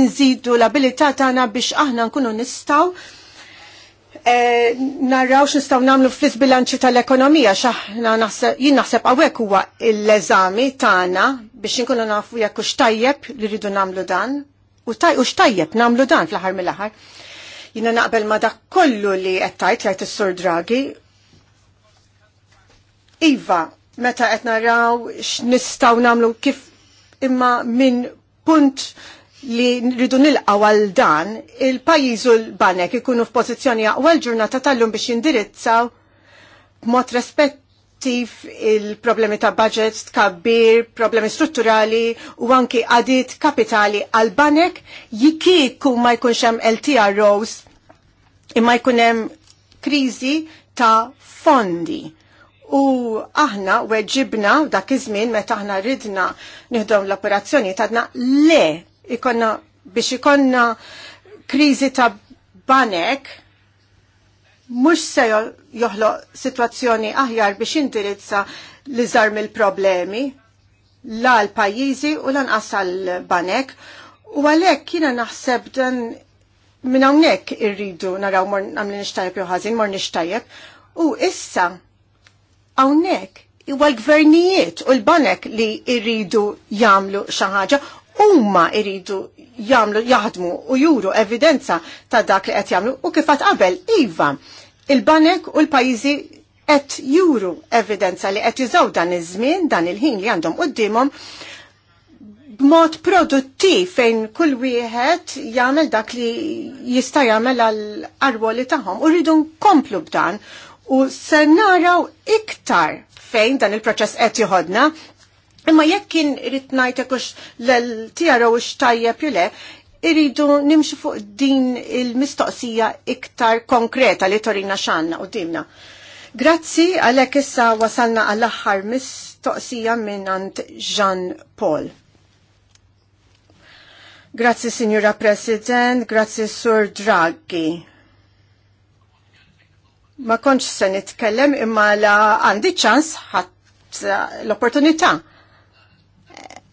nżidu l-abilità tagħna biex aħna nkunu nistgħu eh, narraw x'nistgħu nagħmlu fl-isbilanċi tal-ekonomija x'aħna jien naħseb għawek huwa l-eżami tagħna biex inkunu nafu jekk hux tajjeb li rridu nagħmlu dan u x'tajjeb nagħmlu dan fl-aħħar mill-aħħar jina naqbel ma dak kollu li tajt għajt is sur Draghi Iva, meta qed naraw x'nistgħu nagħmlu kif imma minn punt li nridu nilqaw għal dan, il-pajjiż u l-banek ikunu f'pożizzjoni aqwa l-ġurnata tal-lum biex jindirizzaw b'mod respettiv il-problemi ta' budget, tkabbir, problemi strutturali u anki għadit kapitali għal banek jikiku ma jkunx hemm LTROs imma jkun hemm kriżi ta' fondi U aħna weġibna dak iż-żmien meta aħna ridna nieħdu l-operazzjoni tadna le ikonna biex ikonna kriżi ta' banek mhux se joħloq sitwazzjoni aħjar biex indirizza li żar mill-problemi la l-pajjiżi u lanqas għal-banek u għalhekk kiena naħseb dan minn hawnhekk irridu naraw mor nagħmlu nixtajjeb jew ħażin mor nixtajjeb u issa Hawnhekk huwa l-gvernijiet u l-banek li irridu jagħmlu xi ħaġa huma jridu jagħmlu jaħdmu u juru evidenza ta' dak li qed jagħmlu u kif qed qabel iva il-banek u l-pajjiżi qed juru evidenza li qed jużaw dan iż-żmien dan il-ħin li għandhom qudiemhom b'mod produttiv fejn kull wieħed jagħmel dak li jista' jagħmel għall arwoli tagħhom u rridu nkomplu b'dan u se naraw iktar fejn dan il-proċess qed joħodna. Imma jekk kien irid ngħidlek l-tiegħu x'tajjeb le, irridu nimxu fuq din il-mistoqsija iktar konkreta li torina xanna u dimna. Grazzi għalek issa wasalna għall-aħħar mistoqsija minn għand Jean Paul. Grazzi, Signora President, grazzi, Sur Draghi ma konċ se nitkellem imma la għandi ċans ħadd l-opportunità.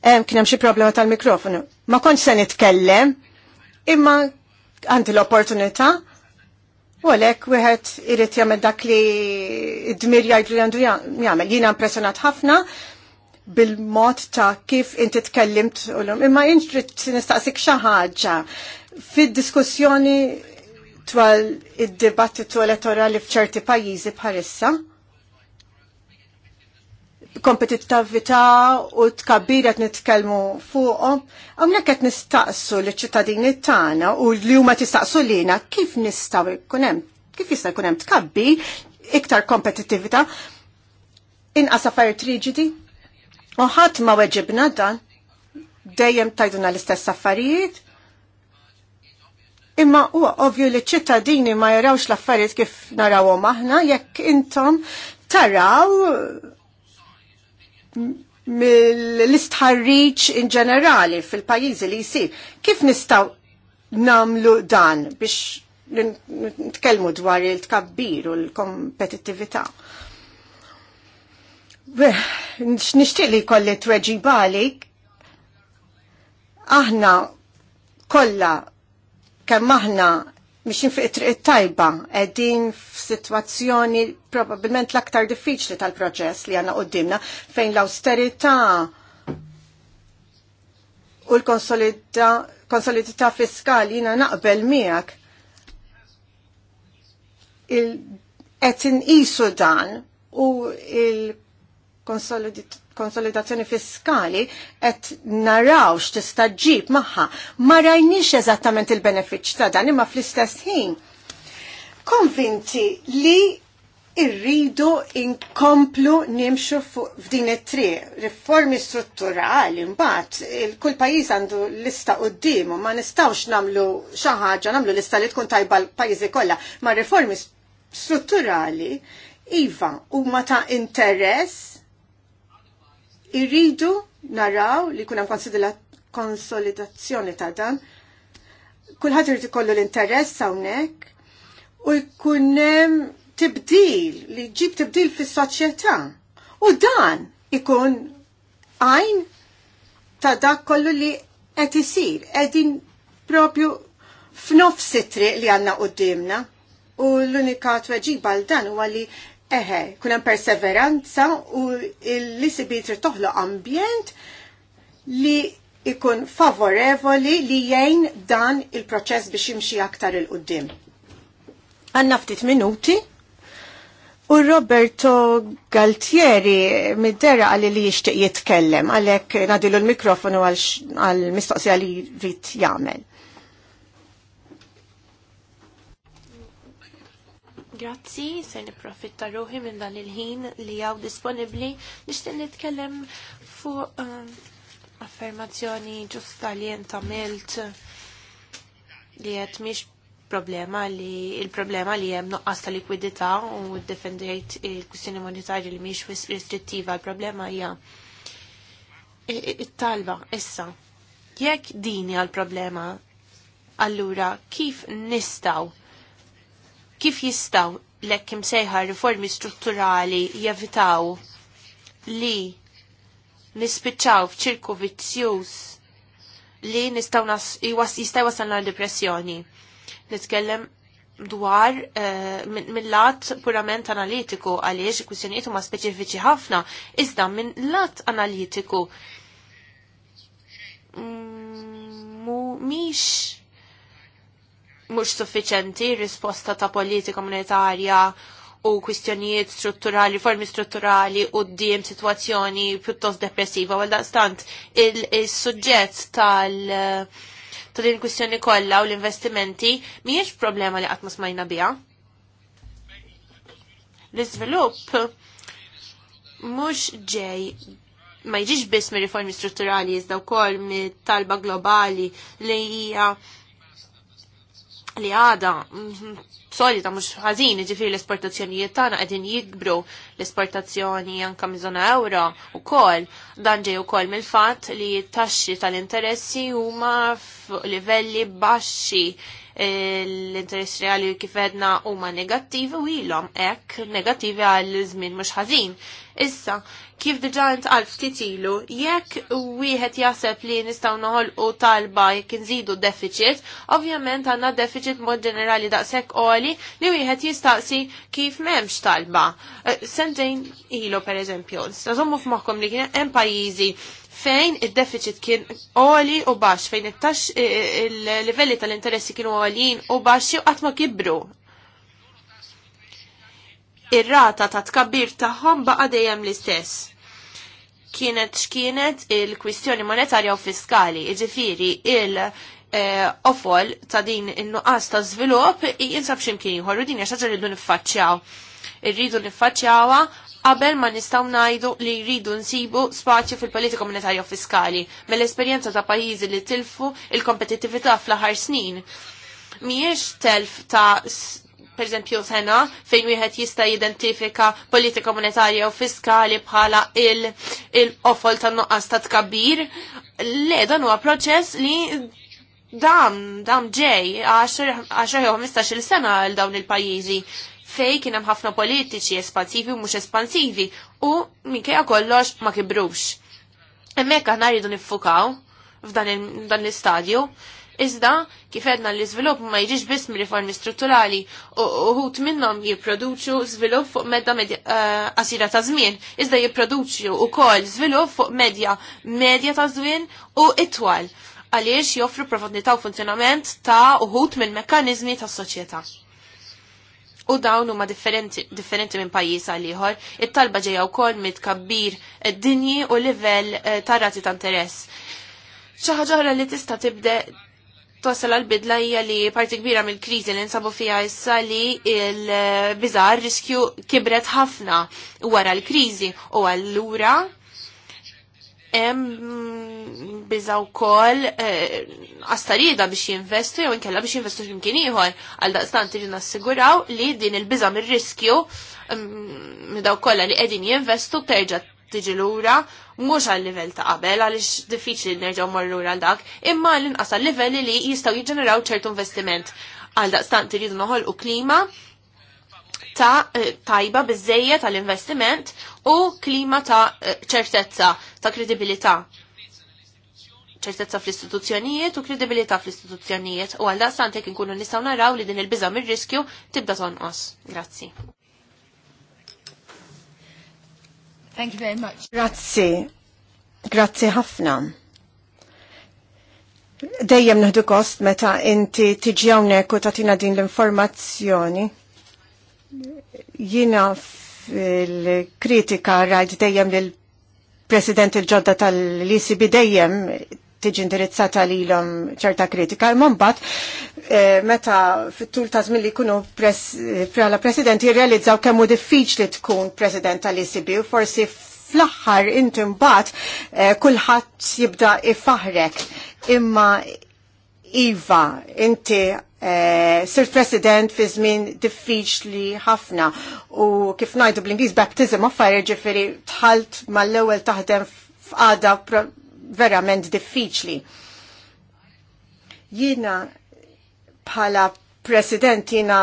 Hemm kien hemm xi problema tal-mikrofonu. Ma konċ se nitkellem imma għandi l-opportunità u għalhekk wieħed irid jagħmel dak li d-dmir jgħid li għandu jagħmel. Jiena impressjonat ħafna bil-mod ta' kif inti tkellimt l-um. Imma intrid nistaqsik xi ħaġa fid-diskussjoni twal id-dibattitu elettorali f'ċerti pajjiżi bħalissa. Kompetittività u tkabbir qed nitkellmu fuqhom, hawnhekk qed nistaqsu liċ-ċittadini tagħna u li huma tistaqsu lina kif nistgħu jkun hemm kif jista' jkun hemm tkabbi, iktar kompetittività inqas affarijiet riġidi u ħadd ma weġibna dan dejjem tajduna l-istess affarijiet Imma huwa ovvju li ċittadini ma jarawx l-affarijiet kif narawhom aħna jekk intom taraw mill-istħarriċ in ġenerali fil-pajjiżi li jsir. Kif nistgħu namlu dan biex nitkellmu dwar il-tkabbir u l kompetittivita Nishtiq li kolli tweġibalik aħna kolla kemm aħna biex nfiq triq tajba qegħdin f'sitwazzjoni probabbilment l-aktar diffiċli tal-proċess li għandna qudiemna fejn l-austerità u l-konsolidità fiskali jina naqbel miegħek qed inqisu dan u il-konsolidità konsolidazzjoni fiskali qed narawx tista' ġib magħha. Ma rajniex eżattament il benefiċ ta' dan imma fl-istess ħin. Konvinti li irridu inkomplu nimxu f'din it-triq, riformi strutturali, mbagħad kull pajjiż għandu lista qudiemu, ma nistgħux nagħmlu xi ħaġa, nagħmlu lista li tkun tajba l-pajjiżi kollha, ma riformi strutturali iva huma ta' interess Irridu naraw li kunem konsolidazzjoni ta' dan. Kulħadd irid ikollu l-interess hawnhekk u jkunem tibdil li ġib tibdil fis-soċjetà. U dan ikun għajn ta' dak kollu li qed isir, qegħdin propju f'nofs it-triq li għandna qudiemna. U l-unika tweġiba għal dan huwa li Eħe, kunem perseveranza u l-ICB trid toħloq ambjent li ikun favorevoli li jgħin dan il-proċess biex jimxi aktar il-qoddim. Għanna ftit minuti u Roberto Galtieri middera għalli li jixtieq jitkellem għalhekk nadilu l-mikrofonu għal mistoqsija li jrid jagħmel. Grazzi, se niprofitta ruħi minn dan il-ħin li jaw disponibli nishtin nitkellem fuq uh, affermazzjoni ġusta li jent milt li jett miex problema li il-problema li jem noqqas ta' likwidità u defendejt il-kustjoni monetarju li miex restrittiva il-problema hija it-talba issa jekk dini għal-problema allura kif nistaw Kif jistaw lekk imsejħa riformi strutturali jevitaw li nispiċċaw f'ċirku vizzjuż li nistaw nas jistaw wasalna depressjoni. Nitkellem dwar uh, min lat purament analitiku għaliex kwistjonijiet huma speċifiċi ħafna, iżda minn lat analitiku mhumiex mm, mhux suffiċenti risposta ta' politika monetarja u kwistjonijiet strutturali, formi strutturali u d-diem situazzjoni piuttost depressiva. Għal stant, il-sujġet il tal- ta' din kwistjoni kollha u l-investimenti mhijiex problema li qatt ma smajna biha. L-iżvilupp mhux ġej ma jġiġ biss mir riformi strutturali iżda wkoll mit talba globali li hija li għada mhm, solita mux ħazin ġifiri l-esportazzjonijiet tagħna qegħdin jikbru l-esportazzjoni anke miżona euro wkoll dan ġej kol mill-fatt li t-taxxi tal-interessi huma f'livelli baxxi l-interess reali kif edna huma negattivi u ilhom hekk negattivi għal żmien mhux ħażin. Issa, kif diġà qalb ftit ilu, jekk wieħed jaħseb li nistgħu noħolqu talba jekk inżidu deficit, ovvjament għandna deficit mod ġenerali daqshekk qoli li wieħed jistaqsi kif m'hemmx talba. Eh, sentejn ilu pereżempju, nistgħu f'moħħkom li kien hemm pajjiżi fejn id-deficit kien għoli u baxx, fejn il-livelli tal-interessi kienu għolin u baxxi u għatma kibru. Ir-rata ta' tkabbir tagħhom baqa' dejjem l-istess. Kienet x'kienet il-kwistjoni monetarja u fiskali, iġifiri il- eh, ofol ta' din in-nuqqas ta' żvilupp jinsab x'imkien ieħor u din jaxħaġa xaġa rridu niffaċċjaw. Irridu niffaċċjawha qabel ma nistaw najdu li jridu nsibu spazju fil-politika monetarja fiskali mill-esperjenza ta' pajjiżi li tilfu il-kompetittività fl-aħħar snin. Miex telf ta' per eżempju sena fejn wieħed jista' jidentifika politika monetarja u fiskali bħala il qofol il tan nuqqas ta' tkabbir. Le, dan huwa proċess li dam, dam ġej, 10 jew 15 sena għal dawn il-pajjiżi fej kien hemm ħafna politiċi espansivi u mhux espansivi u minkejja kollox ma kibrux. Hemmhekk aħna rridu niffukaw f'dan l-istadju. Iżda kif edna l-iżvilupp ma jiġix biss mir-riformi strutturali u uħut minnhom jipproduċu żvilupp fuq medda eh, asira ta' żmien, iżda jipproduċu wkoll żvilupp fuq medja medja ta' żmien u itwal għaliex joffru profondità u funzjonament ta' uħut minn mekkaniżmi tas-soċjetà u dawn huma differenti, differenti minn pajjiż għal ieħor, it-talba ġejja wkoll mitkabbir dinji u livell eh, ta' rati ta' interess. Xi ħaġa oħra li tista' tibde tosal għal bidla hija li parti kbira mill-kriżi li nsabu fiha issa li l-biżar riskju kibret ħafna wara l-kriżi u allura em mm, bizaw wkoll għastarida eh, biex jinvestu jew inkella biex jinvestu x'imkien ieħor għal daqstant tiġi nassiguraw li din il-biża mir-riskju mm, midaw kollha li qegħdin jinvestu terġa' tiġi lura mhux għal livell ta' qabel għaliex diffiċli nerġgħu mmor lura għal dak, imma l-inqas livelli li jistgħu jiġġeneraw ċertu investiment għal daqstant iridu noħolqu klima ta' eh, tajba bizzejja tal-investiment u klima ta' eh, ċertezza, ta' kredibilità. ċertezza fl-istituzzjonijiet u kredibilità fl-istituzzjonijiet u għal sante jekk inkunu nistgħu naraw li din il-biża mir-riskju tibda tonqos. Grazzi. Thank you very much. Grazzi. Grazzi ħafna dejjem naħdu kost meta inti tiġi hawnhekk u tagħtina din l-informazzjoni. Jina fil-kritika rajt dejjem lil president il-ġodda tal-ECB dejjem tiġi indirizzata lilhom ċerta kritika. Imma mbagħad eh, meta fit-tul ta' żmien li jkunu prala president jirrealizzaw kemm hu diffiċli tkun president tal-ECB u forsi fl-aħħar inti mbagħad eh, kulħadd jibda ifaħrek. Imma Iva, inti Eh, Sir President fi żmien diffiċli ħafna u kif ngħidu bl-Ingliż baptism of fire ġifieri tħalt mal-ewwel taħdem f'għada verament diffiċli. Jiena bħala President jiena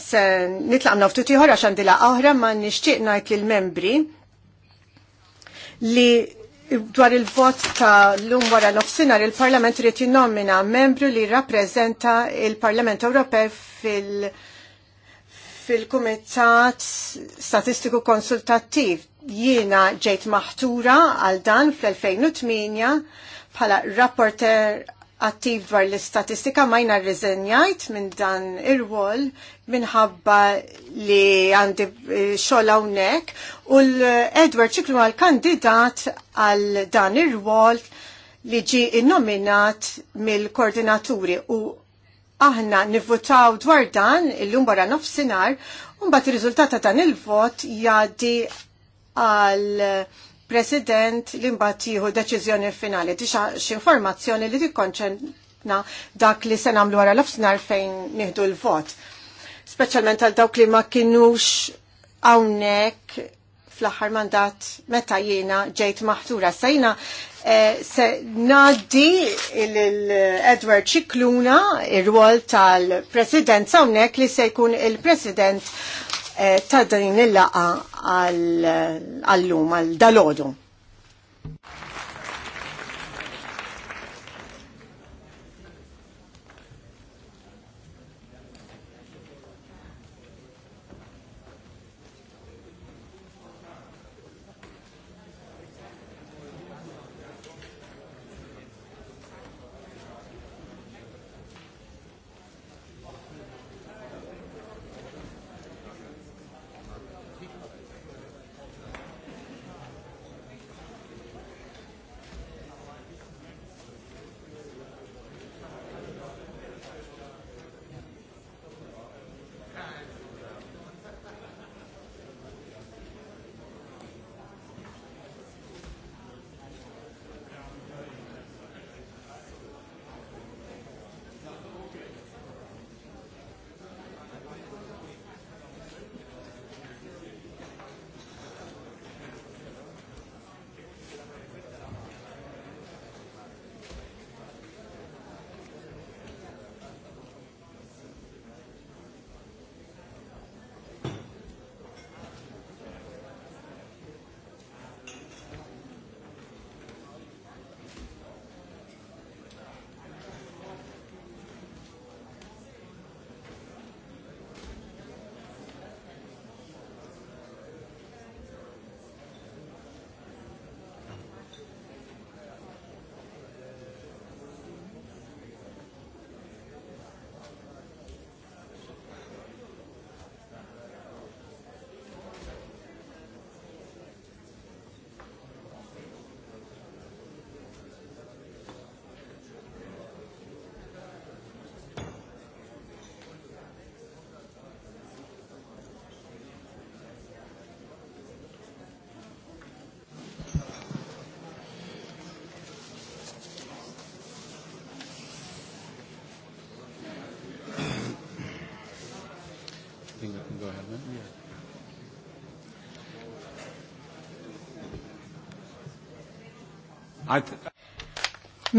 se nitlaqna noftu ieħor għax għandi oħra ma nixtieq ngħid lill-membri li dwar il-vot ta' l-lum wara l-ofsinar il-Parlament rrit jinnomina membru li rappresenta il-Parlament Ewropew fil- fil-Kumitat Statistiku Konsultattiv. Jiena ġejt maħtura għal dan fl-2008 bħala rapporter attiv dwar l-istatistika ma jina rriżenjajt minn dan ir-wol minħabba li għandi eh, xogħol hawnhekk u l-Edward ċiklu għal kandidat għal dan ir-wol li ġi innominat mill-koordinaturi u aħna nivvotaw dwar dan illum wara nofsinhar u mbagħad ir-riżultat ta' dan il-vot jgħaddi għal president li mbagħad jieħu deċiżjoni finali. Tixa informazzjoni li tikkonċentna dak li se nagħmlu wara l ofsnar fejn nieħdu l-vot. Speċjalment għal dawk li ma kinux hawnhekk fl-aħħar mandat meta jiena ġejt maħtura. Sejna eh, se naddi l-Edward Cikluna ir-rwol tal-President hawnhekk li se jkun il-President Eh, ta' din il-laqa għal-lum, għal-dalodu.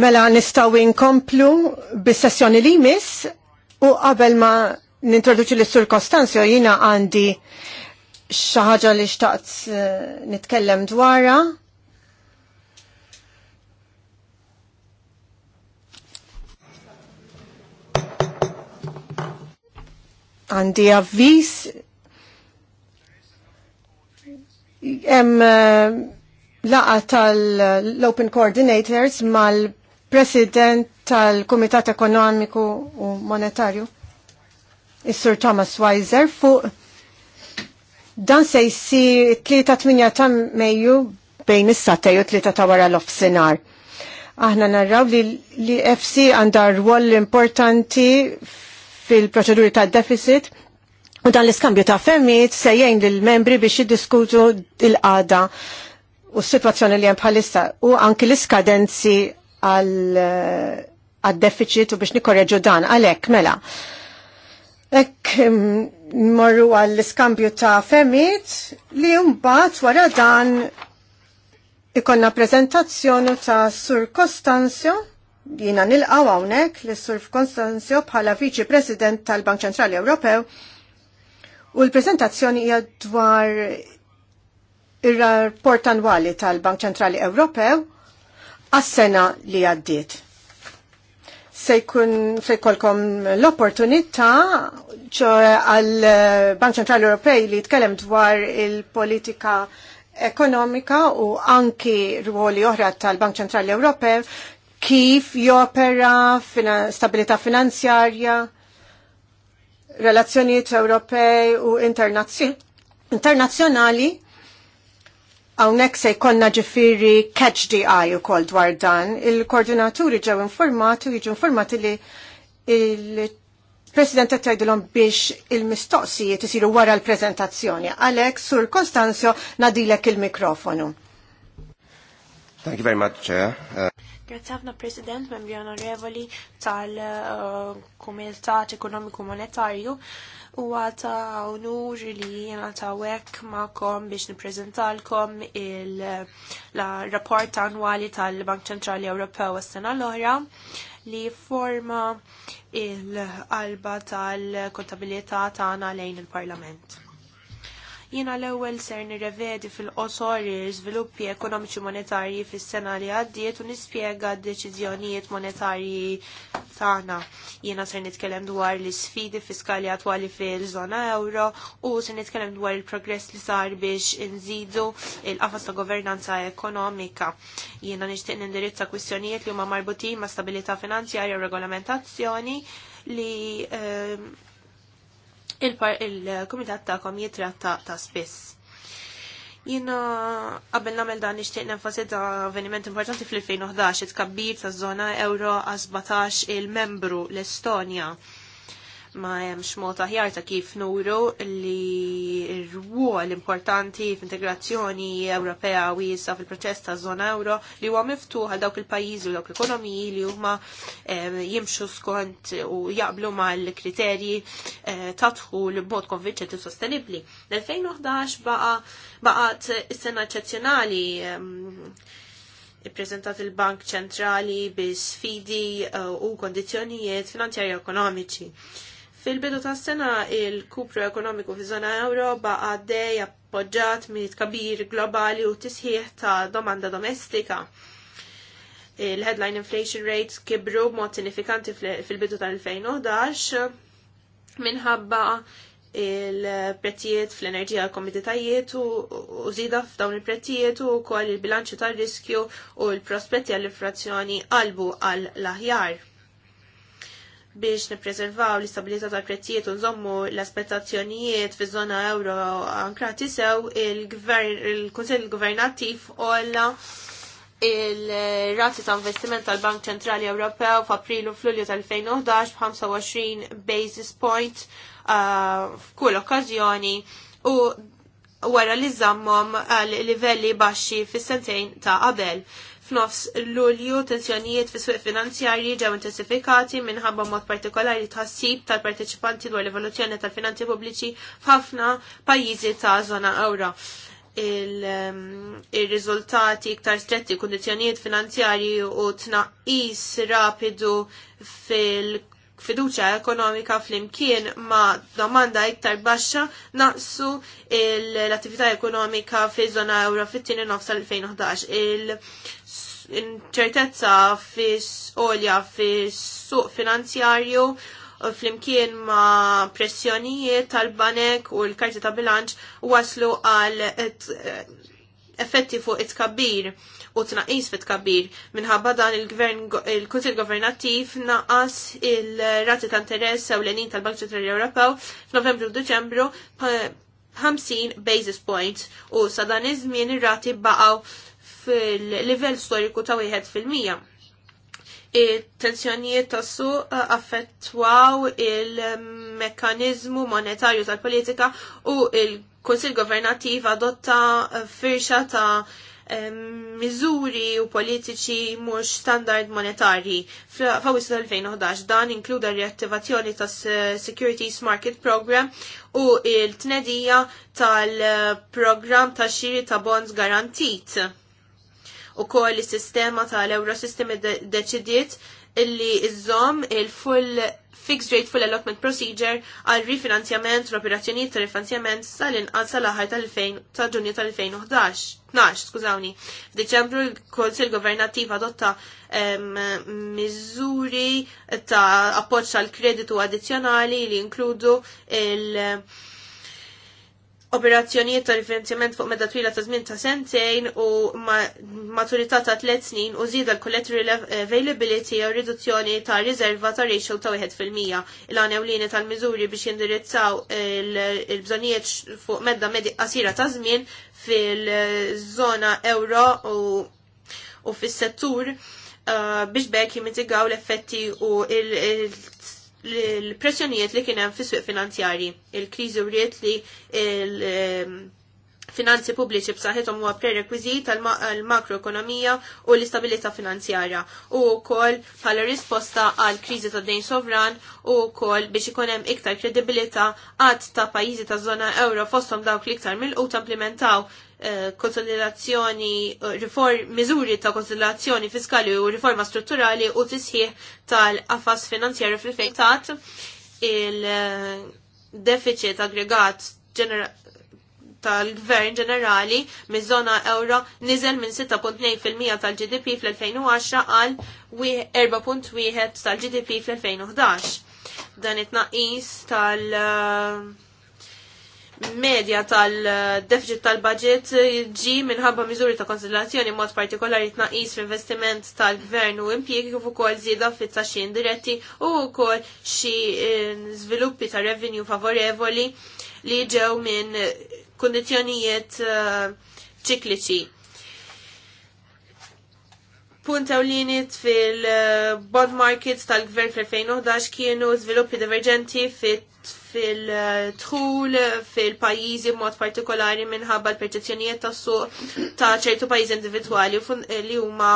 Mela nistaw inkomplu bis-sessjoni li jmiss u qabel ma nintroduċi l-Sur Kostanzjo jina għandi xaħġa li xtaqt eh, nitkellem dwarha. Għandi avvis hemm eh, laqa tal-Open Coordinators mal-President tal-Komitat Ekonomiku u Monetarju, is-Sur Thomas Weiser, fuq dan se jsir 3-8 ta' Mejju bejn is-satej u 3 ta' wara l-ofsinar. Aħna narraw li li fc għandha rwol importanti fil-proċeduri ta' deficit u dan l-iskambju ta' femmiet se jgħin lill membri biex jiddiskutu il-qada u s-situazzjoni li hemm bħalissa u anki l-iskadenzi għal eh, deficit u biex nikorreġu dan għalhekk mela. Ek mm, morru għall-iskambju ta' femit li mbagħad wara dan ikonna prezentazzjonu ta' Sur Costanzio, jina nilqaw hawnhekk li Sur Costanzio bħala Viċi President tal-Bank Ċentrali Ewropew u l-prezentazzjoni hija dwar ir-rapport annwali tal-Bank Ċentrali Ewropew għas-sena li għaddiet. Se jkun l-opportunità għal-Bank Ċentrali Ewropej li jitkellem dwar il-politika ekonomika u anki ruoli oħra tal-Bank Ċentrali Ewropew kif jopera fina, stabilità finanzjarja, relazzjonijiet Ewropej u internazzjonali Għawnek se jkonna ġifiri catch the eye u kol dwar dan. Il-koordinaturi ġew informati u jiġu informati li il-President għattajdilom biex il-mistoqsijiet isiru wara l-prezentazzjoni. Alex sur Konstanzjo, nadilek il-mikrofonu. Thank you very much, Chair. Uh... Grazie ħafna President, membri onorevoli tal uh, Ekonomiku Monetarju. Uh, u għata unur li jena ma' ma'kom biex niprezentalkom il-rapport annwali tal-Bank Ċentrali Ewropew għas-sena l-oħra li forma il-qalba tal-kontabilità tagħna lejn il-Parlament. Jiena l-ewwel ser nirrevedi fil-qosor żviluppi ekonomiċi monetarji fis-sena li għaddiet u nispjega d-deċiżjonijiet monetarji tagħna. Jiena ser nitkellem dwar l-isfidi fiskali attwali fil-żona euro u ser nitkellem dwar il-progress li sar biex inżidu il-qafas ta' governanza ekonomika. Jiena nixtieq nindirizza kwistjonijiet li huma marbutin ma' stabilità finanzjarja u regolamentazzjoni li ehm, il-komitat ta'kom jitratta ta' spiss. Jina qabel namel dan nixtieq nenfasizza avveniment importanti fl-2011 it-kabbir ta' zona euro għas il-membru l-Estonja ma hemmx mod aħjar ta' kif nuru li r-ruol importanti f'integrazzjoni Ewropea wiesa fil-proċess ta' żona euro li huwa miftuħ għal dawk il-pajjiżi u dawk l-ekonomiji li huma eh, jimxu skont u jaqblu mal-kriterji eh, ta' dħul b'mod konvinċenti sostenibbli. L-2011 baqa baqgħet is-sena eċċezzjonali ehm, ippreżentat il-Bank ċentrali bi sfidi eh, u kondizjonijiet finanzjarji ekonomiċi. Fil-bidu ta' sena il-kupru ekonomiku fi zona euro ba' għaddej appoġġat minn kabir globali u tisħiħ ta' domanda domestika il-headline inflation rates kibru b'mod sinifikanti fil-bidu tal-2011 minħabba il-prezzijiet fl-enerġija komitetajiet u użida f'dawn il-prezzijiet u kol il-bilanċu tal-riskju u l-prospetti għall-inflazzjoni qalbu għall aħjar biex nipreservaw l-istabilità tal-prezzijiet u nżommu l-aspettazzjonijiet fi zona euro ankrati sew il-Kunsell Governattiv olla il-rati ta' investiment tal-Bank Ċentrali Ewropew f'Aprilu f'Lulju tal-2011 b'25 basis point uh, f'kull okkażjoni u wara li għal livelli baxxi fis-sentejn ta' qabel. F'nofs l-Lulju tensjonijiet fis suq finanzjarji ġew intensifikati minħabba mod partikolari tħassib tal-parteċipanti dwar l-evoluzzjoni tal-finanzi pubbliċi f'ħafna pajjiżi ta' żona ewra il ehm, riżultati iktar stretti kondizjonijiet finanzjarji u tnaqqis rapidu fil fiduċa ekonomika flimkien ma domanda iktar baxxa naqsu l-attività ekonomika fi zona euro fit-tieni nofs 2011 inċertezza fis olja fis suq finanzjarju flimkien ma pressjonijiet tal-banek u l-karti ta' bilanċ waslu għal effetti fuq it kabir u tnaqis fit kabir minħabba dan il-gvern il-kunsil governattiv naqas il-rati ta' interess u l-enin tal-Bank Ċentrali Ewropew f'Novembru u Deċembru 50 basis points u sa dan iż-żmien ir-rati baqgħu fil-livell storiku ta' wieħed fil-mija. Il-tensjonijiet ta' suq uh, affettwaw il-mekanizmu monetarju tal-politika u il-Konsil Governativ adotta uh, firxa ta' miżuri u politiċi mhux standard monetarji. F'Awwissu tal-2011 dan inkluda r-reattivazzjoni tas Securities Market Program u il-tnedija tal-programm uh, ta' xiri ta' bonds garantit u koll sistema tal-Eurosystem deċidiet illi iżom il-full fixed rate full allotment procedure għal rifinanzjament l operazzjonijiet ta' rifinanzjament sal-inqas sal-aħħar tal ġunju tal-2011. 12, skużawni. F'Diċembru l-Konsil governativ adotta miżuri ta' appoġġ għal kreditu addizzjonali li inkludu il- operazzjonijiet ta' rifinanzjament fuq medda twila ta' żmien ta' sentejn u maturità ta' tliet snin u żieda l-collateral availability u riduzzjoni ta' riserva ta' ratio ta' 1%. Il-għanewlini tal-miżuri biex jindirizzaw il-bżonijiet fuq medda medi qasira ta' żmien fil-żona euro u fis-settur eh, biex bekk jimitigaw l-effetti u l-pressjonijiet li kien hemm fis-suq finanzjarji. Il-kriżi wriet li l ehm, finanzi pubbliċi b'saħħithom huwa prerekwiżit għall makroekonomija u l-istabilità finanzjarja u wkoll bħala risposta għal kriżi ta' dejn sovran u wkoll biex ikun hemm iktar kredibilità għadd ta' pajjiżi ta' żona euro fosthom dawk li iktar mill u implementaw Eh, konsolidazzjoni, eh, miżuri ta' konsolidazzjoni fiskali u riforma strutturali u tisħiħ tal-qafas finanzjarju fil-fejtat il-deficit eh, aggregat tal-gvern ġenerali miż-żona euro niżel minn 6.2% tal-GDP fl-2010 għal 4.1 tal-GDP fl-2011. Dan it-naqis tal- uh, medja tal-deficit tal-budget ġi minħabba miżuri ta' konsiderazzjoni mod partikolari tnaqis fl-investiment tal-gvern u impjiegi kif ukoll żieda fit taxxin diretti u wkoll xi eh, żviluppi ta' revenju favorevoli li ġew minn kundizzjonijiet eh, ċikliċi punt linit fil-bond eh, markets tal-gvern fil-2011 kienu sviluppi divergenti fil-tħul eh, fil-pajizi mod partikolari minħabba l-perċezzjonijiet ta' suq ta' ċertu pajizi individuali eh, li huma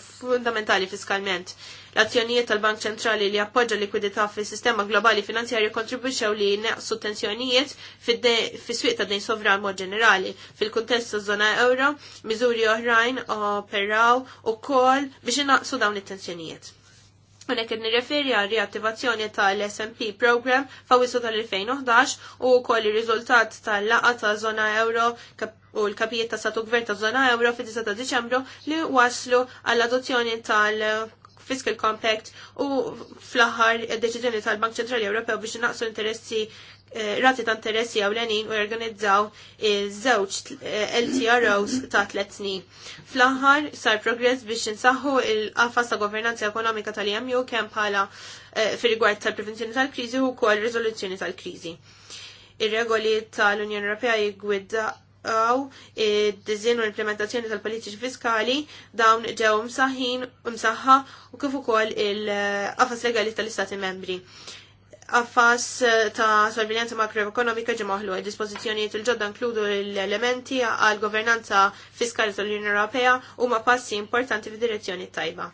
fundamentali fiskalment. L-azzjonijiet tal-Bank Ċentrali li appoġġa likwidità fis-sistema globali finanzjarju kontribwixxew li jnaqsu tensjonijiet fis-swieq ta' dejn sovran mod ġenerali. Fil-kuntest taż-żona euro, miżuri oħrajn operaw ukoll biex inaqsu dawn it-tensjonijiet. Unek id nirreferi għal riattivazzjoni tal-SMP program fawissu tal-2011 u koll il-rizultat tal-laqa ta' zona euro u l-kapijiet ta' satu gvern ta' zona euro fid 10 ta' Deċembru li waslu għall-adozzjoni tal- fiscal compact u fl-aħħar id-deċiżjoni tal-Bank Ċentrali Ewropew biex naqsu interessi eh, rati ta' interessi għawlenin u jorganizzaw żewġ eh, LTROs ta' tlet snin. Fl-aħħar sar progress biex insaħħu il-qafas ta' governanza ekonomika tal-EMU kemm bħala eh, fil rigward tal-prevenzjoni tal-kriżi u kol rizoluzzjoni tal-kriżi. Ir-regoli tal-Unjoni Ewropea jgwidda nilqaw id-dizin u l-implementazzjoni tal-politiċi fiskali dawn ġew msaħin u msaħħa u kif ukoll il-qafas legali tal-Istati membri. Affas ta' sorveljanza makroekonomika ġi maħlu għed dispozizjoniet il-ġodda inkludu l-elementi għal governanza fiskali tal-Unjoni Ewropea u ma' passi importanti fid-direzzjoni tajba.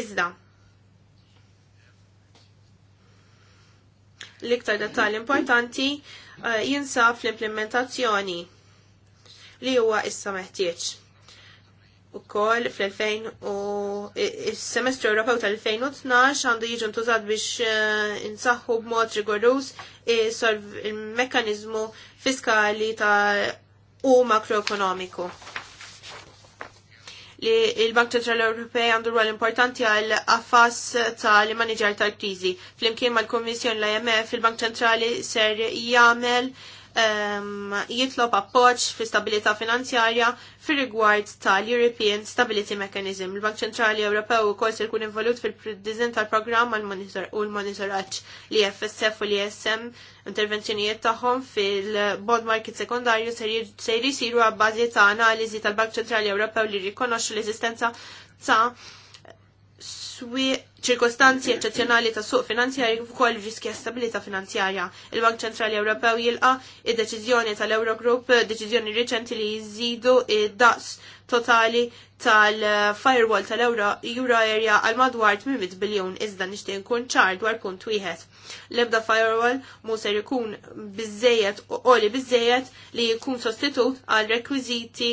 Iżda, l-iktar dettal importanti uh, jinsab fl-implementazzjoni li huwa issa meħtieġ. Ukoll fl-2000 u il-semestru Ewropew tal-2012 għandu jiġu ntużat biex eh, insaħħu b'mod rigorus il-mekkanizmu fiskali ta' u makroekonomiku li il-Bank Ċentrali Ewropej għandu rwol importanti għal affas tal manager tal-kriżi. Flimkien mal-Kommissjoni l-IMF, il-Bank Ċentrali ser jagħmel jitlob appoġġ fi stabilità finanzjarja fir rigward tal-European Stability Mechanism. Il-Bank Ċentrali Ewropew ukoll se jkun involut fil-dizin tal-programm u l-monitoraġġ li FSF u li SM intervenzjonijiet tagħhom fil-bond market sekundarju se jisiru għabbażi ta' analiżi tal-Bank Ċentrali Ewropew li rikonoxxu l-eżistenza ta' swieq ċirkostanzi eccezjonali ta' suq finanzjarji kif ukoll riskja stabilità finanzjarja. Il-Bank Ċentrali Ewropew jilqa id-deċiżjoni tal-Eurogroup, deċiżjoni riċenti li jżidu id-daqs totali tal-firewall tal-euro area għal madwar 800 biljun iżda nixtieq nkun ċar dwar punt wieħed. L-ebda firewall mu ser ikun biżejjed u qoli biżejjed li jkun sostitut għal rekwiżiti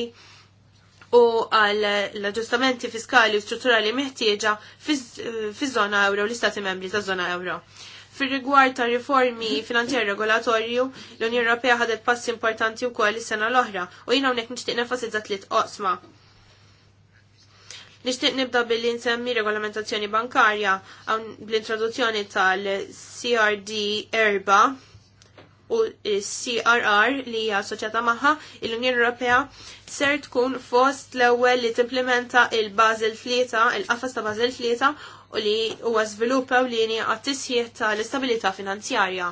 u għal l-aġġustamenti fiskali u strutturali meħtieġa fiż-żona euro, l-istati membri ta' żona euro. Fir rigward ta' riformi finanzjari regolatorju, l-Unjoni Ewropea ħadet passi importanti wkoll is-sena l-oħra u jiena hawnhekk nixtieq nefasizza tliet oqsma. Nixtieq nibda billi nsemmi regolamentazzjoni bankarja bl-introduzzjoni tal-CRD erba' u CRR li hija assoċjata magħha l-Unjoni Ewropea ser tkun fost l-ewwel li timplementa il bazil flieta, il-qafas ta' Basel flieta u li huwa żviluppa u lini għat tisjiet tal-istabilità finanzjarja.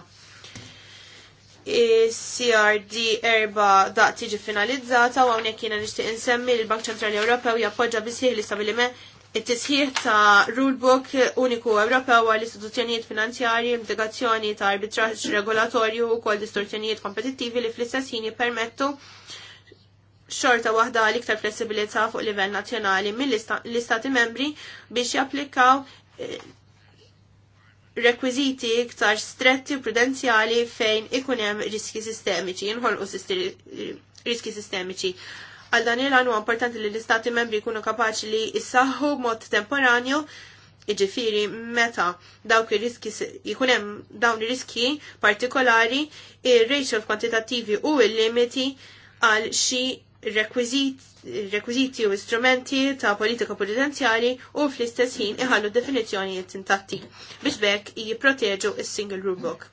CRD erba da tiġi finalizzata u hawnhekk jiena nixtieq insemmi li l-Bank Ċentrali Ewropew jappoġġa bisih l-istabiliment it-tisħiħ ta' rulebook uniku Ewropew għall istituzzjonijiet finanzjarji, mitigazzjoni ta' arbitraġġ regolatorju u kol distorzjonijiet kompetittivi li fl-istess ħin jippermettu xorta waħda l iktar flessibilità fuq livell nazzjonali mill-istati membri biex japplikaw eh, rekwiziti iktar stretti u prudenzjali fejn ikun hemm riski sistemiċi, jinħolqu riski sistemiċi. Għal dan il huwa importanti li l-istati membri jkunu kapaċi li jissaħħu mod temporanju iġifiri meta dawk il riski jkun hemm dawn ir-riski partikolari ir-ratio kwantitativi u l-limiti għal xi rekwiziti u istrumenti ta' politika prudenzjali u fl-istess ħin iħallu definizzjonijiet intatti biex bekk jipproteġu il single rule book.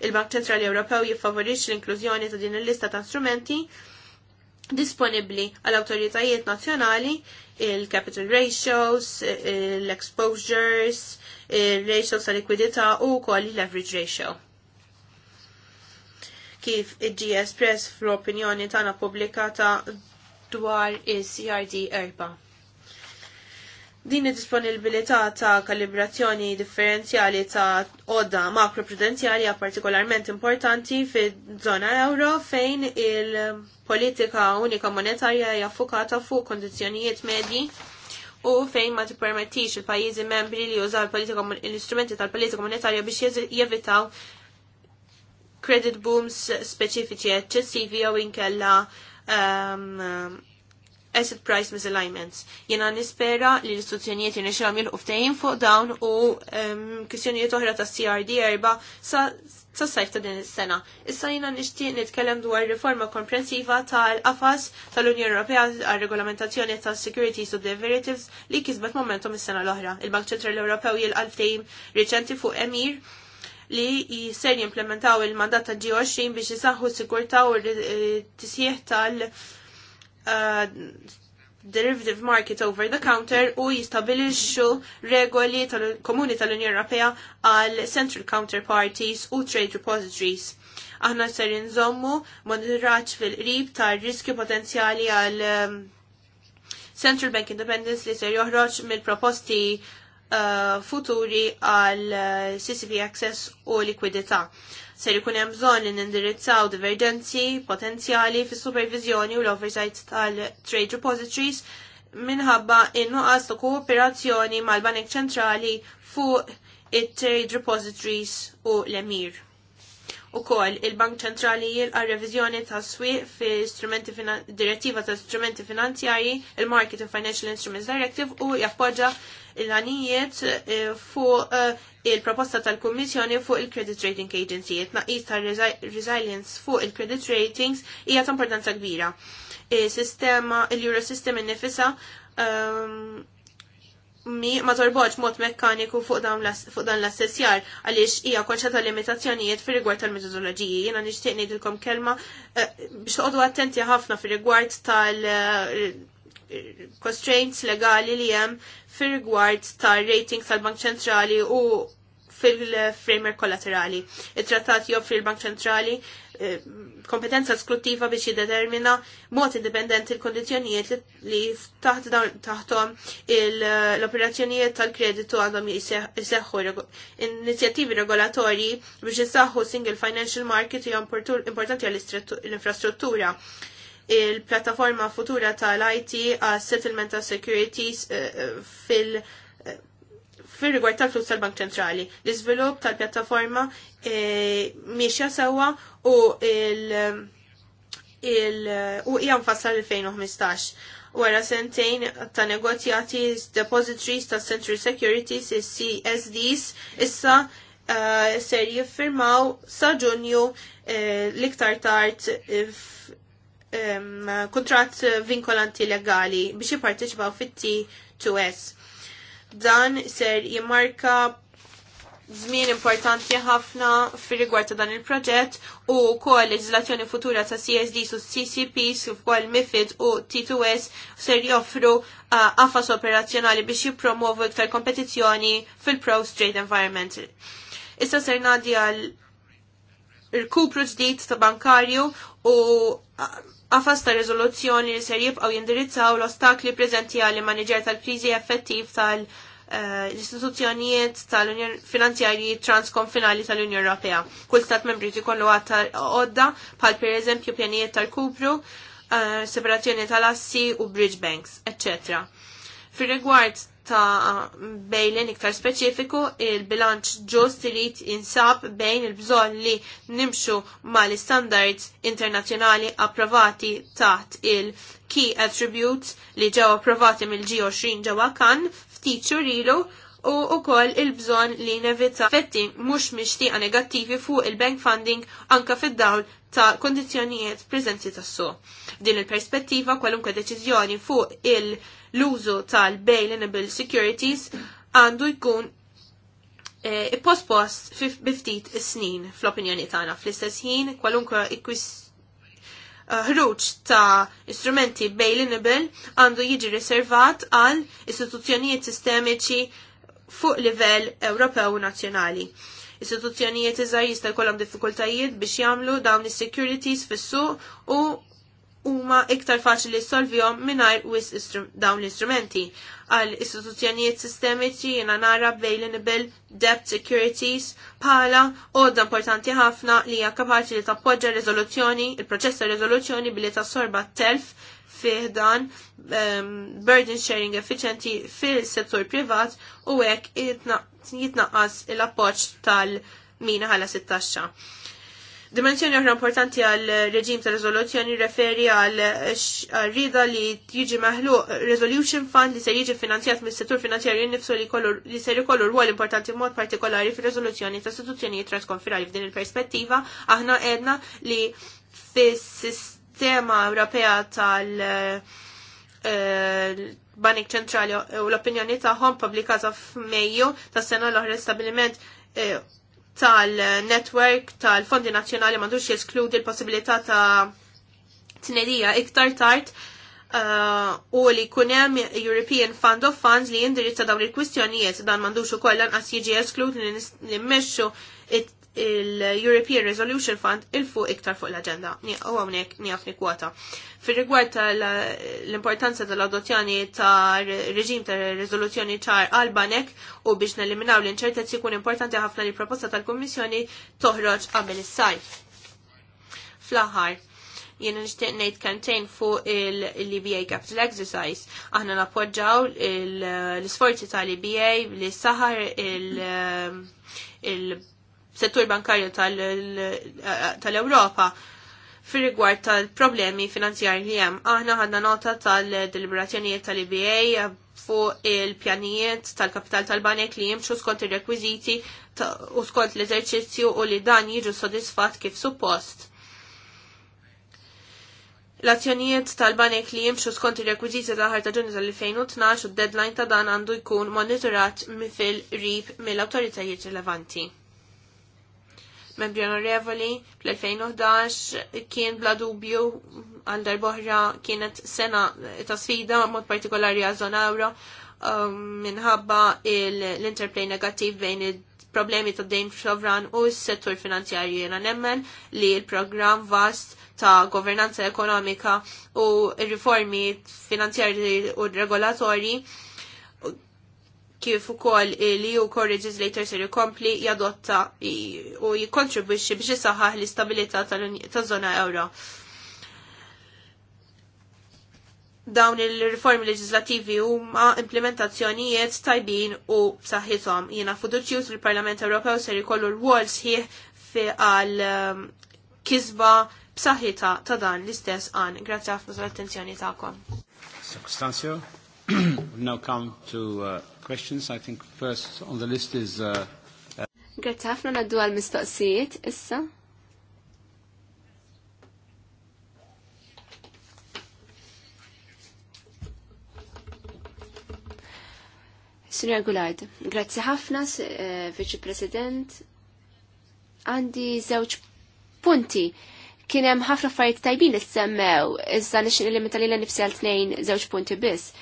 Il-Bank Ċentrali Ewropew jiffavorix l-inklużjoni ta' din il-lista ta' strumenti disponibli għal autoritajiet nazzjonali il-capital ratios, l-exposures, il il-ratios tal likwidità u koll leverage ratio. Kif iġi espress fl-opinjoni tana publikata dwar il-CRD erba'. Din id-disponibilità ta' kalibrazzjoni differenzjali ta' odda makroprudenzjali hija partikolarment importanti fi żona euro fejn il-politika unika monetarja hija fukata fuq kondizjonijiet medji u fejn ma tippermettix il-pajjiżi membri li jużaw l-istrumenti tal-politika monetarja biex jevitaw credit booms speċifiċi eċċessivi jew inkella um, asset price misalignments. Jena nispera li l istituzjonijiet jena xilom jil fuq dawn u um, kwistjonijiet oħra ta' CRD erba sa' sa' sajf ta' din is-sena. Issa jena nixtieq nitkellem dwar riforma komprensiva tal afas tal-Unjoni Ewropea għal regolamentazzjoni ta' securities u derivatives li kisbet momentum is-sena l-oħra. Il-Bank Ċentrali Ewropew jilqal ftehim riċenti fuq Emir li jisser jimplementaw il-mandat ta' G20 biex jisaħħu s-sigurta u t-tisjeħ tal- Uh, derivative market over the counter u jistabilixxu regoli tal-Komuni tal-Unjoni Ewropea għal central counterparties u trade repositories. Aħna ser inżommu monitoraġġ fil-qrib tar-riskju potenzjali għal um, Central Bank Independence li ser joħroġ mill-proposti uh, futuri għal uh, CCP Access u likwidità. Ser ikun hemm bżonn li nindirizzaw divergenzi potenzjali fis-supervizjoni u l-oversight tal-trade repositories minħabba in-nuqqas ta' kooperazzjoni mal-Banek Ċentrali fuq it-trade repositories u l-emir. U koll, il-Bank ċentrali jilqa revizjoni ta' swieq fi direttiva ta' strumenti finanzjari, il-Market and Financial Instruments Directive u jappoġġa l-għanijiet eh, fuq eh, il-proposta tal-Kommissjoni fuq il-Credit Rating Agency. Tnaqqis tal-resilience fuq il-Credit Ratings hija ta' importanza kbira. Eh, sistema, il-Eurosystem innifisa ehm, mi ma torboċ mod mekkaniku fuq dan l-assessjar għaliex hija konċa ta' limitazzjonijiet fir rigward tal-metodoloġiji. Jiena nixtieq ngħidilkom kelma biex toqgħodu attenti ħafna fir rigward tal- constraints legali li hemm fir-rigward tar rating tal-Bank Ċentrali u fil-framework kollaterali. Il-trattat joffri l-Bank Ċentrali eh, kompetenza sklutiva biex jiddetermina mod indipendenti l-kondizjonijiet li taħt taħtom l-operazzjonijiet tal-kreditu għadhom jiseħħu inizjattivi regolatorji biex jisaħħu single financial market jew importanti għall-infrastruttura il-plattaforma futura tal-IT għas settlement ta' securities eh, eh, fil- eh, fil rigward tal-flus tal-Bank Ċentrali. L-iżvilupp tal-pjattaforma miexja sewwa u il- il- u hija mfassal 2015 wara sentejn ta' negozjati depositories ta' Central Securities is CSDs issa uh, ser jiffirmaw sa' ġunju uh, liktar tard kontrat vinkolanti legali biex jipparteċipaw fit-T2S. Dan ser jimmarka żmien importanti ħafna fir rigward ta' dan il-proġett u kol leġislazzjoni futura ta' CSD su CCP su kol MIFID u T2S ser joffru għafas uh, operazzjonali biex jipromovu iktar kompetizzjoni fil-Pro straight Environment. Issa ser nadi għal il-kupru ġdid ta' bankarju u uh, għafas ta' rezoluzzjoni li ser jibqgħu jindirizzaw l-ostakli prezenti għal maniġer tal-kriżi effettiv tal-istituzzjonijiet tal-Unjon finanzjarji transkonfinali tal-Unjon Europea. Kull stat membri jkollu għatta għodda bħal pereżempju pjanijiet tal-kupru, eh, separazzjoni tal-assi u bridge banks, eccetera. Fi rigward ta' bejlen iktar speċifiku il-bilanċ ġust irid insab bejn il-bżonn li nimxu mal standards internazzjonali approvati taħt il-key attributes li ġew approvati mill-G20 ġewwa kan ftit xurilu u ukoll il-bżonn li nevita fetti mhux mixtieqa negattivi fuq il-bank funding anka fid-dawl ta' kondizjonijiet preżenti tas-suq. Din il-perspettiva kwalunkwe deċiżjoni fuq il- -perspettiva, l-użu tal-bail-enable securities għandu jkun e, eh, post-post biftit snin fl-opinjoni tagħna fl-istess ħin kwalunkwe eh, ħruġ ta' istrumenti bail-enable għandu jiġi riservat għal istituzzjonijiet sistemiċi fuq livell Ewropew u nazzjonali. Istituzzjonijiet iżgħar jista' jkollhom diffikultajiet biex jagħmlu dawn is-securities fis-suq u huma iktar faċli solvjom mingħajr wis dawn l-istrumenti. Għal istituzzjonijiet sistemiċi jiena nara bailable debt securities bħala għodda importanti ħafna li hija kapaċi li tappoġġa riżoluzzjoni, il-proċess ta' riżoluzzjoni billi tassorba telf fih dan um, burden sharing efficienti fil-settur privat u għek jitnaqqas l-appoġġ tal-mina ħala 16. Dimensjoni oħra importanti għal reġim ta' rezoluzzjoni referi għal rida li jiġi maħlu resolution fund li se jiġi finanzjat mis settur finanzjarju nifsu li, li se ikollu rwol importanti mod partikolari fir rezoluzzjoni ta' istituzzjonijiet transkonfinali f'din il-perspettiva aħna edna li fis-sistema Ewropea tal- eh, Banik ċentrali u l-opinjoni tagħhom publikata f'Mejju tas-sena l-oħra stabiliment eh, tal-network tal-Fondi Nazzjonali mandux jeskludi l-possibilità ta' tnedija iktar tard uh, u li kunem European Fund of Funds li jindirizza dawn il-kwistjonijiet dan mandux u kollan għas jiġi jeskludi li nimmexxu il-European Resolution Fund il-fuq iktar fuq l-agenda. U għamnek njafni kwota. Fil rigward l-importanza tal-adozzjoni ta' reġim ta' rezoluzzjoni ċar għal-banek u biex neliminaw l-inċertezzi kun importanti ħafna li proposta tal-Kommissjoni toħroġ qabel is-sajf. Fl-aħħar, jien nixtieq ngħid kantejn fuq il lba Capital Exercise. Aħna nappoġġaw l-isforzi tal-EBA li saħar il- settur bankarju tal-Europa fir rigward tal-problemi finanzjarji li hemm. Aħna ħadna nota tal-deliberazzjonijiet tal-IBA fuq il-pjanijiet tal-kapital tal-banek li jimxu skont ir-rekwiżiti u skont l-eżerċizzju u li dan jiġu sodisfatt kif suppost l-azzjonijiet tal-banek li jimxu skont ir-rekwiżiti ta' ħarta ġunju tal-2012 u d-deadline ta' dan għandu jkun monitorat mifil rib mill-awtoritajiet rilevanti membri onorevoli, fl-2011 kien bla dubju għal darboħra kienet sena ta' sfida mod partikolari għal zona euro um, minħabba l-interplay negativ bejn il-problemi ta' dejn sovran u s-settur finanzjarju jena nemmen li il-program vast ta' governanza ekonomika u riformi finanzjarji u regolatori kif ukoll li u co-legislator ser kompli jadotta u jikkontribwixxi biex isaħħaħ l-istabilità taż-żona euro. Dawn il-riformi leġislativi huma implementazzjonijiet tajbin u b'saħħithom. Jena fuduċjus li l-Parlament Ewropew ser jkollu rwol sħiħ fi għal um, kisba b'saħħitha ta' dan l-istess għan. Grazzi ħafna l attenzjoni tagħkom. Circunstanzio. We've now come to uh, questions. I think first on the list is... uh... ħafna naddu għal-mistoqsijiet issa. Sinjor Gulard, grazzi ħafna, eh, Vice President. Għandi żewġ punti. Kien hemm ħafna fajt tajbin li semmew, iżda nix li meta lilha nifsi għal tnejn żewġ punti biss.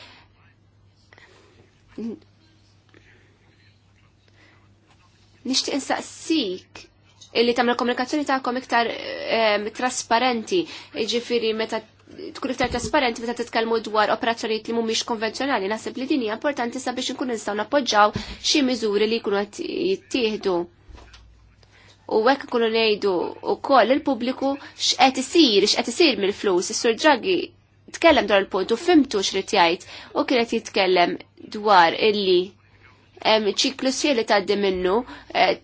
Nishtiq insaqsik illi tamla komunikazzjoni ta'kom iktar trasparenti, ġifiri meta tkun iktar trasparenti meta titkellmu dwar operazzjonijiet li mhumiex konvenzjonali, naħseb li din hija importanti sabiex inkunu nistgħu nappoġġaw xi miżuri li jkunu qed jittieħdu. U hekk ikunu ngħidu wkoll il-pubbliku x'qed isir, x'qed isir mill-flus, is-sur Draghi tkellem dwar il-punt u fimtu xrid jgħid u kienet jitkellem dwar illi hemm ċiklu li taddi minnu eh,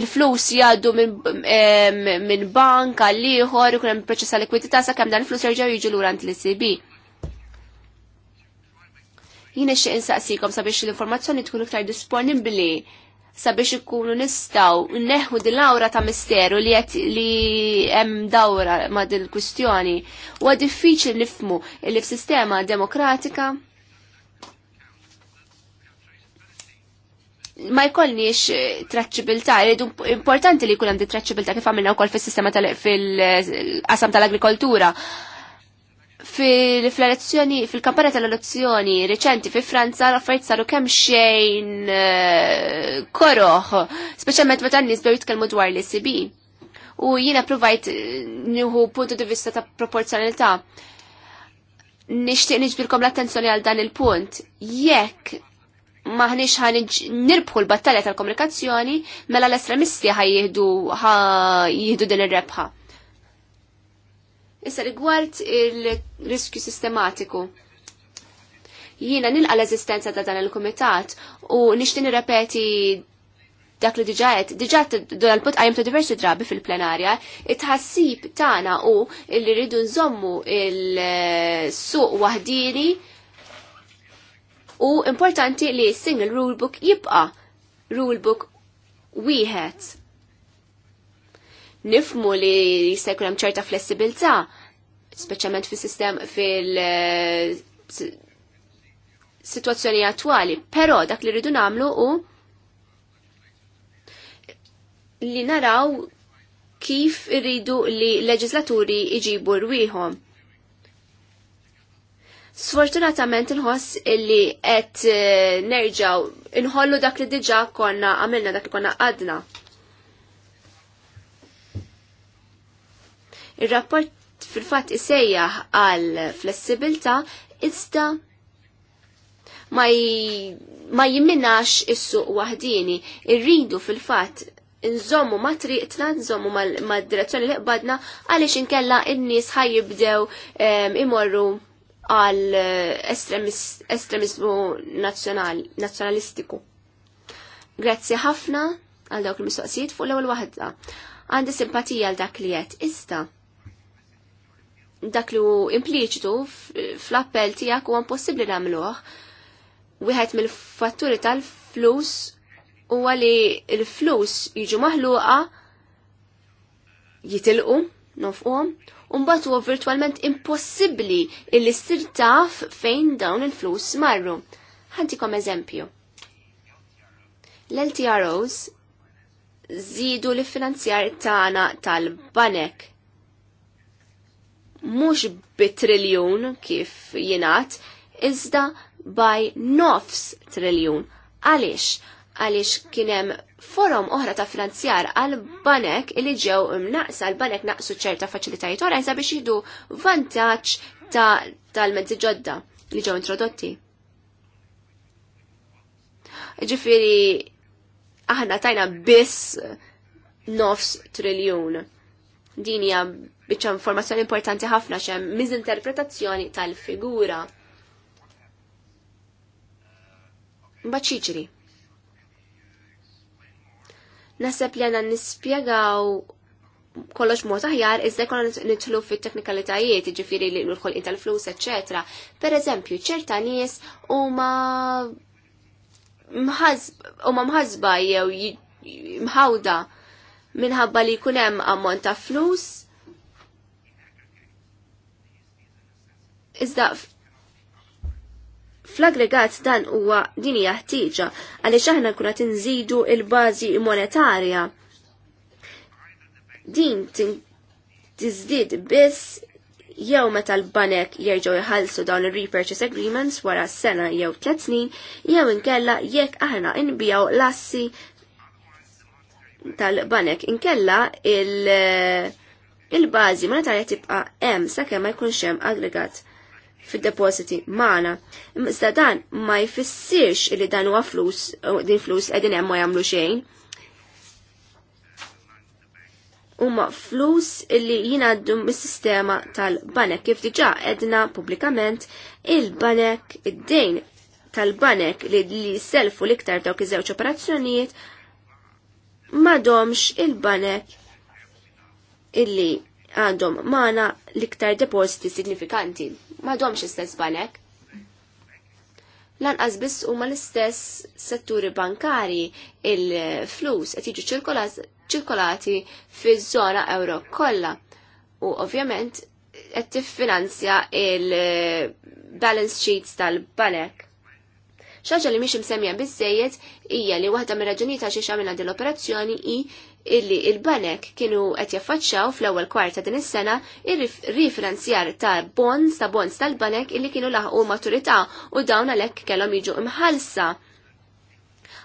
il-flus jaddu minn bank għal ieħor ikun hemm proċess għal likwidità sakemm dan il-flus jerġgħu jiġu lura għand l-ICB. Jien xi insaqsikom sabiex l-informazzjoni tkun iktar disponibbli sabiex ikunu nistaw neħu l awra ta' misteru li jett li hemm dawra ma' dil-kwistjoni. U diffiċli nifmu li f'sistema demokratika ma jkollniex eh, traċċibilità, importanti li hemm di traċċibilità kif għamilna wkoll fis-sistema fil-qasam eh, tal-agrikoltura. tal tal agrikoltura fil-elezzjoni, fil-kampanja tal-elezzjoni reċenti fi Franza l-affarijiet saru kemm xejn eh, koroħ, speċjalment meta n-nies bdew jitkellmu dwar l-ECB. U jiena provajt eh, nieħu puntu di vista ta' proporzjonalità. Nixtieq niġbirkom l-attenzjoni għal dan il-punt. Jekk maħniex ħan nirbħu l-battalja tal-komunikazzjoni, mela l-estremisti ħaj jihdu din ir-rebħa Issa rigward il-riskju sistematiku. Jiena nilqa l-eżistenza ta' dan il-komitat u nixtin repeti dak li diġaħet, diġaħet dal-put għajem ta' diversi drabi fil-plenarja, it-ħassib tagħna u li rridu nżommu il-suq wahdini u importanti li single rulebook jibqa rulebook wieħed nifmu li jistajkun jkun hemm ċerta flessibilità, speċjalment fis-sistem fil eh, situazzjoni attwali, però dak li rridu nagħmlu hu li naraw kif irridu li leġislaturi iġibu rwieħom. Sfortunatament inħoss illi qed eh, nerġaw inħollu dak li diġà konna għamilna dak li konna għadna. Il-rapport fil-fat isejjaħ għal flessibilta iżda ma, ma jimminax is-suq waħdini. Irridu fil-fat nżommu ma triqtna, nżommu ma direzzjoni li qbadna għaliex inkella n-nies ħajibdew imorru għal eh, estremizmu nazzjonalistiku. Grazzi ħafna għal dawk il-mistoqsijiet fuq l-ewwel waħda. Għandi simpatija għal dak li qed iżda dak li hu impliċitu fl-appell tiegħek huwa impossibbli nagħmluh. Wieħed mill-fatturi tal-flus huwa li l-flus jiġu maħluqa jitilqu nofquhom u mbagħad huwa virtwalment impossibbli illi ssir taf fejn dawn il-flus marru. Ħantikom eżempju. L-LTROs zidu l-finanzjar tagħna tal-banek mhux bitriljun kif jingħat, iżda by nofs triljun. Għaliex? Għaliex kien hemm forum oħra ta' finanzjar għal banek li ġew imnaqsa għal banek naqsu ċerta faċilitajiet oħra sabiex jieħdu vantaġġ tal-mezzi ta ġodda li ġew introdotti. Ġifiri, aħna tajna biss nofs triljun. Dinja biċċa informazzjoni importanti ħafna xem miżinterpretazzjoni tal-figura. Mbagħad xiġri. Naseb li għanna nispjegaw kollox mod aħjar iżda jkollna nidħlu fit-teknikalitajiet, ġifiri li l-ħolqien tal-flus, eċċetera. Per eżempju, ċerta nies huma ma mħazba jew mħawda minħabba li jkun hemm ammont ta' flus Iżda fl-aggregat dan huwa din hija ħtieġa għaliex aħna nkun qed inżidu l-bażi monetarja. Din tiżdied biss jew meta l-banek jerġgħu jħallsu dawn il repurchase agreements wara sena jew tliet snin, jew inkella jekk aħna nbijaw assi tal-banek inkella il-bażi monetarja tibqa' hemm sakemm ma jkunx hemm aggregat fid-depositi magħna. imma dan ma jfissirx li dan huwa flus din flus qegħdin hemm ma jagħmlu xejn. Huma flus li jingħaddu mis-sistema tal-banek kif diġà edna pubblikament il-banek id-dejn tal-banek li li selfu l-iktar dawk iż-żewġ operazzjonijiet domx il-banek illi għandhom mana l-iktar depositi signifikanti domx istess banek. Lanqas biss huma l-istess setturi bankari il-flus qed jiġu ċirkolati fiż-żona euro kollha. U ovvjament qed tiffinanzja il-balance eh, sheets tal-banek. Xaġa li mhix msemmija biżejjed hija li waħda mir-raġunijiet għax għamilna din l-operazzjoni hi illi il-banek kienu qed jaffaċċaw fl-ewwel kwarta din is-sena ir-rifinanzjar ta' bonds ta' bonds tal-banek illi kienu laħqu maturità u dawn għalhekk kellhom jiġu imħalsa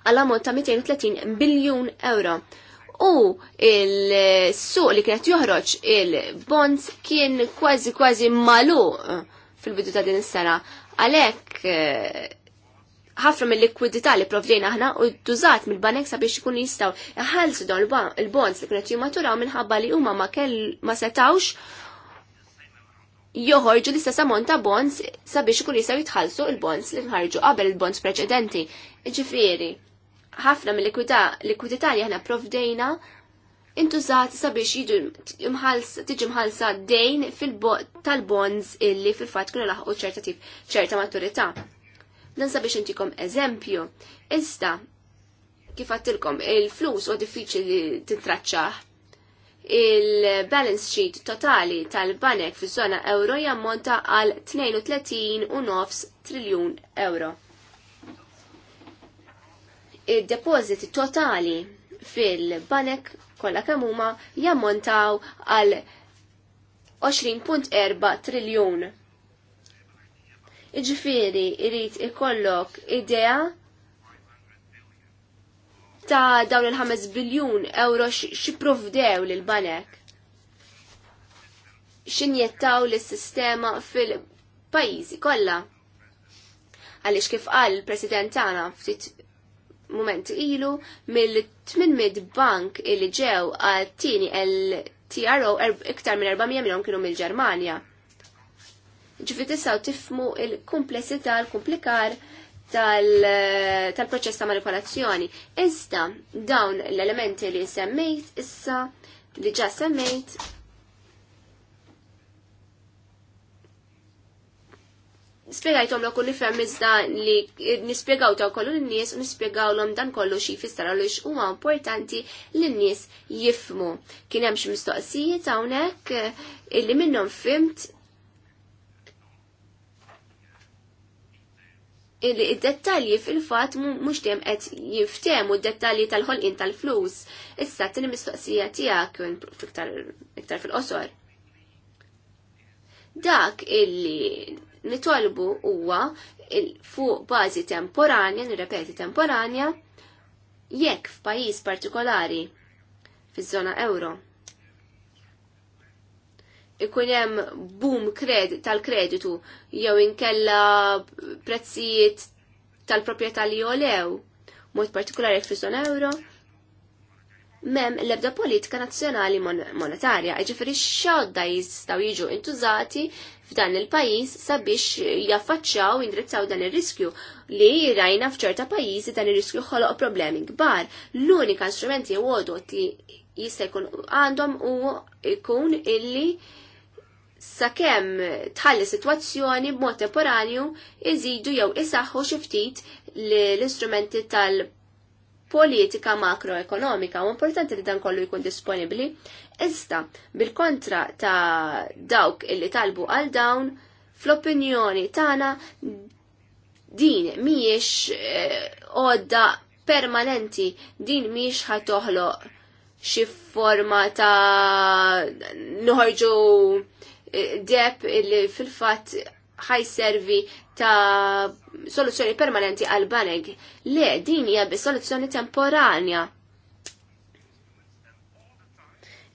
għal ammont ta' 230 biljun euro. U il-suq li kienet joħroġ il-bonds kien kważi kważi malu fil-bidu ta' din is-sena. Għalhekk eh, ħafna mill-likwidità li provdejna aħna u dużat mill-banek sabiex ikun jistgħu iħallsu dawn il-bonds li kienet jimmaturaw minħabba li huma ma kell ma setawx joħorġu l-istess ammont ta' bonds sabiex ikun jistgħu jitħallsu il-bonds li nħarġu qabel il-bonds preċedenti. Ġifieri, ħafna mill-likwidità li aħna provdejna intużat sabiex jiġu tiġi mħalsa dejn fil-tal-bonds illi fil-fatt kienu laħqu ċerta tip ċerta maturità. Nansa sabiex intikom eżempju. ista kif għattilkom, il-flus u diffiċli t-traċċaħ. Il-balance sheet totali tal-banek fi zona euro jammonta għal 32.9 triljun euro. Il-deposit totali fil-banek kolla kamuma jammontaw għal 20.4 triljon euro Iġifiri, irrit ikollok idea ta' dawn il-5 biljun euro xiprovdew l-banek. Xinjettaw s sistema fil-pajizi kolla. Għalix kif qal il-president tagħna ftit moment ilu mill-800 bank il ġew għal tini l-TRO iktar minn 400 minnhom kienu mill-Ġermanja ġifi tisaw tifmu il-komplessità, l-komplikar tal-proċess ta' manipolazzjoni. Iżda dawn l-elementi li semmejt issa li ġa semmejt spiegajtom l kulli fem iżda li nispiegaw ta' kollu l-nies u nispiegaw l dan kollu xie fistara l huwa importanti l-nies jifmu. Kien hemm xi mistoqsijiet hawnhekk eh, illi minnhom fimt il-dettalji fil-fat mux tem għet jiftemu d-dettalji tal-ħolqin tal-flus. Issa t mistoqsija tijak iktar fil-qosor. Dak illi nitolbu huwa fuq bażi temporanja, nirrepeti temporanja, jekk f'pajjiż partikolari fiż-żona euro ikun hemm boom kred tal-kreditu jew inkella prezzijiet tal-proprjetà li jolew, mod partikolari fl-żona euro, mem l-ebda politika nazzjonali mon monetarja, ġifiri xodda jistaw jiġu intużati f'dan il-pajis sabiex jaffaċċaw indrizzaw dan il-riskju li rajna fċerta pajjiżi dan il-riskju ħoloq problemi kbar. L-unika strumenti għodot li jista' jkun għandhom u jkun illi sakemm tħalli sitwazzjoni b'mod temporanju iżidu jew isaħħu xi ftit l-istrumenti tal-politika makroekonomika u importanti li dan kollu jkun disponibbli. Iżda bil-kontra ta' dawk illi talbu għal dawn fl-opinjoni tagħna din mhijiex eh, għodda permanenti din mhijiex ħatoħlo xi forma ta' noħorġu deb illi fil-fatt ħajservi ta' soluzzjoni permanenti għal baneg. Le, din hija bi soluzzjoni temporanja.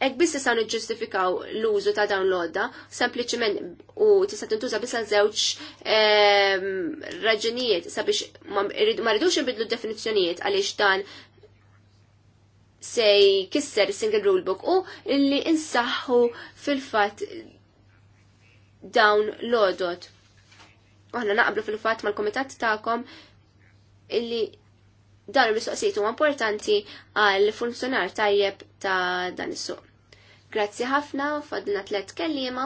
Ek biss sa' niġġustifikaw l-użu ta' dawn l-odda, sempliciment u tista' tintuża bissa għal żewġ ehm, raġunijiet sabiex ma rridux inbidlu definizzjonijiet għaliex dan se jkisser single rule book u li insaħħu fil-fatt dawn l-odot. Aħna naqblu fil-fatt mal-komitat ta'kom illi dan il-mistoqsijiet huma importanti għal funzjonar tajjeb ta' dan is-suq. Grazzi ħafna, fadlna tlet kellima.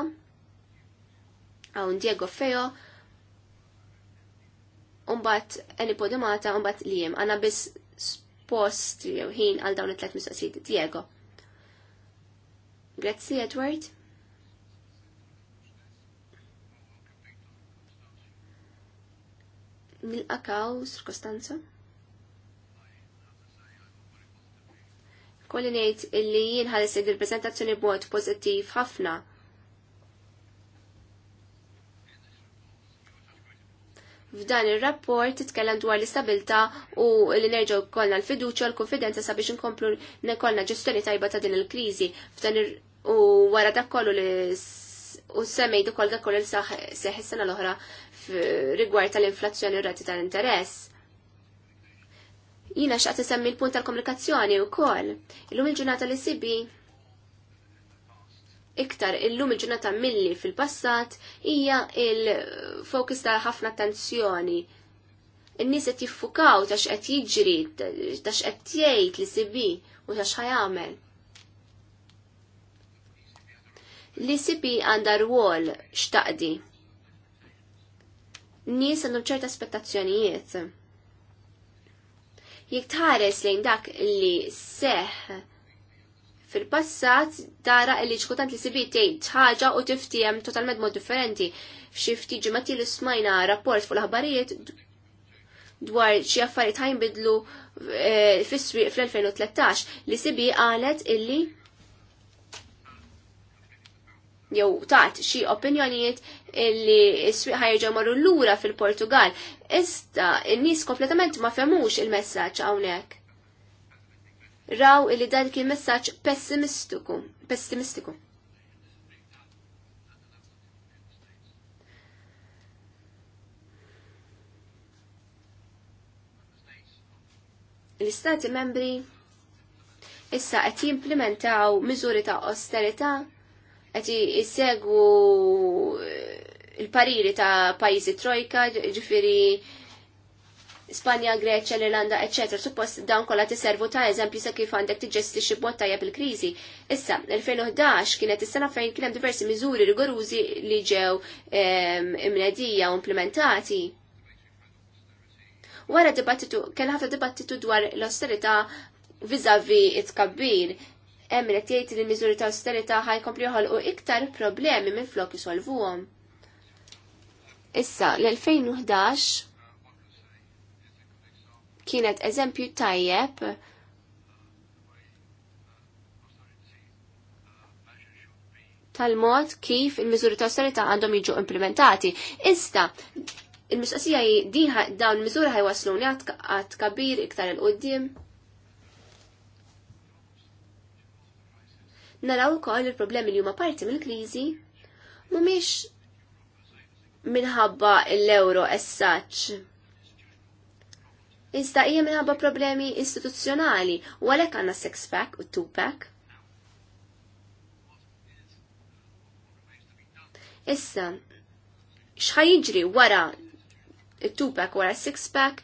Hawn Diego Feo. Umbat Eni Podimata, umbat Liem. Għana biss spost jew ħin għal dawn it-tlet mistoqsijiet. Diego. Grazzi, Edward. nil-akaw sirkostanza? Kolli ngħid illi jien ħares il-prezentazzjoni bot pożittiv ħafna. F'dan ir-rapport titkellem dwar l-istabilta u li nerġgħu kollha l-fiduċja u l-konfidenza sabiex inkomplu nekollna ġestjoni tajba ta' din il-kriżi. F'dan u wara dak kollu li u semmej dak kollu dak kollu li seħ is-sena l-oħra rigward tal-inflazzjoni u rati tal-interess. Jina xaqt semmi l-punt tal-komunikazzjoni u koll. Illum il-ġurnata li sibi iktar illum il-ġurnata milli fil-passat hija il-fokus ta' ħafna attenzjoni. In-nies qed jiffukaw ta' x'qed jiġri, ta' x'qed jgħid li sibi u ta' x'ħajamel. Li sibi għandha rwol x'taqdi nies għandhom ċerta aspettazzjonijiet. Jek tħares lejn dak li seħ fil-passat tara li ċkutant li sibi tgħid ħaġa u tiftijem totalment mod differenti. F'xi ftit li smajna rapport fuq l-aħbarijiet dwar xi affarijiet ħajnbidlu eh, fl-2013 li sibi qalet illi jew taħt xi opinjonijiet illi s-swieq ħajġa marru lura fil-Portugal. Ista, n-nies kompletament ma femux il-messaġġ hawnhekk. Raw illi dan kien messaġġ pessimistiku, pessimistiku. L-istati membri issa qed jimplementaw miżuri ta' osterita'? għati jissegwu eh, il-pariri ta' pajjiżi trojka, ġifiri Spanja, Greċja, l-Irlanda, ecc. Suppost dawn kollha tiservu ta' eżempju sa kif għandek t-ġesti xibot tajjeb il-kriżi. Issa, 2011 kienet s sena fejn kien hemm diversi miżuri rigorużi li ġew ehm, imnedija u implementati. Wara dibattitu, kien ħafna dibattitu dwar l osterita vizavi it-kabbir hemm qed jgħid li l-miżuri ta' austerità ħajkomplu u iktar problemi minn flok jisolvuhom. Issa, l-2011 kienet eżempju tajjeb tal-mod kif il-miżuri ta' austerità għandhom jiġu implementati. Issa, il-mistoqsija diħa dawn il-miżuri ħajwaslu għat kabir iktar il-qoddim naraw ukoll il-problemi li huma parti mill-kriżi mhumiex minħabba l-euro as such. Iżda hija minħabba problemi istituzzjonali u għalhekk għandna six pack u two pack. Issa, xħajġri wara il-two pack wara six pack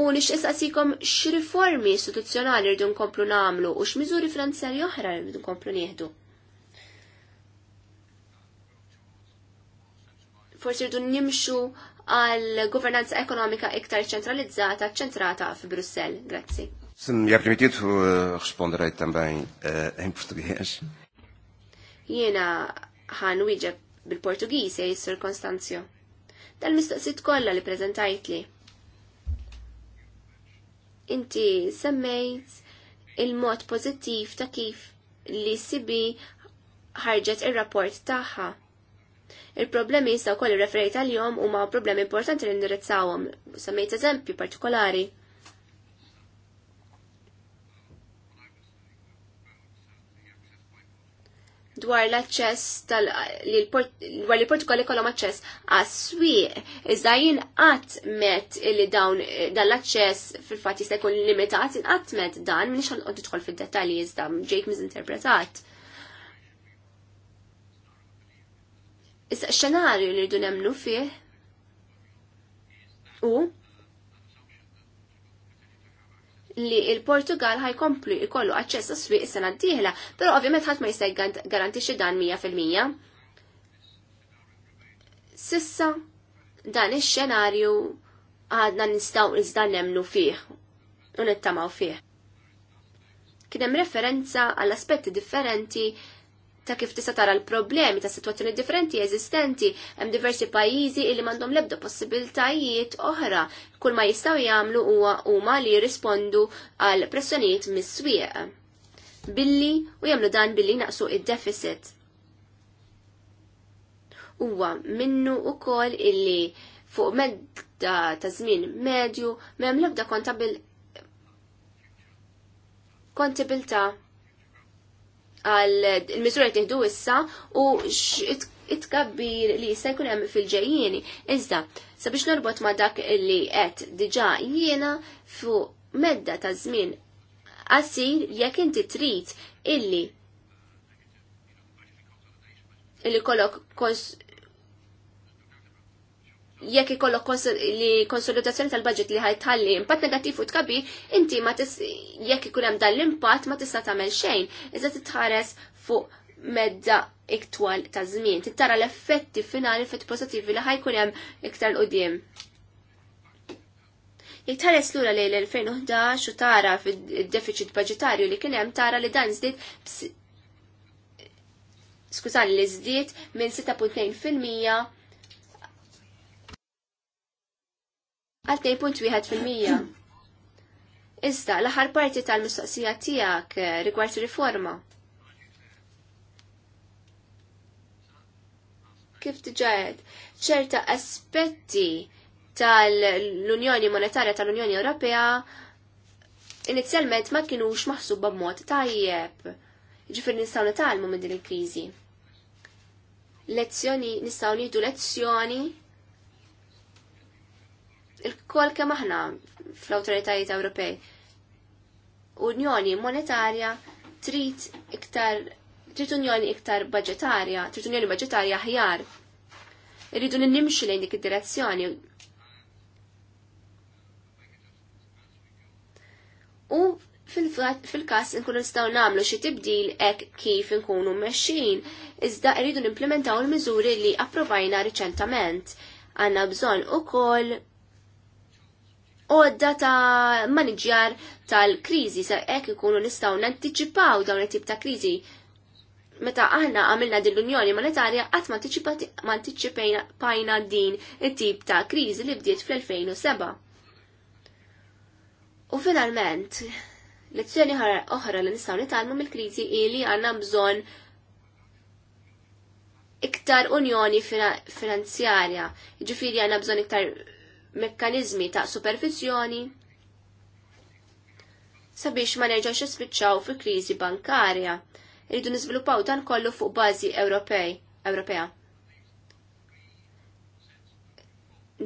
u nix isqasikom x reformi istituzzjonali rridu nkomplu namlu u x-mizuri finanzjari oħra rridu nkomplu nieħdu. Forsi rridu nimxu għal governanza ekonomika iktar ċentralizzata, ċentrata fi Brussel. Grazzi. Sim, ja primitit u eh, risponderajt tambajn eh, in Portugiex. Jena ħan wieġeb bil-Portugis, jgħis Sir Dal-mistoqsit kollha li prezentajt li. Inti semmejt il-mod pozittiv ta' kif li sibi ħarġet ir-rapport tagħha. Il-problemi jistaw wkoll irreferejt għal-jom huma problemi importanti li ndirizzawhom, semmejt eżempju partikolari. dwar l-aċċess tal dwar li protokolli ikollhom aċċess għas-swieq. Iżda jien qatt met li dawn dan l-aċċess fil-fatt jista' jkun limitat, inqatt met dan minix għoddu tidħol fid-dettalji iżda ġejt miżinterpretat. Issa xenarju li rridu nemnu fih u li il-Portugal ħajkomplu ikollu aċċess s s sena d-dieħla, pero ovvjament ħadd ma jista' garanti dan 100%. Sissa dan ix-xenarju għadna nistgħu iżda nemnu fih u nittamaw fih. Kien hemm referenza għall aspetti differenti ta' kif tista' tara l-problemi ta' situazzjoni differenti eżistenti hemm diversi pajjiżi li m'għandhom l-ebda possibiltajiet oħra kull ma jistgħu jagħmlu huwa huma li jirrispondu għal pressjonijiet mis-swieq. Billi u jagħmlu dan billi naqsu id-deficit. Huwa minnu ukoll illi fuq medda ta' żmien medju m'hemm l-ebda kontabil kontibilta' għal il-miżura jtieħdu issa u it-kabbir li jista' jkun hemm fil-ġejjieni. Iżda, sabiex norbot ma' dak li qed diġà jiena fuq medda ta' żmien qasir jekk inti trid illi illi kollok jekk ikollok li konsolidazzjoni tal-budget li ħajtħalli impatt negattiv u tkabi, inti ma tis jekk ikun hemm dan l-impatt ma tista' tagħmel xejn, iżda titħares fuq medda iktwal ta' żmien. Tittara l-effetti finali effett pożittivi li ħajkun hemm iktar qudiem. Jek tħares lura lejl l-2011 u tara fid-deficit budgetarju li kien hemm tara li dan żdied skużani li żdied minn 6.2 għal mija Iżda, l-aħħar parti tal-mistoqsija tiegħek eh, rigward riforma. Kif tiġaħed? ċerta aspetti tal-Unjoni Monetarja tal-Unjoni Ewropea inizjalment ma kienux maħsuba b'mod tajjeb. Ġifir nistaw nitalmu minn din il-kriżi. Lezzjoni, nistaw nieħdu lezzjoni il-kol kemm aħna fl-awtoritajiet Ewropej. Unjoni monetarja trid iktar trid unjoni iktar budgetarja, trid unjoni budgetarja ħjar. Irridu li nimxu lejn dik id-direzzjoni. U fil-kas nkunu nistgħu nagħmlu xi tibdil hekk kif inkunu mexxin, iżda rridu nimplementaw il-miżuri li approvajna riċentament. Għandna bżonn ukoll odda ta' maniġjar tal-krizi, sa' ek ikunu nistaw nantiċipaw dawn it-tip ta' krizi. Meta aħna għamilna din unjoni Monetarja qatt ma anticipajna din it-tip ta' krizi li bdiet fl-2007. U finalment, lezzjoni oħra li nistaw nitalmu mill-krizi ili għanna bżonn iktar unjoni finanzjarja. Ġifiri għanna bżon iktar mekkaniżmi ta' superfizjoni sabiex ma nerġgħux nispiċċaw fi kriżi bankarja. Irridu niżviluppaw dan kollu fuq bażi Ewropej, Ewropea.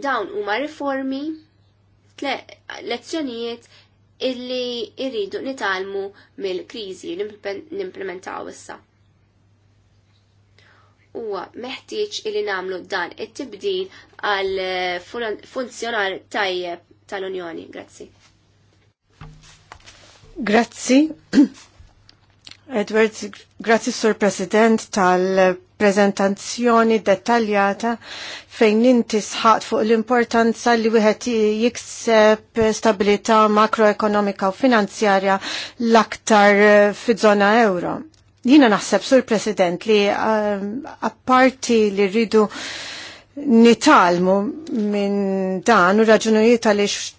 Dawn huma riformi lezzjonijiet illi irridu nitalmu mill-kriżi li nimplementaw issa. Huwa meħtieġ illi namlu dan it-tibdil għal eh, funzjonar tajjeb tal-Unjoni. Grazzi. Grazzi. Edward, grazzi Sur President tal-prezentazzjoni dettaljata fejn inti sħat fuq l-importanza li wieħed jikseb stabilità makroekonomika u finanzjarja l-aktar eh, fi zona euro. Jina naħseb Sur President li eh, apparti li rridu nitalmu minn dan u raġunijiet għaliex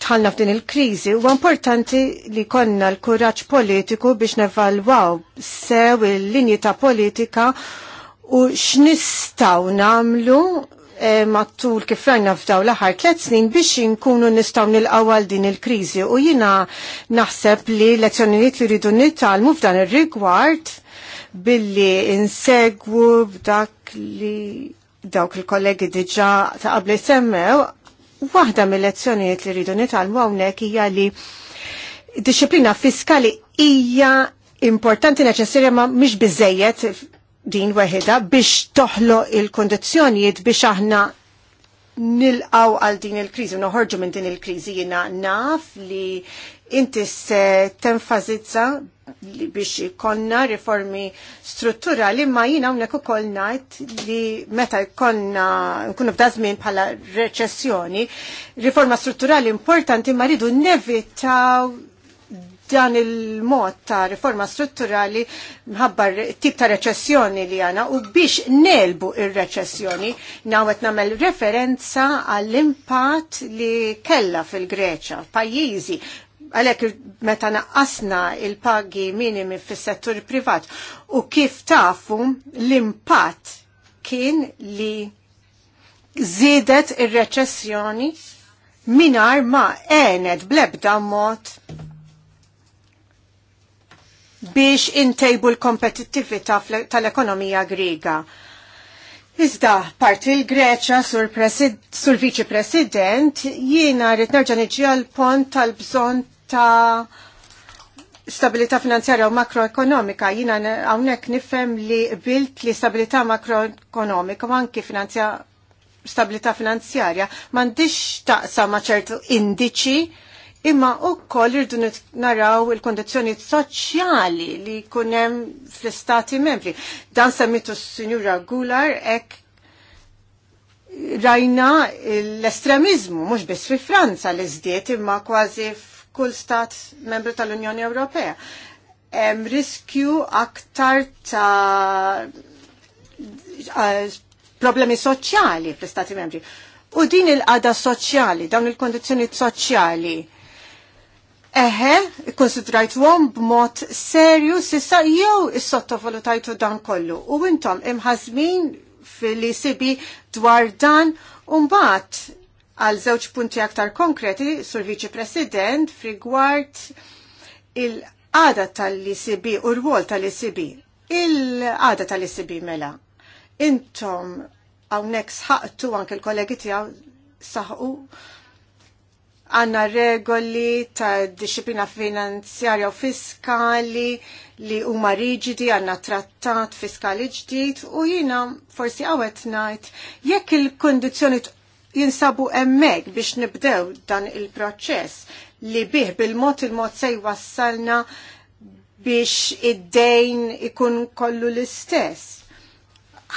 tħallna f'din il-kriżi huwa importanti li konna l-kuraġġ politiku biex nevalwaw sew il-linji ta' politika u x'nistgħu nagħmlu E, eh, mattul kif rajna f'daw l-aħħar tliet snin biex inkunu nistgħu nilqgħu għal din il-kriżi u jina naħseb li lezzjonijiet li rridu nitalmu f'dan ir-rigward billi insegwu b'dak li dawk il-kollegi diġa ta' qabli semmew, wahda mill-lezzjonijiet li rridu nitalmu hawnhekk hija li disciplina fiskali hija importanti neċessarja ma mhix biżejjed din weħida biex toħlo il kondizjonijiet biex aħna nilqaw għal din il-kriżi, noħorġu minn din il-kriżi jiena naf li inti se tenfazizza li biex ikonna riformi strutturali ma jina unneku u kolnajt li meta ikonna nkunu f'da bħala reċessjoni, riforma strutturali importanti ma ridu nevitaw dan il-mod ta' riforma strutturali mħabbar tip ta' reċessjoni li għana u biex nelbu il-reċessjoni nawet namel referenza għall-impat li kella fil-Greċa, pajjiżi għalhekk meta naqqasna il-pagi minimi fis-settur privat u kif tafu l-impatt kien li zidet ir-reċessjoni minar ma għenet blebda mod biex intejbu l-kompetittivita tal-ekonomija griga. Iżda, part il-Greċa sur, viċi president, jiena rrit nerġa' niġi għal pont tal-bżon ta' stabilità finanzjarja u makroekonomika. Jina hawnhekk nifhem li bilt li stabilità makroekonomika u anki finanzja stabilità finanzjarja m'għandix taqsa ma' ċertu indiċi imma u koll irdu naraw il-kondizjoni soċjali li kunem fl-istati membri. Dan semmitu s-Sinjura Gular ek rajna l-estremizmu, mux bis fi Franza li izdiet imma kważi kull stat membru tal-Unjoni Ewropea. Hemm riskju aktar ta' problemi soċjali fl-Stati membri. U din il-qada soċjali, dawn il-kondizjoni soċjali, eħe, konsidrajt għom b'mod serju sissa jew is-sottovalutajtu dan kollu. U intom imħazmin fil-li sibi dwar dan Umbat, għal żewġ punti aktar konkreti sur viċi president frigward il-għada tal-ICB u r-wol tal-ICB. Il-għada tal-ICB mela. Intom għawnek sħaqtu anke l-kollegi tijaw saħu għanna regoli ta' disciplina finanzjarja u fiskali li huma riġidi għanna trattat fiskali ġdid u jina forsi għawet najt jekk il-kondizjoni jinsabu emmek biex nibdew dan il-proċess li bih bil-mod il-mod se wassalna biex id-dejn ikun kollu l-istess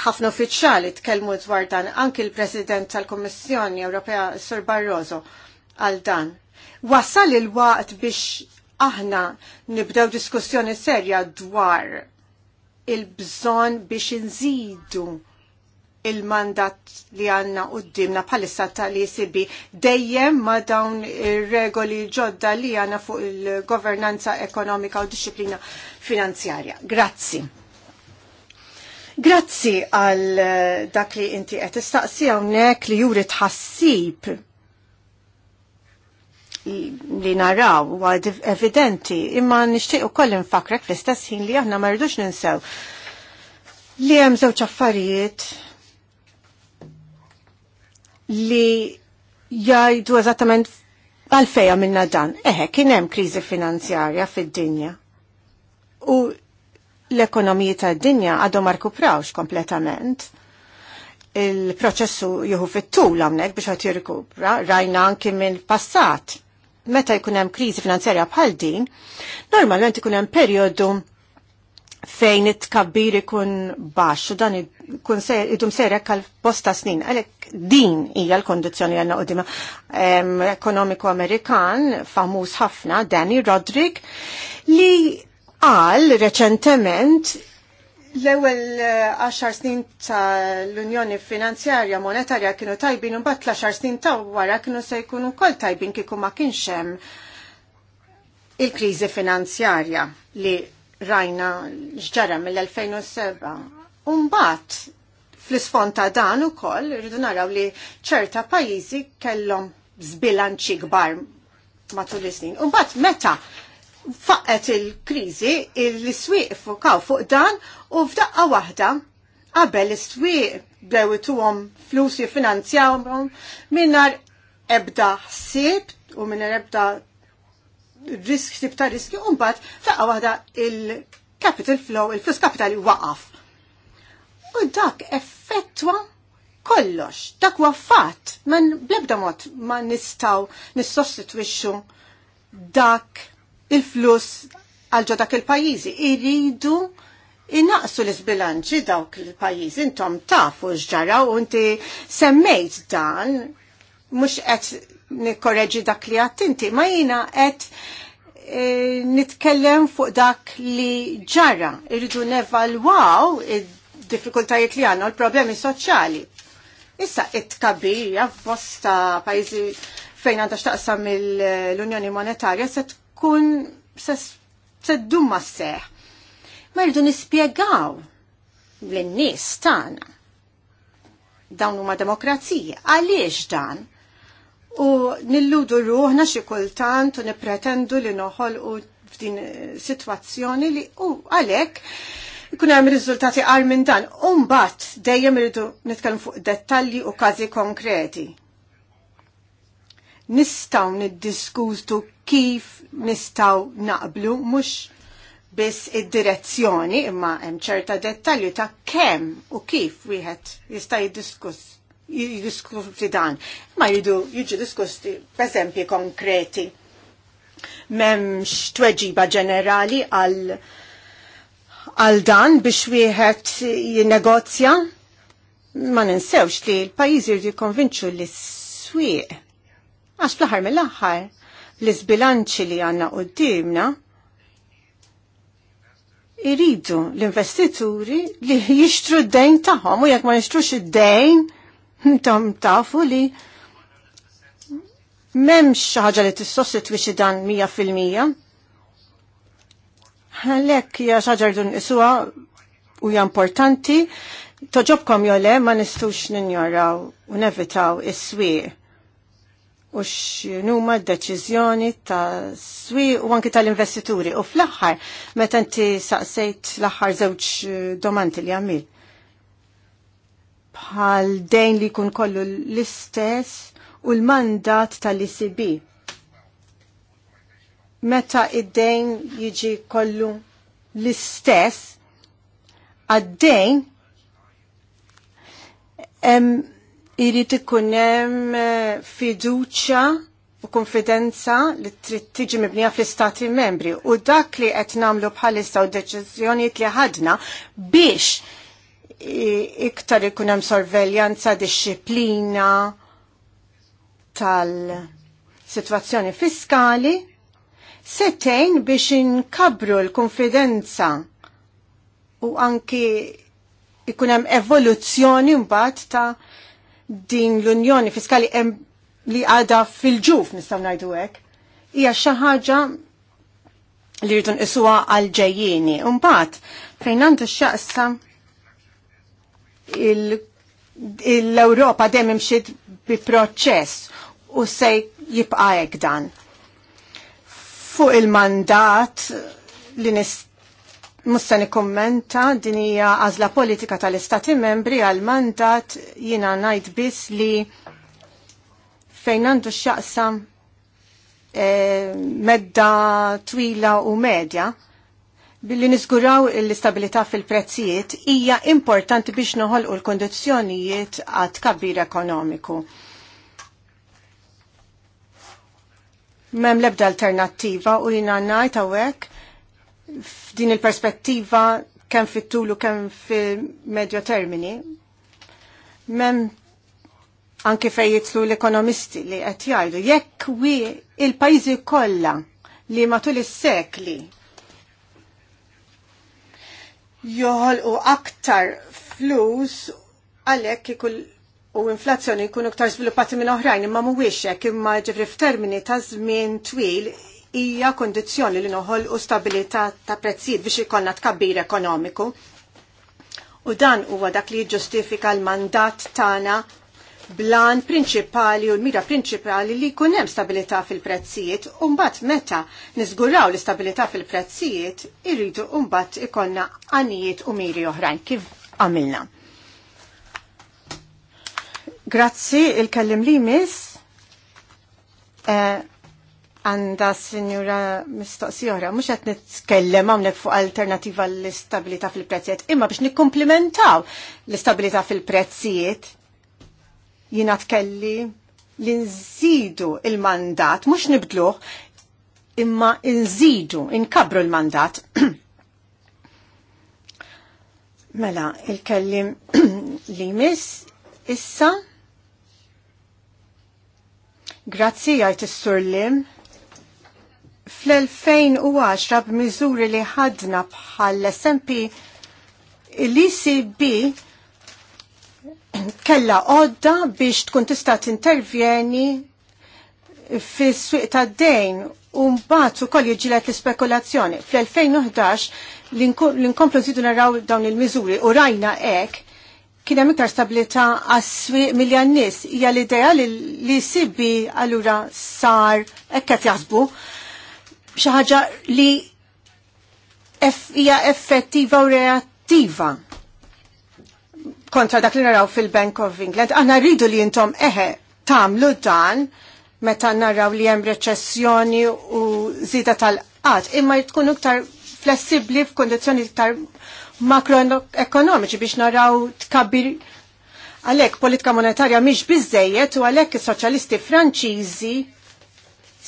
ħafna uffiċjali tkellmu dwar dan, anki l-President tal-Kommissjoni Ewropea, Sur Barroso, għal dan. Wassal il-waqt biex aħna nibdew diskussjoni serja dwar il-bżon biex nżidu il-mandat li għanna u d-dimna palissa tal-ECB dejjem ma dawn regoli ġodda li għanna fuq il-governanza ekonomika u disciplina finanzjarja. Grazzi. Grazzi għal eh, dak li inti qed istaqsi hawnhekk li juri tħassib li naraw huwa evidenti imma nixtieq ukoll infakrek fl-istess ħin li aħna ma rridux ninsew li hemm żewġ affarijiet li jajdu eżattament għalfeja minna dan. Eħe, kienem krizi finanzjarja fid-dinja. U l-ekonomiji ta' dinja għadhom prawx kompletament. Il-proċessu juhu fit-tul għamnek biex għat jirkupra, rajna anki minn passat. Meta jkunem krizi finanzjarja bħal din, normalment jkunem periodu fejn it-kabbir ikun baxx u dan ikun idum serek għal bosta snin. Għalek din hija l-kondizjoni għanna qudima ekonomiku Amerikan, famuż ħafna, Danny Rodrik, li għal reċentement L-ewel 10 eh, snin ta' l-Unjoni Finanzjarja Monetarja kienu tajbin, un bat l-10 snin ta' wara kienu se jkunu kol tajbin kiku ma kienxem il-krizi finanzjarja li rajna ġġara mill-2007. Umbat, fl-isfond ta' dan ukoll rridu naraw li ċerta pajjiżi kellhom zbilanċi kbar matul is-snin. Umbat meta faqet il-kriżi il-swieq fukaw fuq dan u f'daqqa waħda qabel is-swieq blew ituhom flus jiffinanzjawhom minnar ebda ħsieb u minnar ebda risk tip ta' riski u mbagħad għada waħda il-capital flow, il-flus kapitali waqaf. U dak effettwa kollox, dak huwa fatt, man blebda mod ma nistaw nissostitwixxu dak il-flus għal dak il-pajjiżi. Iridu innaqsu l-isbilanċi dawk il-pajjiżi intom tafu x'ġara u inti semmejt dan mhux qed nikkorreġi dak li għattinti, ma jina għed e, nitkellem fuq dak li ġara, irridu nevalwaw id-diffikultajiet li għanna, l-problemi soċjali. Issa, it-kabija f'bosta pajzi fejn għandha xtaqsam l-Unjoni Monetarja se tkun se dumma seħ. Ma rridu nispjegaw l-nies tagħna dawn huma demokrazija. Għaliex dan? u nilludu ruħna xi kultant u nippretendu li noħol u f'din eh, situazzjoni li u għalek ikun hemm riżultati għar minn dan. U mbagħad dejjem irridu nitkellmu fuq dettalji u każi konkreti. Nistgħu niddiskutu kif nistgħu naqblu mhux biss id-direzzjoni imma hemm ċerta dettalji ta' kemm u kif wieħed jista' jiddiskuss jiddiskuti dan, ma jridu jiġu diskusti esempi, konkreti. Memx tweġiba ġenerali għal għal dan biex wieħed jinnegozja ma ninsewx li l-pajjiżi jridu jikkonvinċu li s-swieq għax fl-aħħar mill-aħħar l-izbilanċi li għanna qudiemna iridu l-investituri li jixtru d-dejn tagħhom u jekk ma jixtrux id-dejn Ntom tafu li memx ħaġa li tissostitwi xi dan 100%. Għalhekk hija ħaġa rdu nqisuha u hija importanti. Toġobkom jole ma nistux ninjoraw u nevitaw is-swieq u x'numa d-deċiżjoni ta' swieq u anki tal-investituri. U fl-aħħar, meta inti saqsejt l-aħħar żewġ domandi li għamil bħal dejn li kun kollu l-istess u l-mandat tal-ICB. Meta id-dejn jiġi kollu l-istess, għad-dejn irrit ikunem eh, fiduċa u konfidenza li trid tiġi mibnija fl-istati membri u dak li qed nagħmlu bħalissa u deċiżjonijiet li ħadna biex iktar ikun hemm sorveljanza disċiplina tal-sitwazzjoni fiskali setejn biex inkabru l-konfidenza u anki ikun hemm evoluzzjoni mbagħad ta' din l-Unjoni Fiskali li għada fil-ġuf nistgħu ngħidu hekk hija xi ħaġa li rridu nqisuha għal ġejjieni. Mbagħad fejn għandu x'jaqsam l-Europa dem imxiet bi proċess u se jibqa' hekk dan. Fuq il-mandat li nis Musta nikkommenta din hija għażla politika tal-Istati membri għal mandat jiena ngħid biss li fejn għandu x'jaqsam eh, medda twila u medja billi niżguraw l-istabilità fil-prezzijiet hija importanti biex noħolqu l kondizjonijiet għad kabbir ekonomiku. Mem lebda alternattiva u jina ngħid hawnhekk f'din il-perspettiva kemm fit-tul u kemm fil-medju termini. Mem anki fejn jitlu l-ekonomisti li qed jgħidu jekk wi il-pajjiżi kollha li matul is-sekli joħolqu aktar flus għalhekk kikul u inflazzjoni jkunu aktar sviluppati minn oħrajn imma mhuwiex hekk imma ġifri f'termini ta' żmien twil hija kondizzjoni li noħolqu stabilità ta' prezzijiet biex ikollna tkabbir ekonomiku. U dan huwa dak li jiġġustifika l-mandat tagħna blan prinċipali u l-mira prinċipali li jkun hemm stabilità fil-prezzijiet u mbagħad meta niżguraw l-istabilità fil-prezzijiet irridu mbagħad ikollna għanijiet u miri oħrajn kif għamilna. Grazzi il-kellim li miss eh, għanda uh, mistoqsi oħra, mux għet nitkellem għamlek fuq alternativa l istabilità fil-prezzijiet, imma biex nikkomplimentaw l istabilità fil-prezzijiet jina tkelli li nżidu il-mandat, mux nibdluħ, imma nżidu, nkabru il-mandat. mela, il-kellim li mis issa. Grazzi għajt s-surlim. Fl-2010 b'miżuri li ħadna bħal smp l icb kella għodda biex tkun tista' tintervjeni fis-swieq tad-dejn u mbagħad ukoll jiġilet l-ispekulazzjoni. Fl-2011 l-inkomplu nżidu naraw dawn il-miżuri u rajna hekk kien hemm iktar stabilità għas-swieq miljan-nies hija l-idea li sibi allura sar hekk qed jaħsbu xi ħaġa li hija effettiva u reattiva kontra dak li naraw fil-Bank of England. Aħna rridu li jintom eħe tamlu dan meta naraw li hemm reċessjoni u zida tal-qat, imma tkun iktar flessibli f'kondizjoni iktar makroekonomiċi biex naraw tkabbir għalek politika monetarja miex bizzejiet u għalek il-soċjalisti franċiżi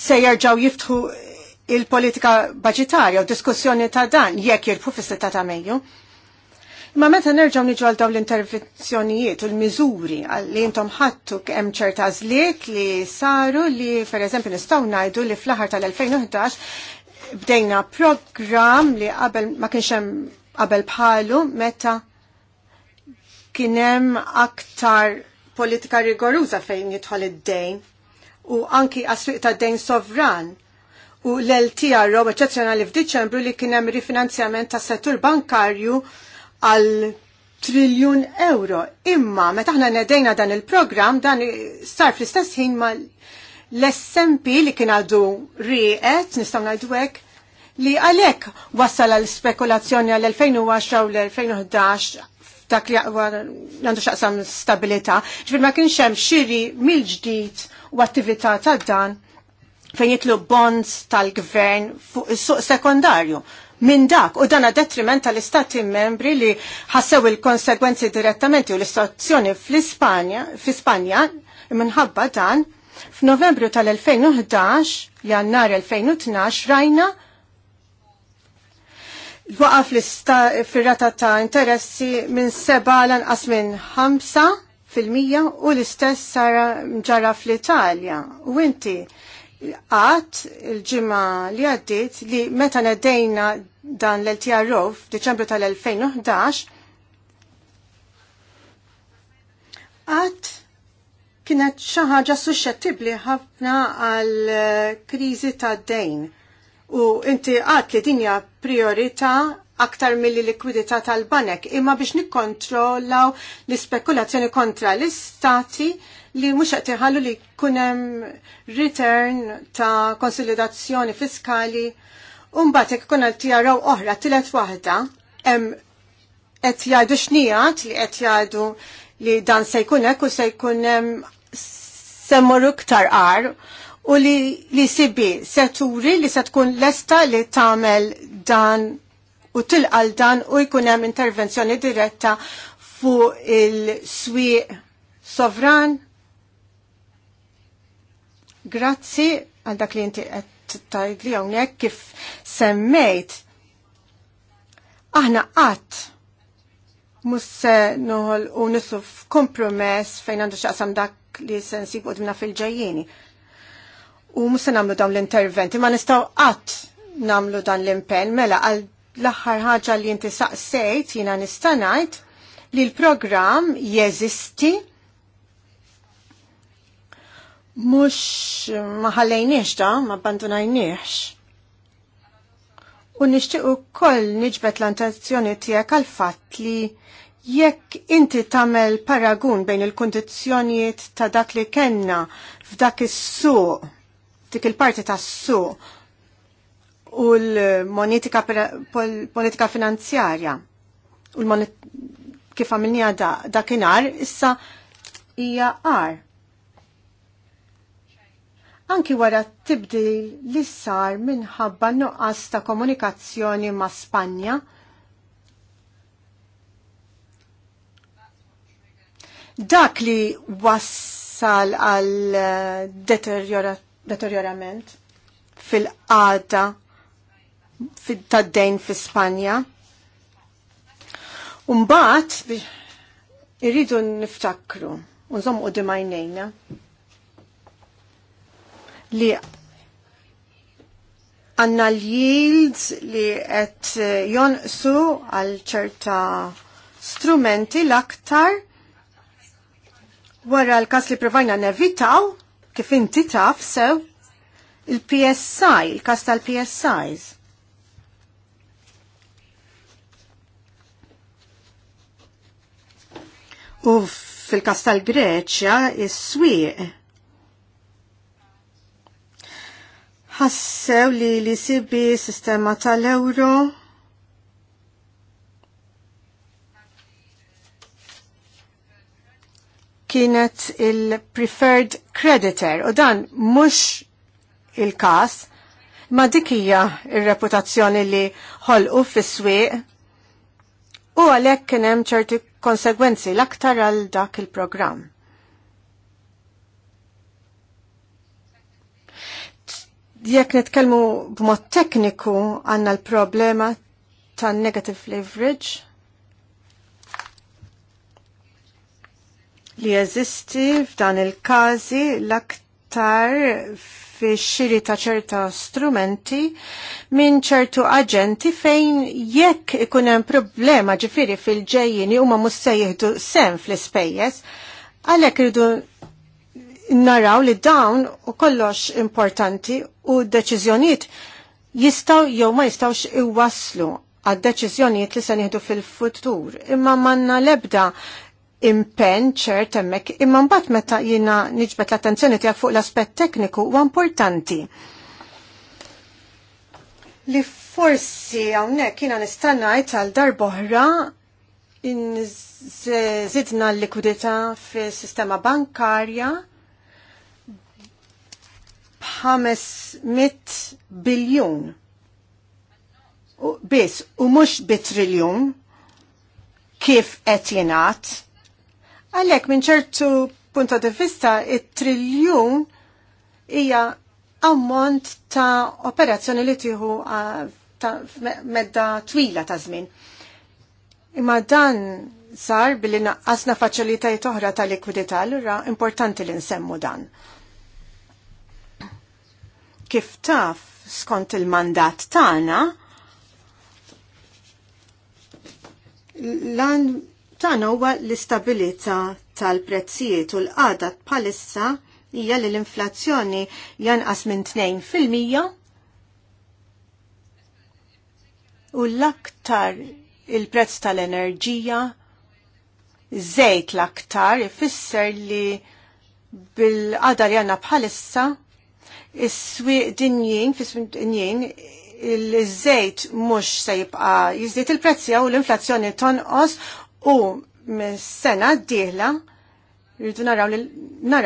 se jarġaw jiftħu il-politika budgetarja u diskussjoni ta' dan jekk jirpu fis-sitta ta' Mejju. Ma meta nerġgħu niġu għal dawn l-intervenzjonijiet u l-miżuri li intom ħattu hemm ċerta żliet li saru li eżempju, nistgħu ngħidu li fl-aħħar tal-2011 bdejna programm li qabel ma kienx hemm qabel bħalu meta kien hemm aktar politika rigoruża fejn jidħol id-dejn u anki għasfiq ta' dejn sovran u l u eccezjonali f'Diċembru li kien hemm rifinanzjament tas settur bankarju għal triljun euro. Imma, meta aħna nedejna dan il-program, dan sar fl-istess ħin ma l-SMP li kien għadu riqet, nistaw ngħidu hekk, li għalek wassal għal spekulazzjoni għal 2010 u l-2011 dak li għandu xaqsam stabilita. Ġbir ma kienx hemm xiri mill-ġdid u attività ta' dan fejn jitlu bonds tal-gvern fuq is-suq sekondarju minn dak u dana detriment tal-istati membri li ħassew il-konsekwenzi direttament u l-istazzjoni fl-Ispanja, fl-Ispanja minħabba dan, f'Novembru tal-2011, jannar 2012, rajna waqaf fil-rata ta' interessi minn seba lanqas minn ħamsa fil-mija u l-istess sara mġara fl-Italja. U inti, għat il-ġimma li għaddit li meta nedejna dan l-LTRO f'Diċembru tal-2011 għat kienet xaħġa suscettibli ħafna għal krizi ta' dejn. U inti għat li dinja priorita aktar mill likwidità tal-banek, imma biex nikkontrollaw l-spekulazzjoni kontra l-istati li mhux qed iħallu li jkun hemm return ta' konsolidazzjoni fiskali u mbagħad jekk ikun qed jaraw oħra tilet waħda hemm qed jgħidu xnijat li qed jgħidu li dan se jkun hekk u se jkun hemm semmur iktar qar u li li sibi se turi li se tkun lesta li tagħmel dan u tilqal dan u jkun hemm intervenzjoni diretta fuq il-swieq sovran Grazzi għal dak li inti qed tgħid li hawnhekk kif semmejt. Aħna qatt mhux se noħol u nitlu f'kompromess fejn għandu x'aqsam dak li se nsib qudimna fil-ġejjieni. U mhux se nagħmlu dawn l-interventi, ma nistgħu qatt nagħmlu dan l-impenn mela għal l-aħħar ħaġa li inti saqsejt jiena nista' ngħid li l-programm jeżisti mux maħallejniex ta' ma bandunajniex. U nishtiq u koll nġbet l-antazzjoni tijak għal-fat li jekk inti tamel paragun bejn il-kondizjonijiet ta' dak li kenna f'dak is-suq, dik il-parti ta' su u l-monetika politika finanzjarja u l monetika kif għamilnija dakinar, issa hija għar anki wara tibdil li sar minħabba nuqqas ta' komunikazzjoni ma' Spanja. Dak li wassal għal eh, deterjorament fil-qada tad-dejn fi Spanja. Umbat, irridu niftakru, unżom u dimajnejna li għanna l-yields li għet eh, jonqsu għal ċerta strumenti l-aktar wara l-kas li provajna nevitaw kif inti taf sew il-PSI, il-kas tal-PSIs. U fil-kas tal-Greċja, is-swieq ħassew li li sibi sistema tal-euro kienet il-preferred creditor u dan mhux il-kas ma dikija il-reputazzjoni li ħolqu fis-swieq u għalhekk kien hemm ċerti konsegwenzi l-aktar għal dak il-programm. Jekk nitkellmu b'mod tekniku għandna l-problema ta' negative leverage li jeżisti f'dan il-każi l-aktar fi xiri ta' ċerta strumenti minn ċertu aġenti fejn jekk ikun hemm problema ġifiri fil-ġejjini huma mhux se jieħdu sem fl-ispejjeż għalhekk irridu naraw li dawn u kollox importanti u deċiżjonijiet jistaw jew ma jistawx iwaslu għad deċiżjonijiet li se nieħdu fil-futur. Imma manna lebda impen ċert hemmhekk imma mbagħad meta jiena niġbet l-attenzjoni tiegħek fuq l-aspett tekniku huwa importanti. Li forsi hawnhekk jiena nista' ngħid għal darb'oħra zidna l-likwidità fis-sistema bankarja 500 biljun biss u mhux bitriljon kif qed jingħad. Għalhekk minn ċertu punta di vista it-triljun hija ammont ta' operazzjoni li tieħu medda twila ta' żmien. Imma dan sar billi naqqasna faċilitajiet oħra ta' likwidità, allura importanti li nsemmu dan. Kif taf skont il-mandat tagħna lan tagħna huwa l-istabilità tal-prezzijiet u l-qada bħalissa hija li l-inflazzjoni janqas minn 2% u l-aktar il-prezz tal-enerġija żejt l-aktar ifisser li bil-qadar janna bħalissa is-swieq dinjin, fis-swieq dinjin, il-żejt mhux se jibqa' jizdiet il-prezzi u l-inflazzjoni tonqos u mis-sena d-dieħla rridu naraw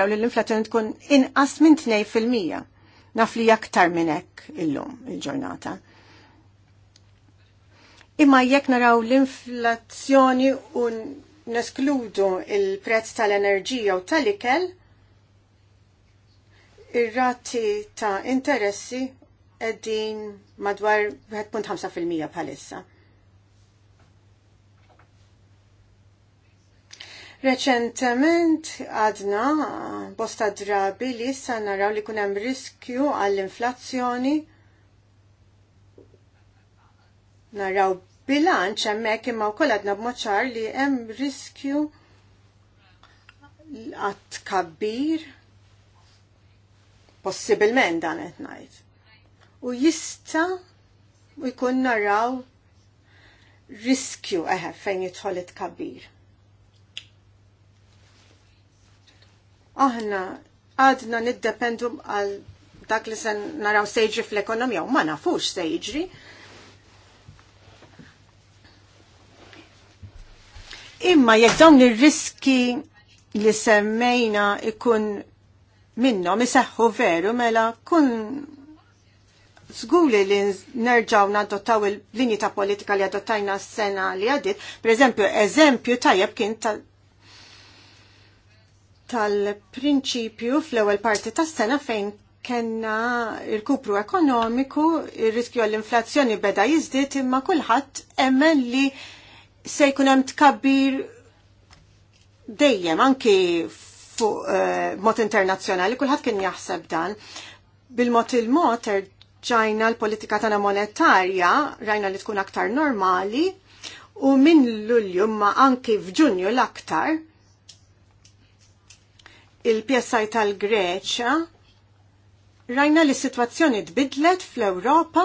li l-inflazzjoni tkun inqas minn 2%. Naf li aktar minn hekk illum il-ġurnata. Imma jekk naraw l-inflazzjoni u neskludu il-prezz tal-enerġija u tal-ikel, Ir-rati ta' interessi eddin madwar 1.5% bħalissa. Reċentement għadna bosta drabi li issa naraw li kunem riskju għall-inflazzjoni naraw bilanċ hemmhekk imma wkoll għadna b'moċar li hemm riskju għat kabbir possibilment dan qed ngħid. U jista' u jkun naraw riskju eħe fejn jidħol it-kabbir. Aħna għadna niddependu għal dak li se naraw sejġri fl-ekonomija u ma nafux sejġri. Imma jekk dawn ir-riski li semmejna ikun minnom iseħħu veru mela kun zguli li nerġaw nadottaw il-linji ta' politika li adottajna s-sena li għadit, per eżempju, eżempju tajab kien tal-prinċipju fl ewwel parti ta' s-sena fejn kena il-kupru ekonomiku, il-riskju għall-inflazzjoni beda jizdit imma kullħat emmen li se jkun hemm tkabbir dejjem anki fuq eh, mod internazzjonali, kulħadd kien jaħseb dan. Bil-mod il-mod ġajna l-politika tagħna monetarja, rajna li tkun aktar normali, u minn Lulju ma anki f'Ġunju l-aktar il-PSI tal-Greċa rajna li situazzjoni tbidlet fl-Ewropa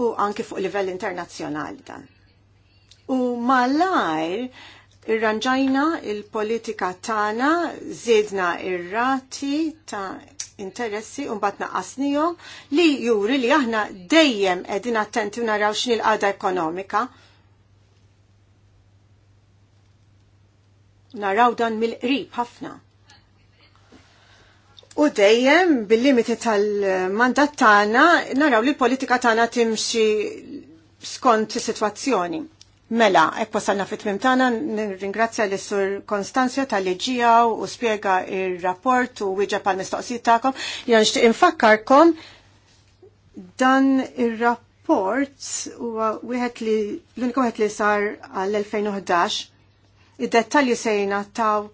u anki fuq livell internazzjonali dan. U malajr irranġajna il-politika tagħna, żiedna ir-rati ta' interessi un batna naqasnijom li juri li aħna dejjem edin attenti u naraw xni l ekonomika. Naraw dan mill-qrib ħafna. U dejjem bil-limiti tal-mandat tagħna naraw li l-politika tagħna timxi skont is-sitwazzjoni. Mela, ekk wasalna fit tmim tagħna, nirringrazzja lis sur Konstanzja tal-li ġijaw u spjega il rapport u wieġa pal mistoqsijiet tagħkom. Jan nixtieq infakkarkom dan ir-rapport huwa wieħed li l-unika li sar għall-2011. Id-dettalji se jingħataw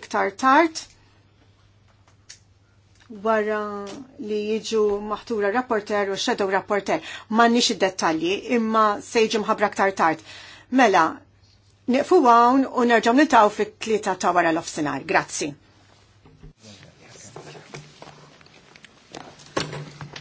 iktar tard wara li jiġu maħtura rapporter u shadow rapporter. M'għandniex id-dettalji imma se jiġu mħabra aktar tard. Mela, nifu għawn u nerġaw nitaw fit-tlieta ta' wara l-ofsinar. Grazzi.